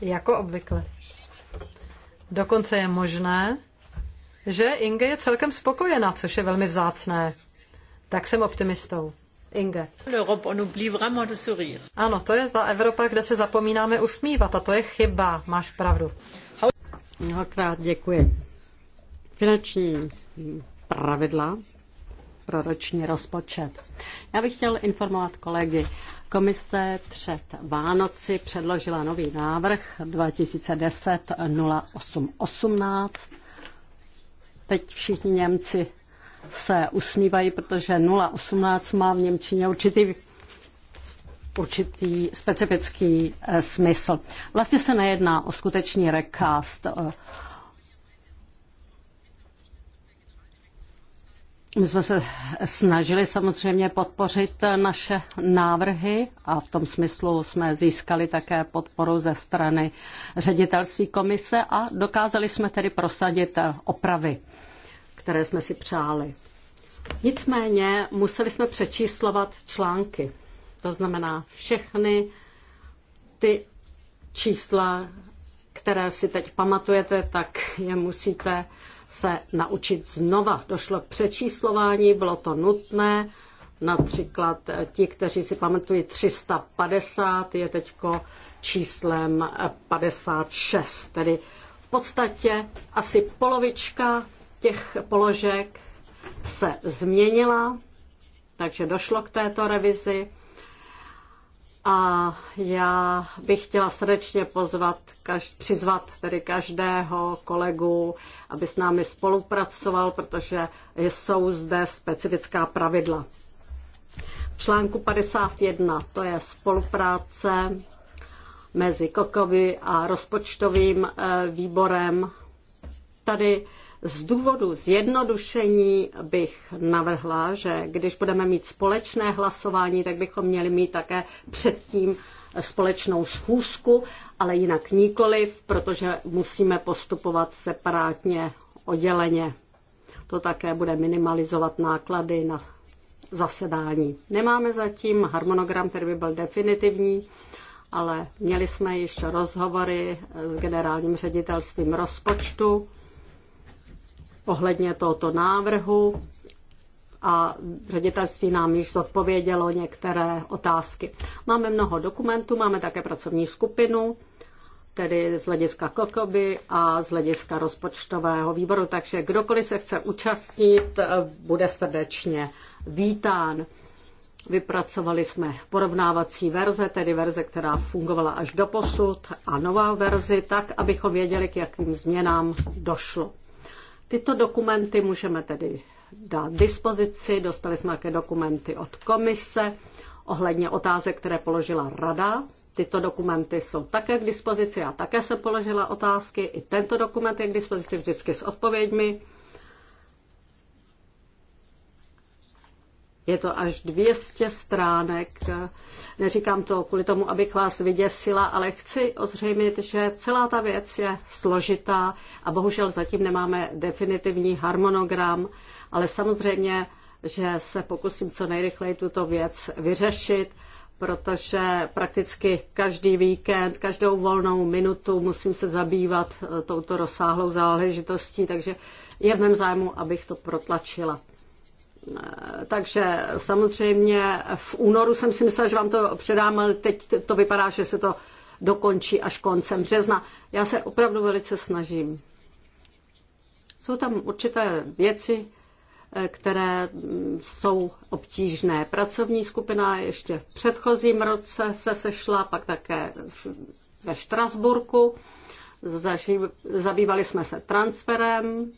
jako obvykle. Dokonce je možné, že Inge je celkem spokojená, což je velmi vzácné. Tak jsem optimistou. Inge. Ano, to je ta Evropa, kde se zapomínáme usmívat a to je chyba, máš pravdu. Mnohokrát děkuji. Finanční pravidla pro roční rozpočet. Já bych chtěl informovat kolegy. Komise před Vánoci předložila nový návrh 2010 0818. Teď všichni Němci se usmívají, protože 0,18 má v Němčině určitý určitý specifický e, smysl. Vlastně se nejedná o skutečný recast. Eh. My jsme se snažili samozřejmě podpořit eh, naše návrhy a v tom smyslu jsme získali také podporu ze strany ředitelství komise a dokázali jsme tedy prosadit opravy které jsme si přáli. Nicméně museli jsme přečíslovat články. To znamená všechny ty čísla, které si teď pamatujete, tak je musíte se naučit znova. Došlo k přečíslování, bylo to nutné. Například ti, kteří si pamatují 350, je teď číslem 56. Tedy v podstatě asi polovička těch položek se změnila, takže došlo k této revizi. A já bych chtěla srdečně pozvat, kaž, přizvat tedy každého kolegu, aby s námi spolupracoval, protože jsou zde specifická pravidla. V článku 51 to je spolupráce mezi Kokovi a rozpočtovým eh, výborem. Tady z důvodu zjednodušení bych navrhla, že když budeme mít společné hlasování, tak bychom měli mít také předtím společnou schůzku, ale jinak nikoliv, protože musíme postupovat separátně, odděleně. To také bude minimalizovat náklady na zasedání. Nemáme zatím harmonogram, který by byl definitivní, ale měli jsme již rozhovory s generálním ředitelstvím rozpočtu ohledně tohoto návrhu a ředitelství nám již zodpovědělo některé otázky. Máme mnoho dokumentů, máme také pracovní skupinu, tedy z hlediska Kokoby a z hlediska rozpočtového výboru, takže kdokoliv se chce účastnit, bude srdečně vítán. Vypracovali jsme porovnávací verze, tedy verze, která fungovala až do posud, a nová verzi, tak, abychom věděli, k jakým změnám došlo. Tyto dokumenty můžeme tedy dát dispozici. Dostali jsme také dokumenty od komise ohledně otázek, které položila rada. Tyto dokumenty jsou také k dispozici. Já také jsem položila otázky. I tento dokument je k dispozici vždycky s odpověďmi. Je to až 200 stránek. Neříkám to kvůli tomu, abych vás vyděsila, ale chci ozřejmit, že celá ta věc je složitá a bohužel zatím nemáme definitivní harmonogram, ale samozřejmě, že se pokusím co nejrychleji tuto věc vyřešit, protože prakticky každý víkend, každou volnou minutu musím se zabývat eh, touto rozsáhlou záležitostí, takže je v mém zájmu, abych to protlačila. Eh, takže samozřejmě v únoru jsem si myslela, že vám to předám, ale teď to vypadá, že se to dokončí až koncem března. Já se opravdu velice snažím. Jsou tam určité věci, eh, které mm, jsou obtížné. Pracovní skupina ještě v předchozím roce se sešla, pak také ve Štrasburku. zabývali jsme se transferem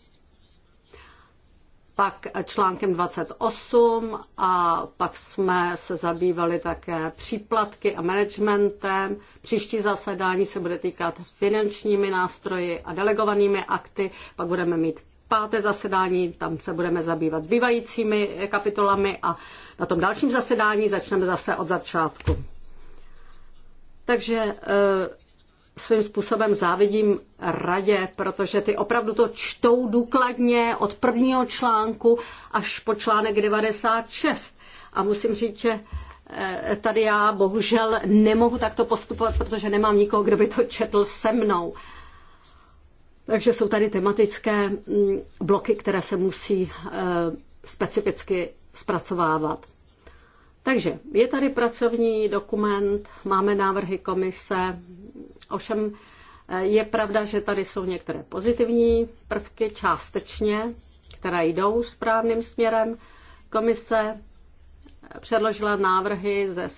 pak článkem 28 a pak jsme se zabývali také příplatky a managementem. Příští zasedání se bude týkat finančními nástroji a delegovanými akty, pak budeme mít páté zasedání, tam se budeme zabývat zbývajícími kapitolami a na tom dalším zasedání začneme zase od začátku. Takže eh, svým způsobem závidím radě, protože ty opravdu to čtou důkladně od prvního článku až po článek 96. A musím říct, že eh, tady já bohužel nemohu takto postupovat, protože nemám nikoho, kdo by to četl se mnou. Takže jsou tady tematické mm, bloky, které se musí eh, specificky zpracovávat. Takže je tady pracovní dokument, máme návrhy komise, ovšem eh, je pravda, že tady jsou některé pozitivní prvky částečně, které jdou správným směrem. Komise eh, předložila návrhy ze,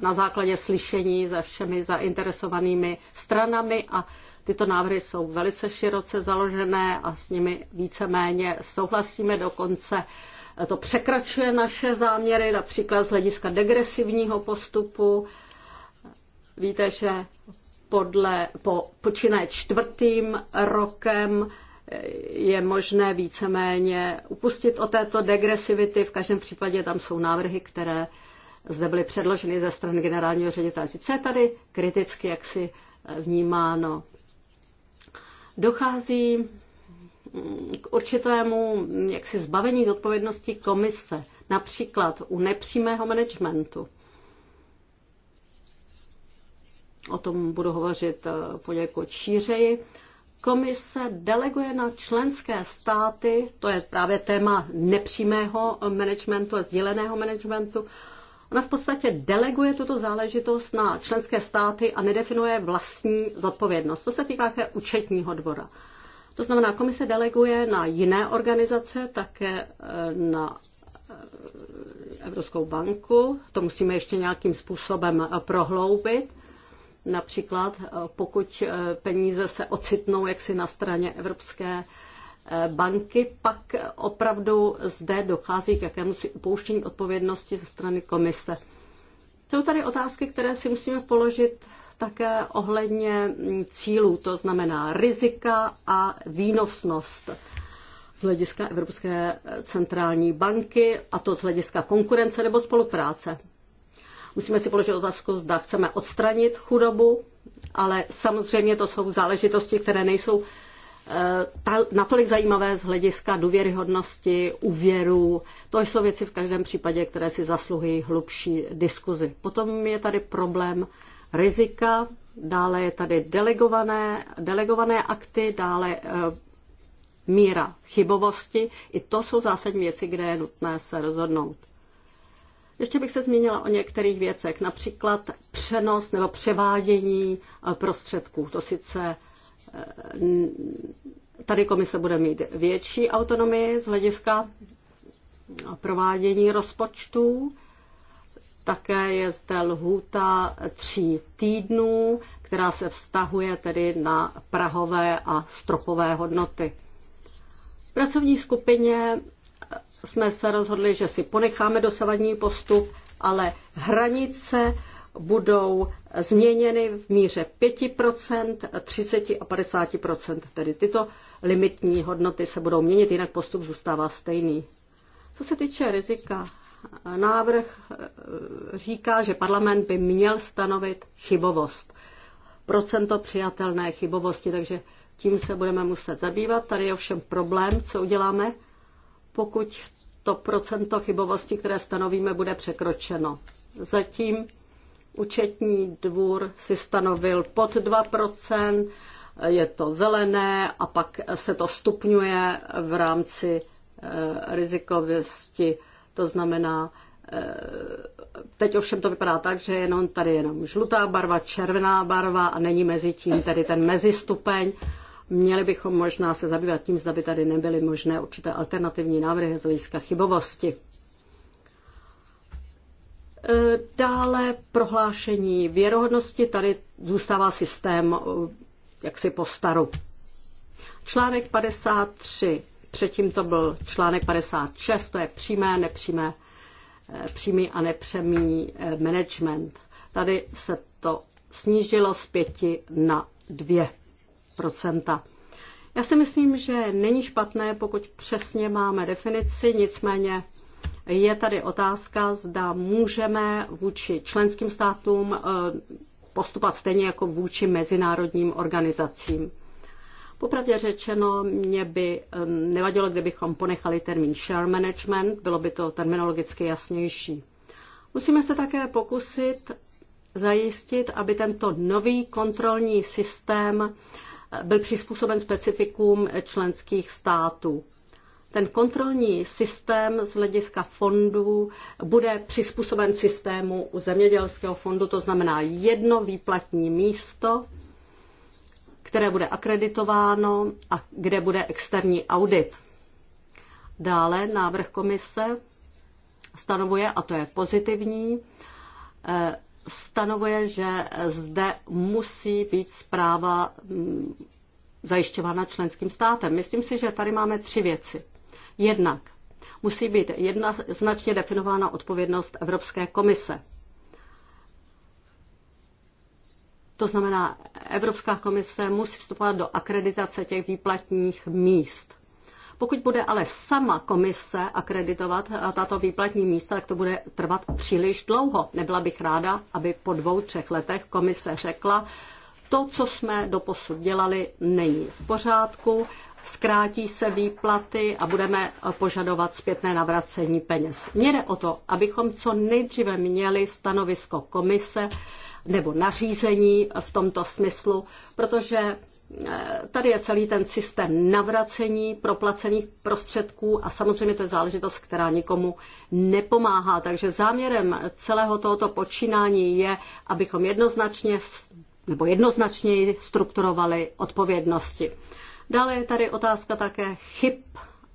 na základě slyšení se všemi zainteresovanými stranami a tyto návrhy jsou velice široce založené a s nimi víceméně souhlasíme dokonce. konce to překračuje naše záměry, například z hlediska degresivního postupu. Víte, že podle, po, počínaje čtvrtým rokem je možné víceméně upustit o této degresivity. V každém případě tam jsou návrhy, které zde byly předloženy ze strany generálního ředitelství. Co je tady kriticky jaksi vnímáno? Dochází k určitému jaksi zbavení zodpovědnosti komise, například u nepřímého managementu. O tom budu hovořit eh, poněkud šířeji. Komise deleguje na členské státy, to je právě téma nepřímého managementu a sdíleného managementu, Ona v podstatě deleguje tuto záležitost na členské státy a nedefinuje vlastní zodpovědnost. To se týká také účetního dvora. To znamená, komise deleguje na jiné organizace, také eh, na eh, Evropskou banku. To musíme ještě nějakým způsobem eh, prohloubit. Například pokud peníze se ocitnou jaksi na straně Evropské banky, pak opravdu zde dochází k si upouštění odpovědnosti ze strany komise. Jsou tady otázky, které si musíme položit také ohledně cílů, to znamená rizika a výnosnost z hlediska Evropské centrální banky, a to z hlediska konkurence nebo spolupráce. Musíme si položit otázku, zda chceme odstranit chudobu, ale samozřejmě to jsou záležitosti, které nejsou eh, natolik zajímavé z hlediska důvěryhodnosti, úvěru. To jsou věci v každém případě, které si zasluhují hlubší diskuzi. Potom je tady problém rizika, dále je tady delegované, delegované akty, dále eh, míra chybovosti. I to jsou zásadní věci, kde je nutné se rozhodnout. Ještě bych se zmínila o některých věcech, například přenos nebo převádění eh, prostředků. To sice eh, tady komise bude mít větší autonomii z hlediska provádění rozpočtů, také je zde lhůta tří týdnů, která se vztahuje tedy na prahové a stropové hodnoty. V pracovní skupině jsme se rozhodli, že si ponecháme dosavadní postup, ale hranice budou změněny v míře 5%, 30 a 50%. Tedy tyto limitní hodnoty se budou měnit, jinak postup zůstává stejný. Co se týče rizika, návrh eh, říká, že parlament by měl stanovit chybovost. Procento přijatelné chybovosti, takže tím se budeme muset zabývat. Tady je ovšem problém, co uděláme, pokud to procento chybovosti, které stanovíme, bude překročeno. Zatím účetní dvůr si stanovil pod 2%, je to zelené a pak se to stupňuje v rámci eh, rizikovosti to znamená, eh, teď ovšem to vypadá tak, že jenom tady jenom žlutá barva, červená barva a není mezi tím tedy ten mezistupeň. Měli bychom možná se zabývat tím, zda by tady nebyly možné určité alternativní návrhy z hlediska chybovosti. Eh, dále prohlášení věrohodnosti. Tady zůstává systém eh, jaksi po staru. Článek 53 Předtím to byl článek 56, to je přímé, nepřímé, eh, přímý a nepřemý eh, management. Tady se to snížilo z 5 na 2 Já si myslím, že není špatné, pokud přesně máme definici, nicméně je tady otázka, zda můžeme vůči členským státům eh, postupovat stejně jako vůči mezinárodním organizacím. Popravdě řečeno, mě by nevadilo, kdybychom ponechali termín share management, bylo by to terminologicky jasnější. Musíme se také pokusit zajistit, aby tento nový kontrolní systém eh, byl přizpůsoben specifikům členských států. Ten kontrolní systém z hlediska fondů bude přizpůsoben systému u zemědělského fondu, to znamená jedno výplatní místo které bude akreditováno a kde bude externí audit. Dále návrh komise stanovuje, a to je pozitivní, eh, stanovuje, že zde musí být zpráva mm, zajišťována členským státem. Myslím si, že tady máme tři věci. Jednak musí být jednoznačně značně definována odpovědnost Evropské komise. To znamená, Evropská komise musí vstupovat do akreditace těch výplatních míst. Pokud bude ale sama komise akreditovat eh, tato výplatní místa, tak to bude trvat příliš dlouho. Nebyla bych ráda, aby po dvou, třech letech komise řekla, to, co jsme doposud dělali, není v pořádku, zkrátí se výplaty a budeme eh, požadovat zpětné navracení peněz. Mně jde o to, abychom co nejdříve měli stanovisko komise nebo nařízení v tomto smyslu, protože eh, tady je celý ten systém navracení proplacených prostředků a samozřejmě to je záležitost, která nikomu nepomáhá. Takže záměrem celého tohoto počínání je, abychom jednoznačně nebo jednoznačněji strukturovali odpovědnosti. Dále je tady otázka také chyb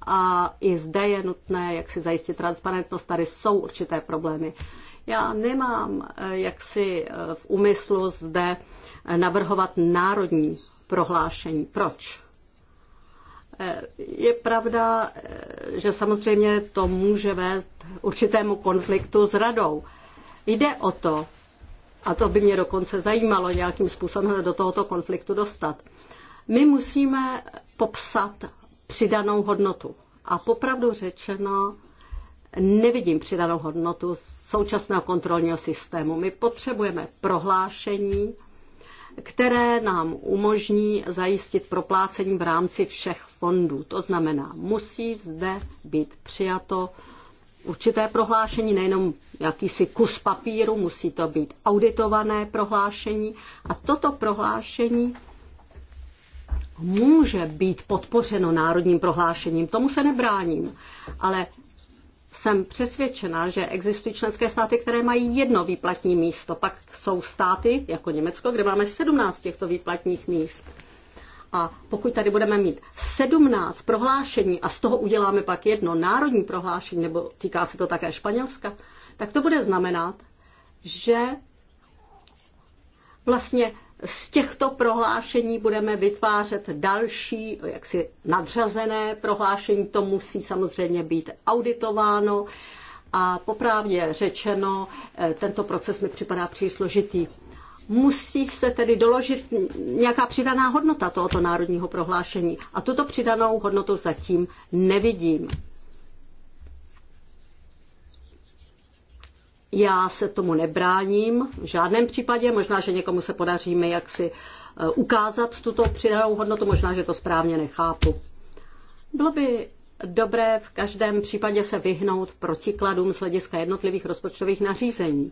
a i zde je nutné, jak si zajistit transparentnost. Tady jsou určité problémy. Já nemám eh, jaksi eh, v úmyslu zde navrhovat národní prohlášení. Proč? Eh, je pravda, že samozřejmě to může vést určitému konfliktu s radou. Jde o to, a to by mě dokonce zajímalo nějakým způsobem do tohoto konfliktu dostat. My musíme popsat přidanou hodnotu. A popravdu řečeno, nevidím přidanou hodnotu současného kontrolního systému. My potřebujeme prohlášení, které nám umožní zajistit proplácení v rámci všech fondů. To znamená, musí zde být přijato určité prohlášení, nejenom jakýsi kus papíru, musí to být auditované prohlášení a toto prohlášení může být podpořeno národním prohlášením, tomu se nebráním, ale jsem přesvědčena, že existují členské státy, které mají jedno výplatní místo. Pak jsou státy, jako Německo, kde máme 17 těchto výplatních míst. A pokud tady budeme mít 17 prohlášení a z toho uděláme pak jedno národní prohlášení, nebo týká se to také Španělska, tak to bude znamenat, že vlastně z těchto prohlášení budeme vytvářet další, jaksi nadřazené prohlášení, to musí samozřejmě být auditováno a poprávně řečeno, eh, tento proces mi připadá příliš složitý. Musí se tedy doložit nějaká přidaná hodnota tohoto národního prohlášení a tuto přidanou hodnotu zatím nevidím. Já se tomu nebráním v žádném případě. Možná, že někomu se podaříme jaksi eh, ukázat tuto přidanou hodnotu, možná, že to správně nechápu. Bylo by dobré v každém případě se vyhnout protikladům z hlediska jednotlivých rozpočtových nařízení.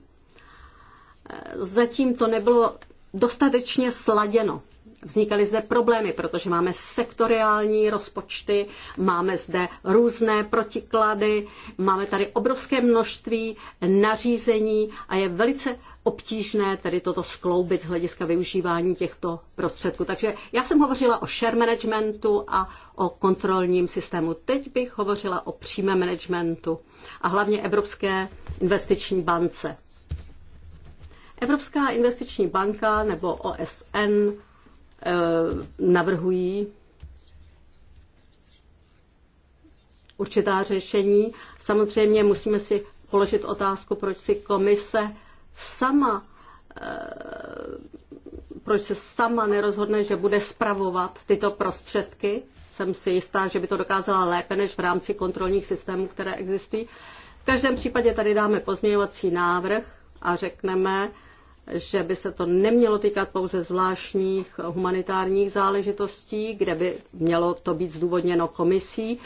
Eh, zatím to nebylo dostatečně sladěno. Vznikaly zde problémy, protože máme sektoriální rozpočty, máme zde různé protiklady, máme tady obrovské množství nařízení a je velice obtížné tedy toto skloubit z hlediska využívání těchto prostředků. Takže já jsem hovořila o share managementu a o kontrolním systému. Teď bych hovořila o přímém managementu a hlavně Evropské investiční bance. Evropská investiční banka nebo OSN eh, navrhují určitá řešení. Samozřejmě musíme si položit otázku, proč si komise sama eh, proč se sama nerozhodne, že bude spravovat tyto prostředky. Jsem si jistá, že by to dokázala lépe než v rámci kontrolních systémů, které existují. V každém případě tady dáme pozměňovací návrh a řekneme, že by se to nemělo týkat pouze zvláštních humanitárních záležitostí, kde by mělo to být zdůvodněno komisí.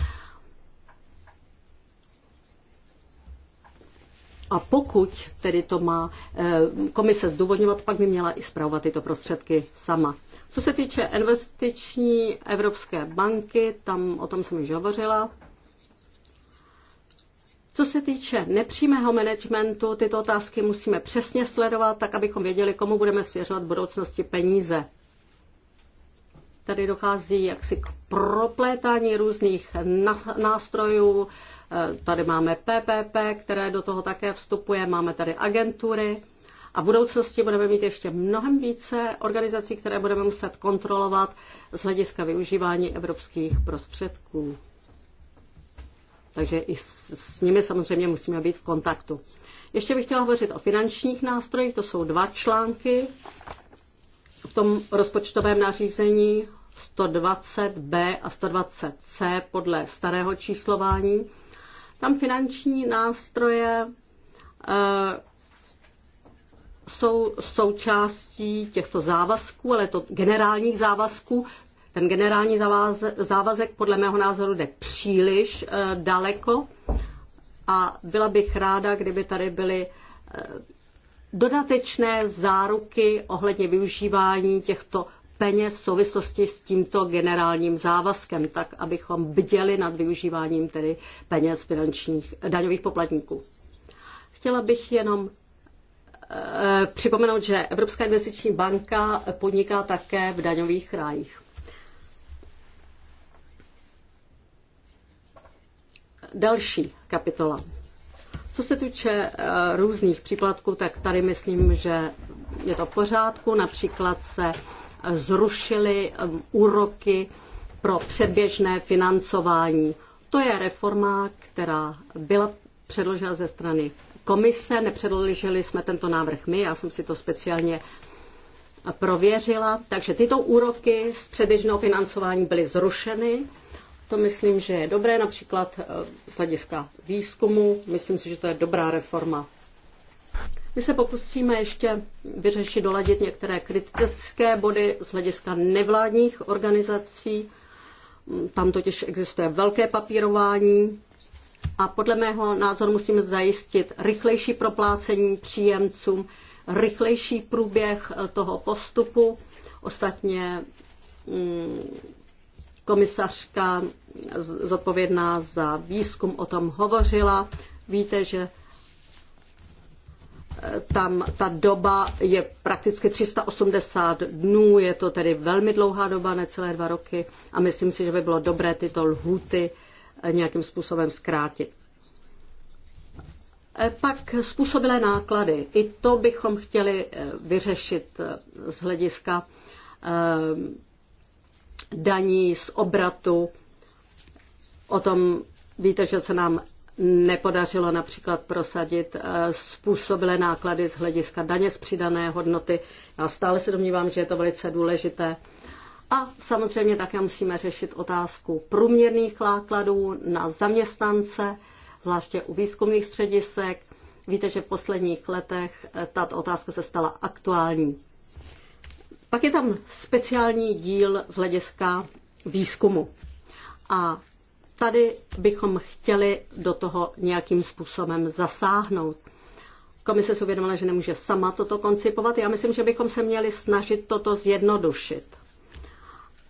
A pokud tedy to má eh, komise zdůvodňovat, pak by měla i zpravovat tyto prostředky sama. Co se týče investiční Evropské banky, tam o tom jsem již hovořila. Co se týče nepřímého managementu, tyto otázky musíme přesně sledovat, tak abychom věděli, komu budeme svěřovat v budoucnosti peníze. Tady dochází jaksi k proplétání různých nástrojů. E, tady máme PPP, které do toho také vstupuje, máme tady agentury. A v budoucnosti budeme mít ještě mnohem více organizací, které budeme muset kontrolovat z hlediska využívání evropských prostředků. Takže i s, s nimi samozřejmě musíme být v kontaktu. Ještě bych chtěla hovořit o finančních nástrojích, to jsou dva články v tom rozpočtovém nařízení 120b a 120c podle starého číslování. Tam finanční nástroje e, jsou součástí těchto závazků, ale to generálních závazků, ten generální závazek podle mého názoru jde příliš eh, daleko a byla bych ráda, kdyby tady byly eh, dodatečné záruky ohledně využívání těchto peněz v souvislosti s tímto generálním závazkem, tak abychom bděli nad využíváním tedy peněz finančních daňových poplatníků. Chtěla bych jenom eh, připomenout, že Evropská investiční banka podniká také v daňových rájích. další kapitola. Co se týče eh, různých příplatků, tak tady myslím, že je to v pořádku. Například se eh, zrušily eh, úroky pro předběžné financování. To je reforma, která byla předložena ze strany komise. Nepředložili jsme tento návrh my, já jsem si to speciálně prověřila. Takže tyto úroky z předběžného financování byly zrušeny to myslím, že je dobré například eh, z hlediska výzkumu. Myslím si, že to je dobrá reforma. My se pokusíme ještě vyřešit, doladit některé kritické body z hlediska nevládních organizací. Mm, tam totiž existuje velké papírování a podle mého názoru musíme zajistit rychlejší proplácení příjemcům, rychlejší průběh eh, toho postupu. Ostatně mm, komisařka zodpovědná za výzkum o tom hovořila. Víte, že e, tam ta doba je prakticky 380 dnů, je to tedy velmi dlouhá doba, necelé dva roky a myslím si, že by bylo dobré tyto lhuty e, nějakým způsobem zkrátit. E, pak způsobilé náklady. I to bychom chtěli vyřešit z hlediska daní z obratu. O tom víte, že se nám nepodařilo například prosadit eh, způsobilé náklady z hlediska daně z přidané hodnoty. Já stále se domnívám, že je to velice důležité. A samozřejmě také musíme řešit otázku průměrných nákladů na zaměstnance, zvláště u výzkumných středisek. Víte, že v posledních letech eh, tato otázka se stala aktuální. Pak je tam speciální díl z hlediska výzkumu. A tady bychom chtěli do toho nějakým způsobem zasáhnout. Komise se uvědomila, že nemůže sama toto koncipovat. Já myslím, že bychom se měli snažit toto zjednodušit.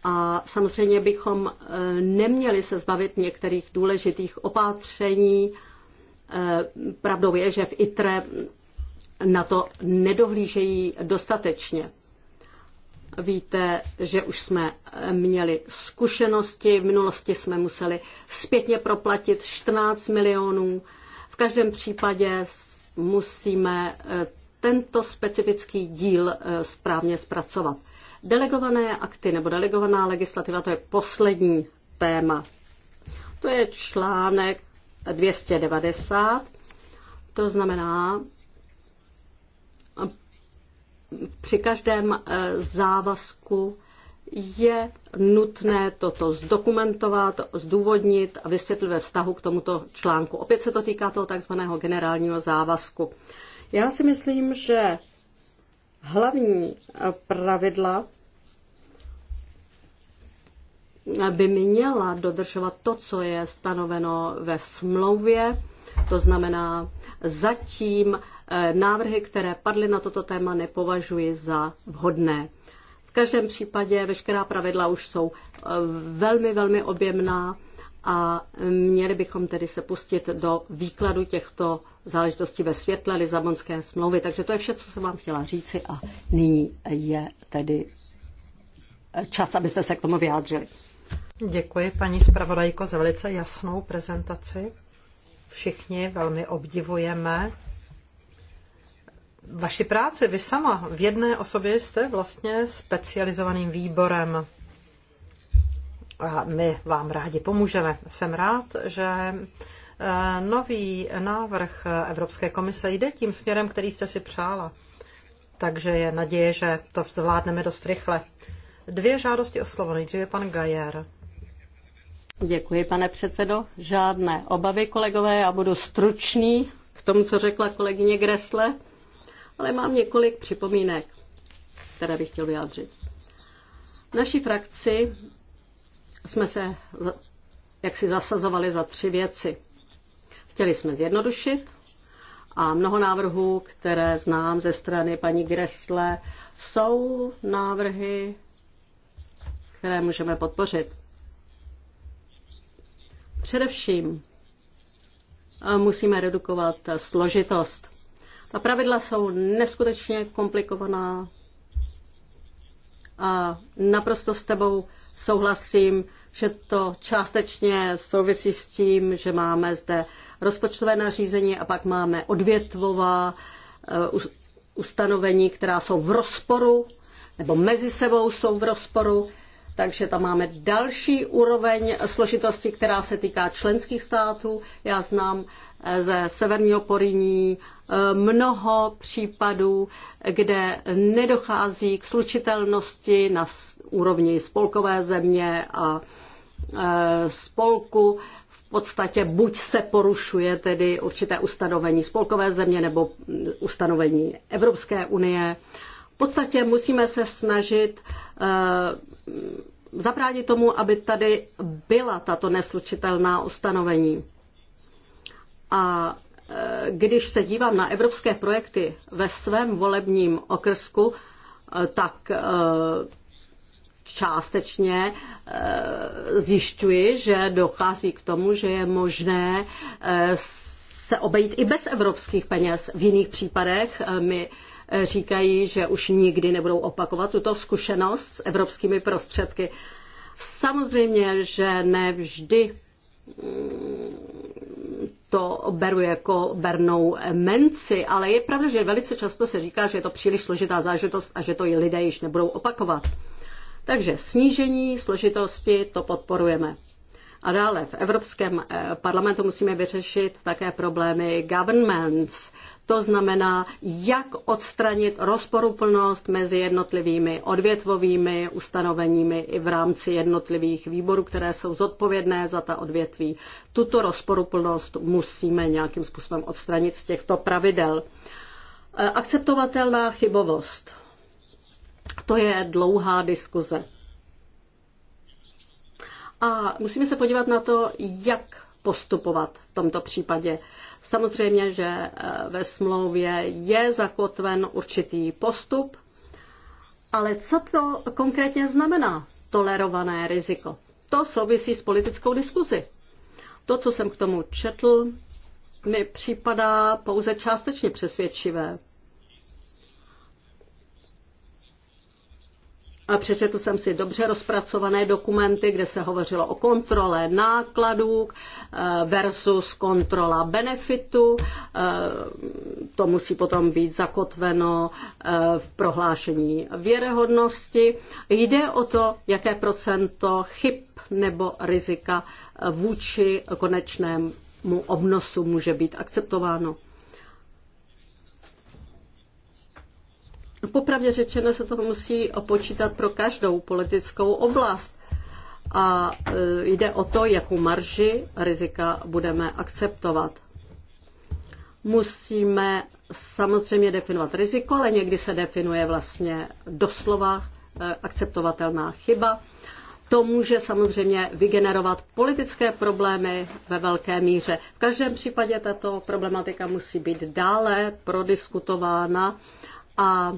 A samozřejmě bychom e, neměli se zbavit některých důležitých opatření. E, pravdou je, že v ITRE na to nedohlížejí dostatečně. Víte, že už jsme měli zkušenosti, v minulosti jsme museli zpětně proplatit 14 milionů. V každém případě musíme eh, tento specifický díl eh, správně zpracovat. Delegované akty nebo delegovaná legislativa, to je poslední téma. To je článek 290, to znamená při každém eh, závazku je nutné toto zdokumentovat, zdůvodnit a vysvětlit ve vztahu k tomuto článku. Opět se to týká toho takzvaného generálního závazku. Já si myslím, že hlavní eh, pravidla by měla dodržovat to, co je stanoveno ve smlouvě, to znamená zatím Eh, návrhy, které padly na toto téma, nepovažuji za vhodné. V každém případě veškerá pravidla už jsou eh, velmi, velmi objemná a měli bychom tedy se pustit do výkladu těchto záležitostí ve světle Lizabonské smlouvy. Takže to je vše, co jsem vám chtěla říci a nyní je tedy eh, čas, abyste se k tomu vyjádřili. Děkuji, paní zpravodajko, za velice jasnou prezentaci. Všichni velmi obdivujeme vaši práci. Vy sama v jedné osobě jste vlastně specializovaným výborem. A my vám rádi pomůžeme. Jsem rád, že eh, nový návrh Evropské komise jde tím směrem, který jste si přála. Takže je naděje, že to zvládneme dost rychle. Dvě žádosti o slovo. Nejdříve pan Gajer. Děkuji, pane předsedo. Žádné obavy, kolegové. Já budu stručný k tomu, co řekla kolegyně Gresle ale mám několik připomínek, které bych chtěl vyjádřit. V naší frakci jsme se jak si zasazovali za tři věci. Chtěli jsme zjednodušit a mnoho návrhů, které znám ze strany paní Gresle, jsou návrhy, které můžeme podpořit. Především eh, musíme redukovat složitost. Ta pravidla jsou neskutečně komplikovaná a naprosto s tebou souhlasím, že to částečně souvisí s tím, že máme zde rozpočtové nařízení a pak máme odvětvová eh, ustanovení, která jsou v rozporu nebo mezi sebou jsou v rozporu. Takže tam máme další úroveň složitosti, která se týká členských států. Já znám ze severního Poriní, eh, mnoho případů, kde nedochází k slučitelnosti na úrovni spolkové země a eh, spolku. V podstatě buď se porušuje tedy určité ustanovení spolkové země nebo mm, ustanovení Evropské unie. V podstatě musíme se snažit eh, zabránit tomu, aby tady byla tato neslučitelná ustanovení. A e, když se dívám na evropské projekty ve svém volebním okrsku, e, tak e, částečně zjišťuji, že dochází k tomu, že je možné se obejít i bez evropských peněz. V jiných případech mi říkají, že už nikdy nebudou opakovat tuto zkušenost s evropskými prostředky. Samozřejmě, že ne vždy to beru jako bernou menci, ale je pravda, že velice často se říká, že je to příliš složitá zážitost a že to i lidé již nebudou opakovat. Takže snížení složitosti to podporujeme. A dále v Evropském eh, parlamentu musíme vyřešit také problémy governments. To znamená, jak odstranit rozporuplnost mezi jednotlivými odvětvovými ustanoveními i v rámci jednotlivých výborů, které jsou zodpovědné za ta odvětví. Tuto rozporuplnost musíme nějakým způsobem odstranit z těchto pravidel. Eh, akceptovatelná chybovost. To je dlouhá diskuze a musíme se podívat na to, jak postupovat v tomto případě. Samozřejmě, že eh, ve smlouvě je zakotven určitý postup, ale co to konkrétně znamená tolerované riziko? To souvisí s politickou diskuzi. To, co jsem k tomu četl, mi připadá pouze částečně přesvědčivé. A přečetl jsem si dobře rozpracované dokumenty, kde se hovořilo o kontrole nákladů eh, versus kontrola benefitu. Eh, to musí potom být zakotveno eh, v prohlášení věrehodnosti. Jde o to, jaké procento chyb nebo rizika vůči konečnému obnosu může být akceptováno. Popravdě řečeno se to musí opočítat pro každou politickou oblast a e, jde o to, jakou marži rizika budeme akceptovat. Musíme samozřejmě definovat riziko, ale někdy se definuje vlastně doslova e, akceptovatelná chyba. To může samozřejmě vygenerovat politické problémy ve velké míře. V každém případě tato problematika musí být dále prodiskutována a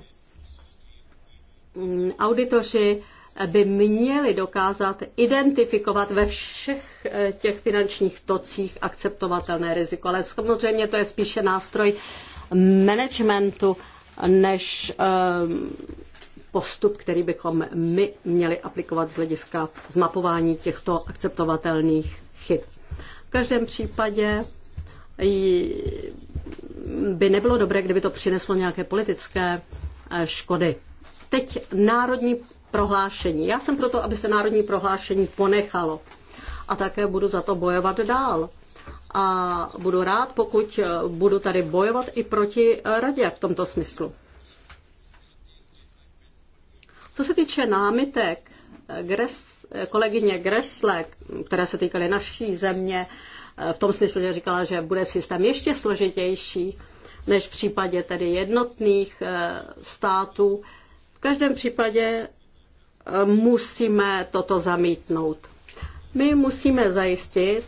Mm, auditoři by měli dokázat identifikovat ve všech eh, těch finančních tocích akceptovatelné riziko. Ale samozřejmě to je spíše nástroj managementu než eh, postup, který bychom my měli aplikovat z hlediska zmapování těchto akceptovatelných chyb. V každém případě by nebylo dobré, kdyby to přineslo nějaké politické eh, škody. Teď národní prohlášení. Já jsem proto, aby se národní prohlášení ponechalo. A také budu za to bojovat dál. A budu rád, pokud eh, budu tady bojovat i proti eh, radě v tomto smyslu. Co se týče námitek eh, Gres, kolegyně Gresle, které se týkaly naší země, v tom smyslu, že říkala, že bude systém ještě složitější než v případě tedy jednotných států, každém případě eh, musíme toto zamítnout. My musíme zajistit,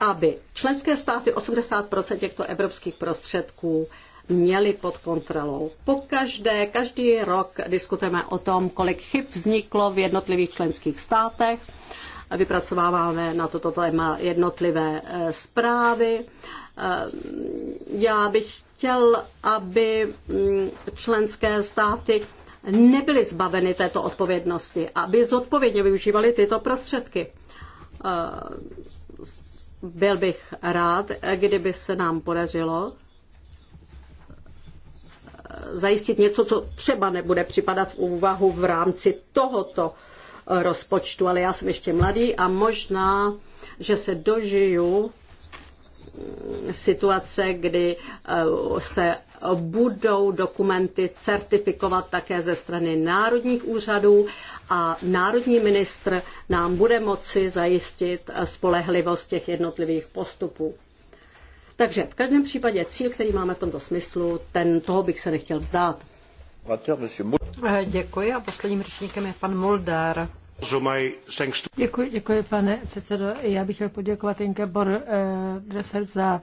aby členské státy 80 těchto evropských prostředků měli pod kontrolou. Po každé, každý rok diskutujeme o tom, kolik chyb vzniklo v jednotlivých členských státech. Vypracováváme na toto téma jednotlivé eh, zprávy. Eh, já bych chtěl, aby mm, členské státy nebyly zbaveny této odpovědnosti, aby zodpovědně využívali tyto prostředky. Eh, byl bych rád, kdyby se nám podařilo eh, zajistit něco, co třeba nebude připadat v úvahu v rámci tohoto eh, rozpočtu, ale já jsem ještě mladý a možná, že se dožiju situace, kdy eh, se budou dokumenty certifikovat také ze strany národních úřadů a národní ministr nám bude moci zajistit eh, spolehlivost těch jednotlivých postupů. Takže v každém případě cíl, který máme v tomto smyslu, ten toho bych se nechtěl vzdát. Eh, děkuji a posledním řečníkem je pan Moldár. Děkuji, pane předsedo. Já bych chtěl poděkovat Ingeborg eh, Dresser za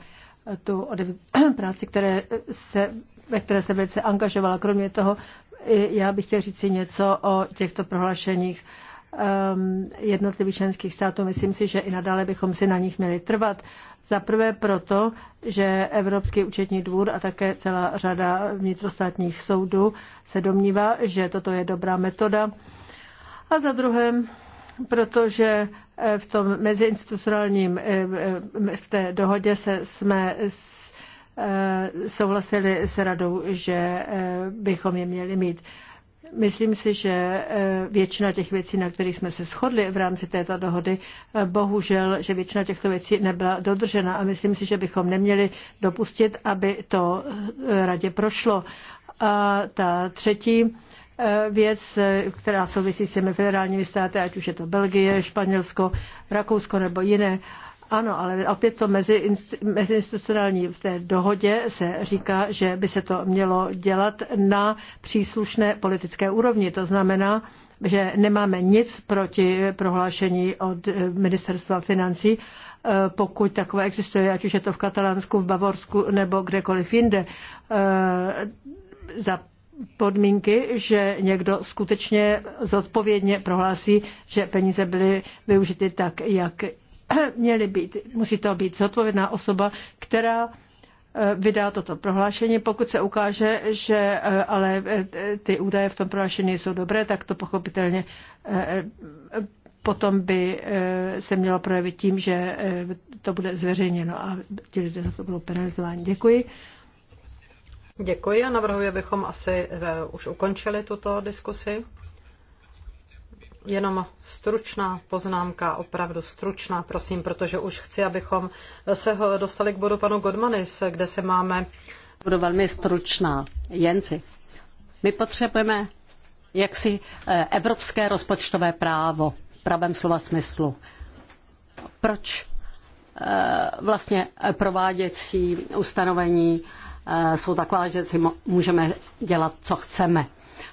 eh, tu <clears throat> práci, které eh, se, ve které se velice angažovala. Kromě toho, já bych chtěl říct si něco o těchto prohlášeních ehm, jednotlivých členských států. Myslím si, že i nadále bychom si na nich měli trvat. Za prvé proto, že Evropský účetní dvůr a také celá řada vnitrostátních soudů se domnívá, že toto je dobrá metoda a za druhé, protože eh, v tom meziinstitucionálním, eh, eh, v té dohodě se jsme souhlasili s radou, že bychom je měli mít. Myslím si, že většina těch věcí, na kterých jsme se shodli v rámci této dohody, bohužel, že většina těchto věcí nebyla dodržena a myslím si, že bychom neměli dopustit, aby to radě prošlo. A ta třetí Eh, věc, eh, která souvisí s těmi federálními státy, ať už je to Belgie, Španělsko, Rakousko nebo jiné. Ano, ale opět to mezi, meziinstitucionální v té dohodě se říká, že by se to mělo dělat na příslušné politické úrovni. To znamená, že nemáme nic proti prohlášení od eh, ministerstva financí, pokud takové existuje, ať už je to v Katalánsku, v Bavorsku nebo kdekoliv jinde. Za podmínky, že někdo skutečně zodpovědně prohlásí, že peníze byly využity tak, jak měly být. Musí to být zodpovědná osoba, která eh, vydá toto prohlášení. Pokud se ukáže, že eh, ale eh, ty údaje v tom prohlášení jsou dobré, tak to pochopitelně potom by se mělo projevit tím, že to bude zveřejněno a ti lidé za to budou penalizováni. Děkuji. Děkuji a navrhuji, abychom asi eh, už ukončili tuto diskusi. Jenom stručná poznámka, opravdu stručná, prosím, protože už chci, abychom se dostali k bodu panu Godmanis, kde se máme. Budu velmi stručná. Jenci, my potřebujeme jaksi eh, evropské rozpočtové právo pravém slova smyslu. Proč eh, vlastně prováděcí ustanovení Eh, jsou taková, že si můžeme dělat, co chceme.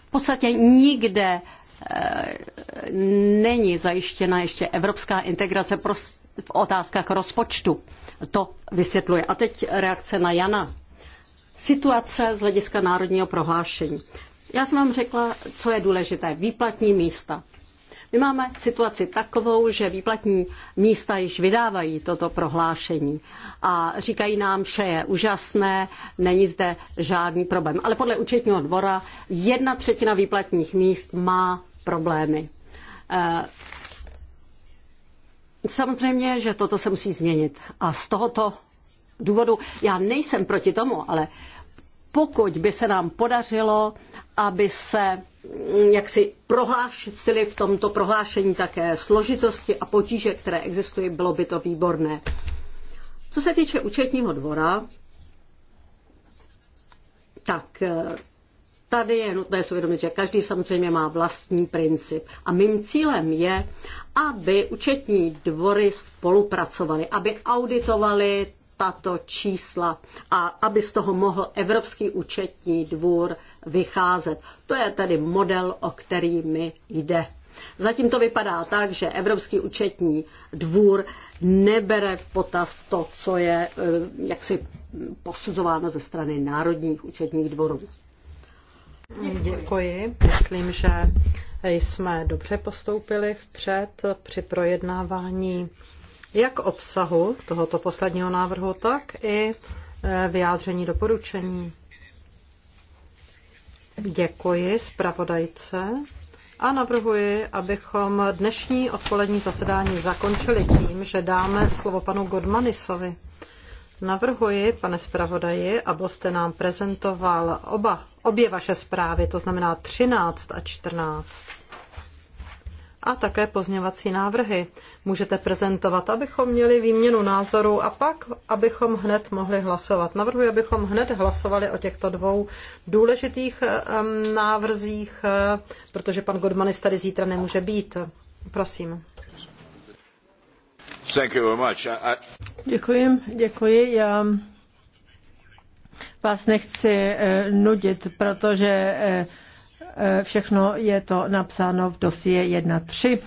V podstatě nikde eh, není zajištěna ještě evropská integrace v otázkách rozpočtu. To vysvětluje. A teď reakce na Jana. Situace z hlediska národního prohlášení. Já jsem vám řekla, co je důležité. Výplatní místa. My máme situaci takovou, že výplatní místa již vydávají toto prohlášení a říkají nám, vše je úžasné, není zde žádný problém. Ale podle účetního dvora jedna třetina výplatních míst má problémy. Eh, samozřejmě, že toto se musí změnit. A z tohoto důvodu já nejsem proti tomu, ale pokud by se nám podařilo, aby se Mm, jak si prohlášili v tomto prohlášení také složitosti a potíže, které existují, bylo by to výborné. Co se týče účetního dvora, tak eh, tady je nutné si uvědomit, že každý samozřejmě má vlastní princip. A mým cílem je, aby účetní dvory spolupracovaly, aby auditovali tato čísla a aby z toho mohl Evropský účetní dvůr vycházet. To je tedy model, o který mi jde. Zatím to vypadá tak, že Evropský účetní dvůr nebere v potaz to, co je eh, jaksi posuzováno ze strany národních účetních dvorů. Děkuji. Myslím, že jsme dobře postoupili vpřed při projednávání jak obsahu tohoto posledního návrhu, tak i eh, vyjádření doporučení. Děkuji zpravodajce a navrhuji, abychom dnešní odpolední zasedání zakončili tím, že dáme slovo panu Godmanisovi. Navrhuji, pane zpravodaji, abyste nám prezentoval oba, obě vaše zprávy, to znamená 13 a 14 a také pozněvací návrhy můžete prezentovat, abychom měli výměnu názorů a pak, abychom hned mohli hlasovat. Navrhuji, abychom hned hlasovali o těchto dvou důležitých um, návrzích, eh, protože pan Godmanis tady zítra nemůže být. Prosím. Děkuji, děkuji. Já vás nechci uh, nudit, protože uh, Eh, všechno je to napsáno v dosie 1.3.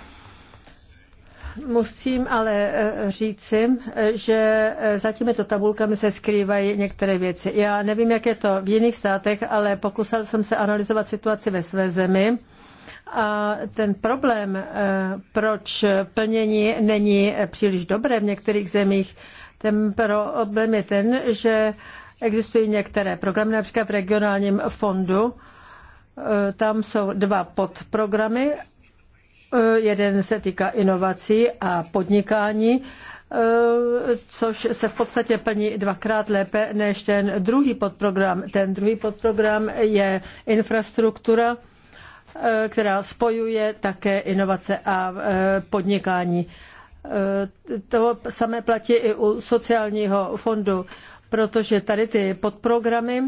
Musím ale eh, říci, eh, že za těmito tabulkami se skrývají některé věci. Já nevím, jak je to v jiných státech, ale pokusil jsem se analyzovat situaci ve své zemi. A ten problém, proč plnění není příliš dobré v některých zemích, ten problém je ten, že existují některé programy, například v regionálním fondu, Eh, tam jsou dva podprogramy. Eh, jeden se týká inovací a podnikání, eh, což se v podstatě plní dvakrát lépe než ten druhý podprogram. Ten druhý podprogram je infrastruktura, která spojuje také inovace a podnikání. To samé platí i u sociálního fondu, protože tady ty podprogramy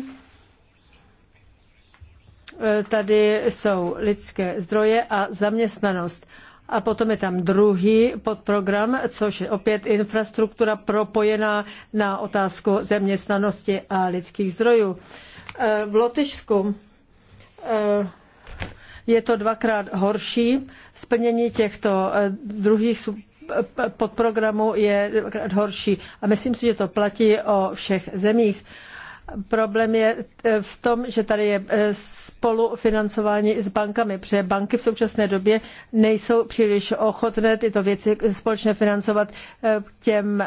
E, tady jsou lidské zdroje a zaměstnanost. A potom je tam druhý podprogram, což je opět infrastruktura propojená na otázku zaměstnanosti a lidských zdrojů. E, v Lotyšsku e, je to dvakrát horší. Splnění těchto druhých podprogramů je dvakrát horší. A myslím si, že to platí o všech zemích. Problém je eh, v tom, že tady je eh, spolufinancování s bankami, protože banky v současné době nejsou příliš ochotné tyto věci společně financovat eh, těm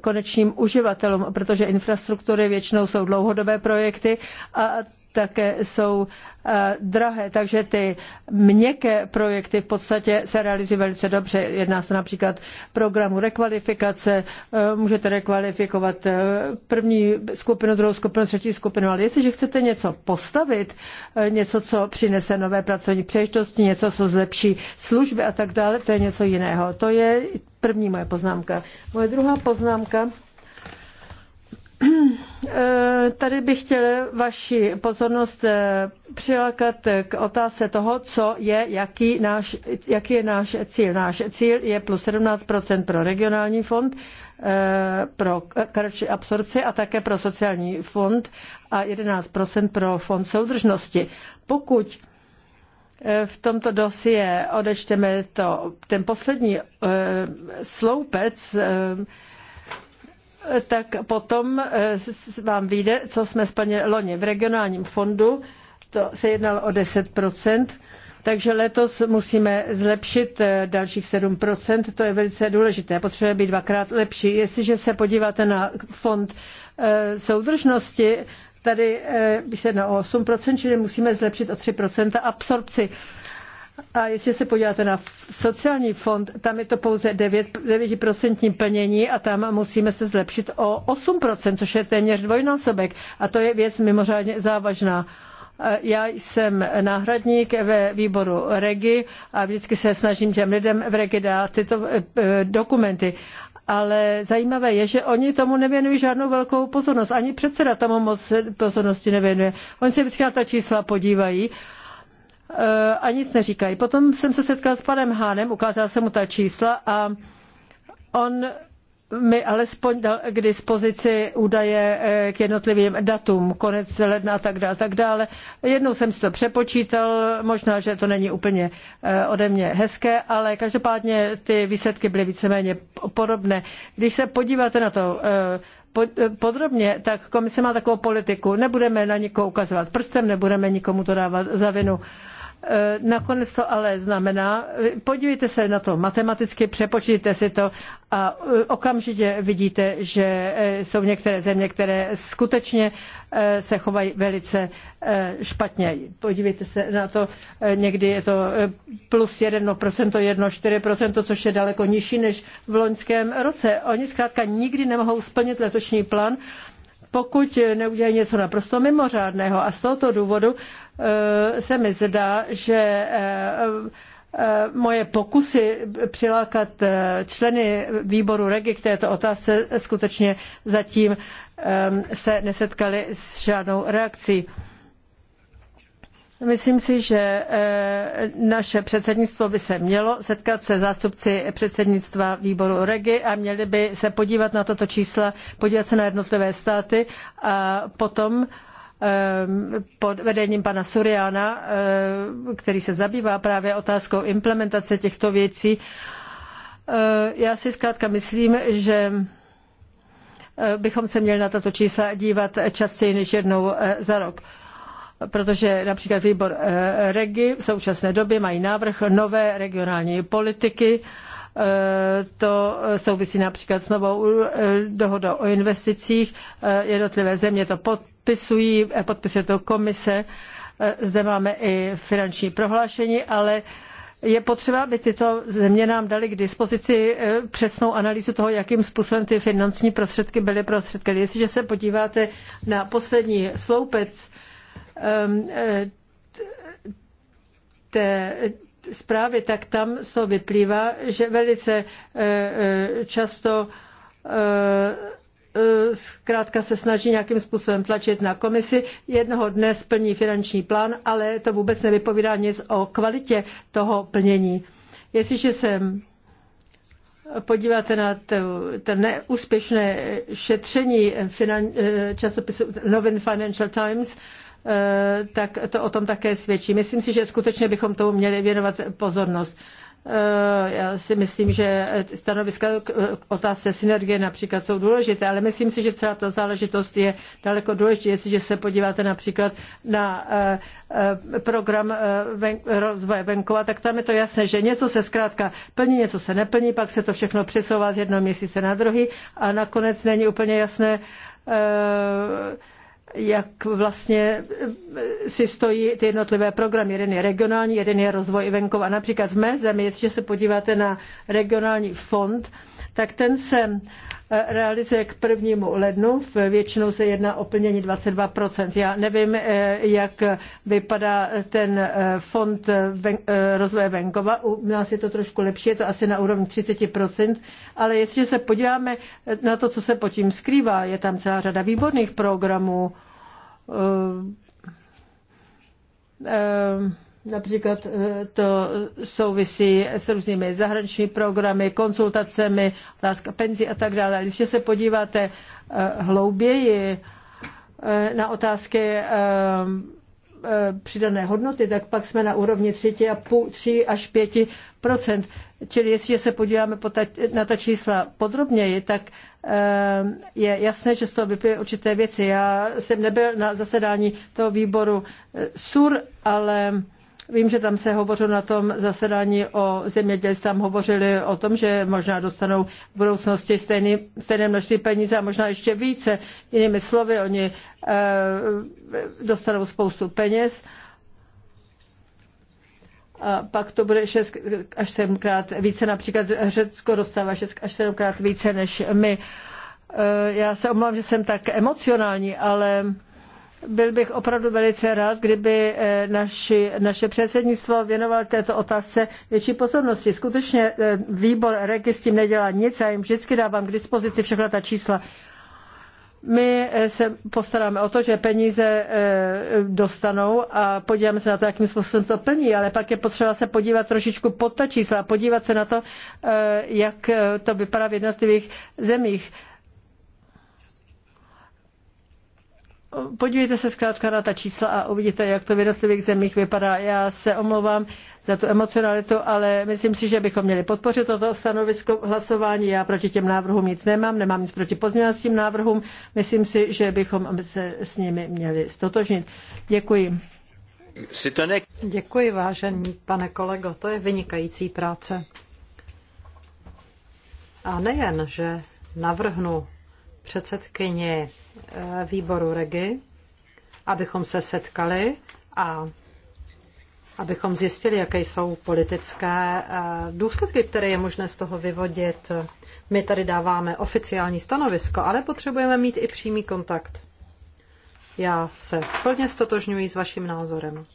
konečným uživatelům, protože infrastruktury většinou jsou dlouhodobé projekty a také jsou eh, drahé, takže ty měkké projekty v podstatě se realizují velice dobře. Jedná se například programu rekvalifikace, eh, můžete rekvalifikovat eh, první skupinu, druhou skupinu, třetí skupinu, ale jestliže chcete něco postavit, něco, co přinese nové pracovní příležitosti, něco, co zlepší služby a tak dále, to je něco jiného. To je první moje poznámka. Moje druhá poznámka Eh, tady bych chtěl vaši pozornost eh, přilákat k otázce toho, co je, jaký, náš, jaký je náš cíl. Náš cíl je plus 17 pro regionální fond, eh, pro kratší absorpci a také pro sociální fond a 11 pro fond soudržnosti. Pokud v tomto dosie odečteme to, ten poslední sloupec, tak potom eh, vám vyjde, co jsme splnili loni v regionálním fondu, to se jednalo o 10%, takže letos musíme zlepšit eh, dalších 7%, to je velice důležité, Potřebuje být dvakrát lepší. Jestliže se podíváte na fond eh, soudržnosti, tady se jedná o 8%, čili musíme zlepšit o 3% absorpci. A jestli se podíváte na sociální fond, tam je to pouze 9, 9% plnění a tam musíme se zlepšit o 8%, což je téměř dvojnásobek. A to je věc mimořádně závažná. Já jsem náhradník ve výboru REGI a vždycky se snažím těm lidem v REGI dát tyto e, e, dokumenty. Ale zajímavé je, že oni tomu nevěnují žádnou velkou pozornost. Ani předseda tomu moc pozornosti nevěnuje. Oni se vždycky na ta čísla podívají Eh, a nic neříkají. Potom jsem se setkal s panem Hánem, ukázal jsem mu ta čísla a on mi alespoň dal k dispozici údaje eh, k jednotlivým datům, konec ledna a tak dále. Tak dále. Jednou jsem si to přepočítal, možná, že to není úplně eh, ode mě hezké, ale každopádně ty výsledky byly víceméně podobné. Když se podíváte na to podrobně, tak komise má takovou politiku, nebudeme na nikoho ukazovat prstem, nebudeme nikomu to dávat za vinu. Eh, nakonec to ale znamená, eh, podívejte se na to matematicky, přepočtěte si to a eh, okamžitě vidíte, že jsou některé země, které skutečně se chovají velice špatně. Podívejte se na to, někdy je to plus 1%, 1,4%, což je daleko nižší než v loňském roce. Oni zkrátka nikdy nemohou splnit letošní plán pokud neudělají něco naprosto mimořádného. A z tohoto důvodu eh, se mi zdá, že eh, eh, moje pokusy přilákat členy výboru REGI k této otázce skutečně zatím se nesetkaly s žádnou reakcí. Myslím si, že eh, naše předsednictvo by se mělo setkat se zástupci předsednictva výboru Regi a měli by se podívat na tato čísla, podívat se na jednotlivé státy a potom eh, pod vedením pana Suriana, eh, který se zabývá právě otázkou implementace těchto věcí. Já si zkrátka myslím, že bychom se měli na tato čísla dívat častěji než jednou za rok protože například výbor eh, Regi v současné době mají návrh nové regionální politiky, eh, to souvisí například s novou eh, dohodou o investicích. Jednotlivé země to podpisují, podpisuje to komise. Zde máme i finanční prohlášení, ale je potřeba, aby tyto země nám dali k dispozici přesnou analýzu toho, jakým způsobem ty finanční prostředky byly prostředky. Jestliže se podíváte na poslední sloupec, Ehm, eh, té zprávy, tak tam z toho vyplývá, že velice eh, eh, často zkrátka se snaží nějakým způsobem tlačit na komisi, jednoho dne splní finanční plán, ale to vůbec nevypovídá nic o kvalitě toho plnění. Jestliže se podíváte na to, to neúspěšné šetření finan, časopisu novin Financial Times, Eh, tak to o tom také svědčí. Myslím si, že skutečně bychom tomu měli věnovat pozornost. Eh, já si myslím, že stanoviska k otázce synergie například jsou důležité, ale myslím si, že celá ta záležitost je daleko důležitější, jestliže se podíváte například na eh, program rozvoje venkova, tak tam je to jasné, že něco se zkrátka plní, něco se neplní, pak se to všechno přesouvá z jednoho měsíce na druhý a nakonec není úplně jasné, jak vlastně eh, si stojí ty jednotlivé programy. Jeden je regionální, jeden je rozvoj venkova. Například v mé zemi, jestliže se podíváte na regionální fond, tak ten se Eh, realizuje k prvnímu lednu. Většinou se jedná o plnění 22%. Já nevím, eh, jak vypadá ten eh, fond rozvoje venkova. U nás je to trošku lepší, je to asi na úrovni 30%, ale jestliže se podíváme na to, co se pod tím skrývá, je tam celá řada výborných programů. Například eh, to souvisí s různými zahraničními programy, konzultacemi, otázka penzí a tak dále. Když se podíváte eh, hlouběji eh, na otázky přidané hodnoty, tak pak jsme na úrovni 3 až 5 Čili jestliže se podíváme na ta čísla podrobněji, tak je jasné, že z toho vyplývají určité věci. Já jsem nebyl na zasedání toho výboru SUR, ale Vím, že tam se hovořilo na tom zasedání o zemědělství, tam hovořili o tom, že možná dostanou v budoucnosti stejný, stejné množství peníze a možná ještě více. Jinými slovy, oni e, dostanou spoustu peněz a pak to bude 6 až 7 krát více. Například Řecko dostává 6 až 7 krát více než my. Eh, já se omlouvám, že jsem tak emocionální, ale byl bych opravdu velice rád, kdyby eh, naši, naše předsednictvo věnovalo této otázce větší pozornosti. Skutečně eh, výbor Regi s tím nedělá nic, já jim vždycky dávám k dispozici všechna ta čísla. My eh, se postaráme o to, že peníze dostanou a podíváme se na to, jakým způsobem to plní, ale pak je potřeba se podívat trošičku pod ta čísla, podívat se na to, jak to vypadá v jednotlivých zemích. podívejte se zkrátka na ta čísla a uvidíte, jak to v jednotlivých zemích vypadá. Já se omlouvám za tu emocionalitu, ale myslím si, že bychom měli podpořit toto stanovisko hlasování. Já proti těm návrhům nic nemám, nemám nic proti pozměňovacím návrhům. Myslím si, že bychom se s nimi měli stotožnit. Děkuji. Děkuji, vážený pane kolego, to je vynikající práce. A nejen, že navrhnu předsedkyni Eh, výboru REGI, abychom se setkali a abychom zjistili, jaké jsou politické eh, důsledky, které je možné z toho vyvodit. My tady dáváme oficiální stanovisko, ale potřebujeme mít i přímý kontakt. Já se plně stotožňuji s vaším názorem.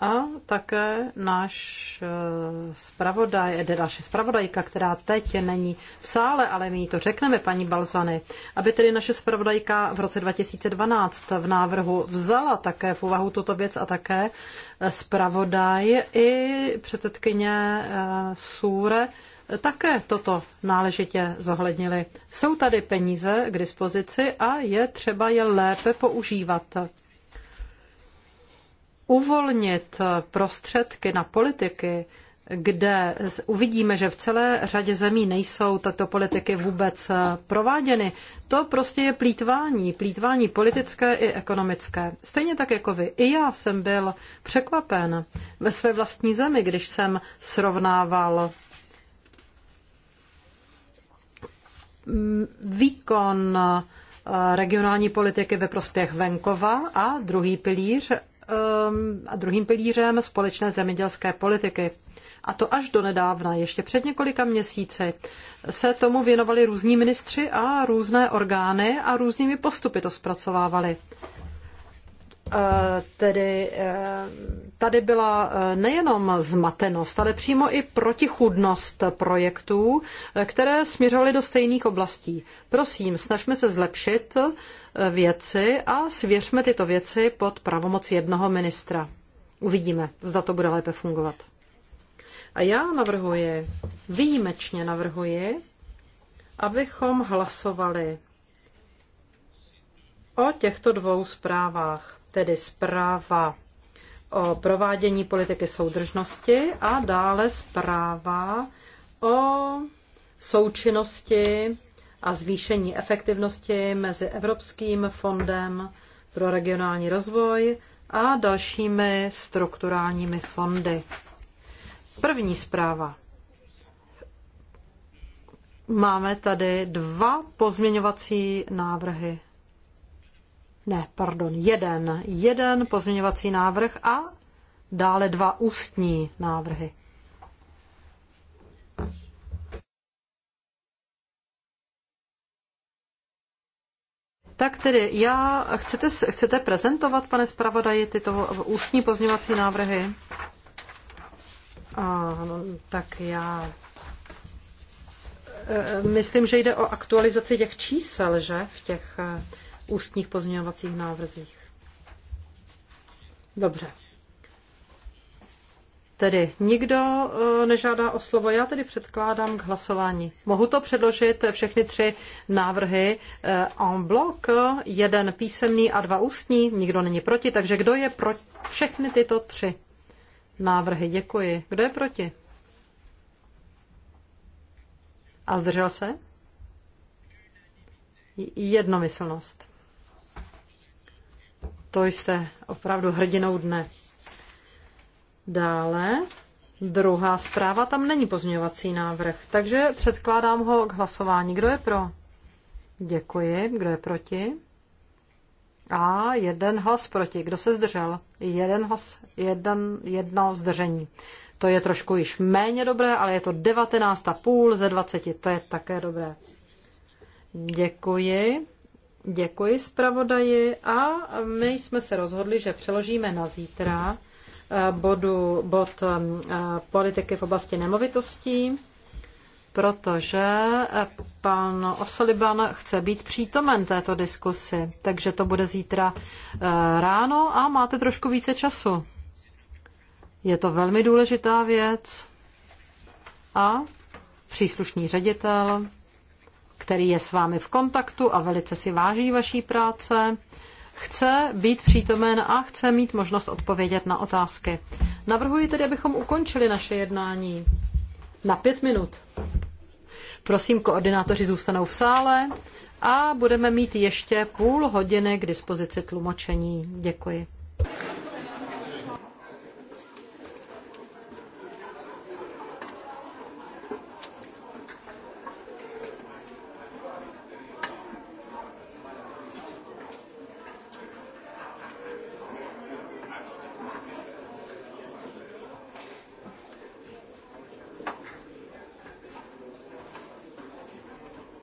A také náš eh, zpravodaj, jde eh, naše spravodajka, která teď není v sále, ale my jí to řekneme, paní Balzany, aby tedy naše spravodajka v roce 2012 v návrhu vzala také v úvahu tuto věc a také eh, zpravodaj i předsedkyně Sůre také toto náležitě zohlednili. Jsou tady peníze k dispozici a je třeba je lépe používat uvolnit prostředky na politiky, kde uvidíme, že v celé řadě zemí nejsou tato politiky vůbec eh, prováděny. To prostě je plítvání, plítvání politické i ekonomické. Stejně tak jako vy. I já jsem byl překvapen ve své vlastní zemi, když jsem srovnával mm, výkon eh, regionální politiky ve prospěch venkova a druhý pilíř Um, a druhým pilířem společné zemědělské politiky. A to až do nedávna, ještě před několika měsíci, se tomu věnovali různí ministři a různé orgány a různými postupy to zpracovávali. Eh, tedy eh, tady byla eh, nejenom zmatenost, ale přímo i protichudnost projektů, které směřovaly do stejných oblastí. Prosím, snažme se zlepšit věci a svěřme tyto věci pod pravomoc jednoho ministra. Uvidíme, zda to bude lépe fungovat. A já navrhuji, výjimečně navrhuji, abychom hlasovali o těchto dvou zprávách tedy zpráva o provádění politiky soudržnosti a dále zpráva o součinnosti a zvýšení efektivnosti mezi Evropským fondem pro regionální rozvoj a dalšími strukturálními fondy. První zpráva. Máme tady dva pozměňovací návrhy ne, pardon, jeden, jeden pozměňovací návrh a dále dva ústní návrhy. Tak tedy já, chcete, chcete prezentovat, pane zpravodaji, tyto ústní pozměňovací návrhy? A, no, tak já eh, myslím, že jde o aktualizaci těch čísel, že? V těch eh, ústních pozměňovacích návrzích. Dobře. Tedy nikdo e, nežádá o slovo, já tedy předkládám k hlasování. Mohu to předložit všechny tři návrhy e, en bloc, jeden písemný a dva ústní, nikdo není proti, takže kdo je pro všechny tyto tři návrhy? Děkuji. Kdo je proti? A zdržel se? Jednomyslnost. To jste opravdu hrdinou dne. Dále, druhá zpráva, tam není pozměňovací návrh, takže předkládám ho k hlasování. Kdo je pro? Děkuji. Kdo je proti? A jeden hlas proti. Kdo se zdržel? Jeden hlas, jeden, jedno zdržení. To je trošku již méně dobré, ale je to 19,5 ze 20. To je také dobré. Děkuji. Děkuji zpravodaji a my jsme se rozhodli, že přeložíme na zítra eh, bodu, bod eh, politiky v oblasti nemovitostí, protože eh, pan Osoliban chce být přítomen této diskusi, takže to bude zítra ráno a máte trošku více času. Je to velmi důležitá věc a příslušný ředitel který je s vámi v kontaktu a velice si váží vaší práce. Chce být přítomen a chce mít možnost odpovědět na otázky. Navrhuji tedy, abychom ukončili naše jednání na pět minut. Prosím, koordinátoři zůstanou v sále a budeme mít ještě půl hodiny k dispozici tlumočení. Děkuji.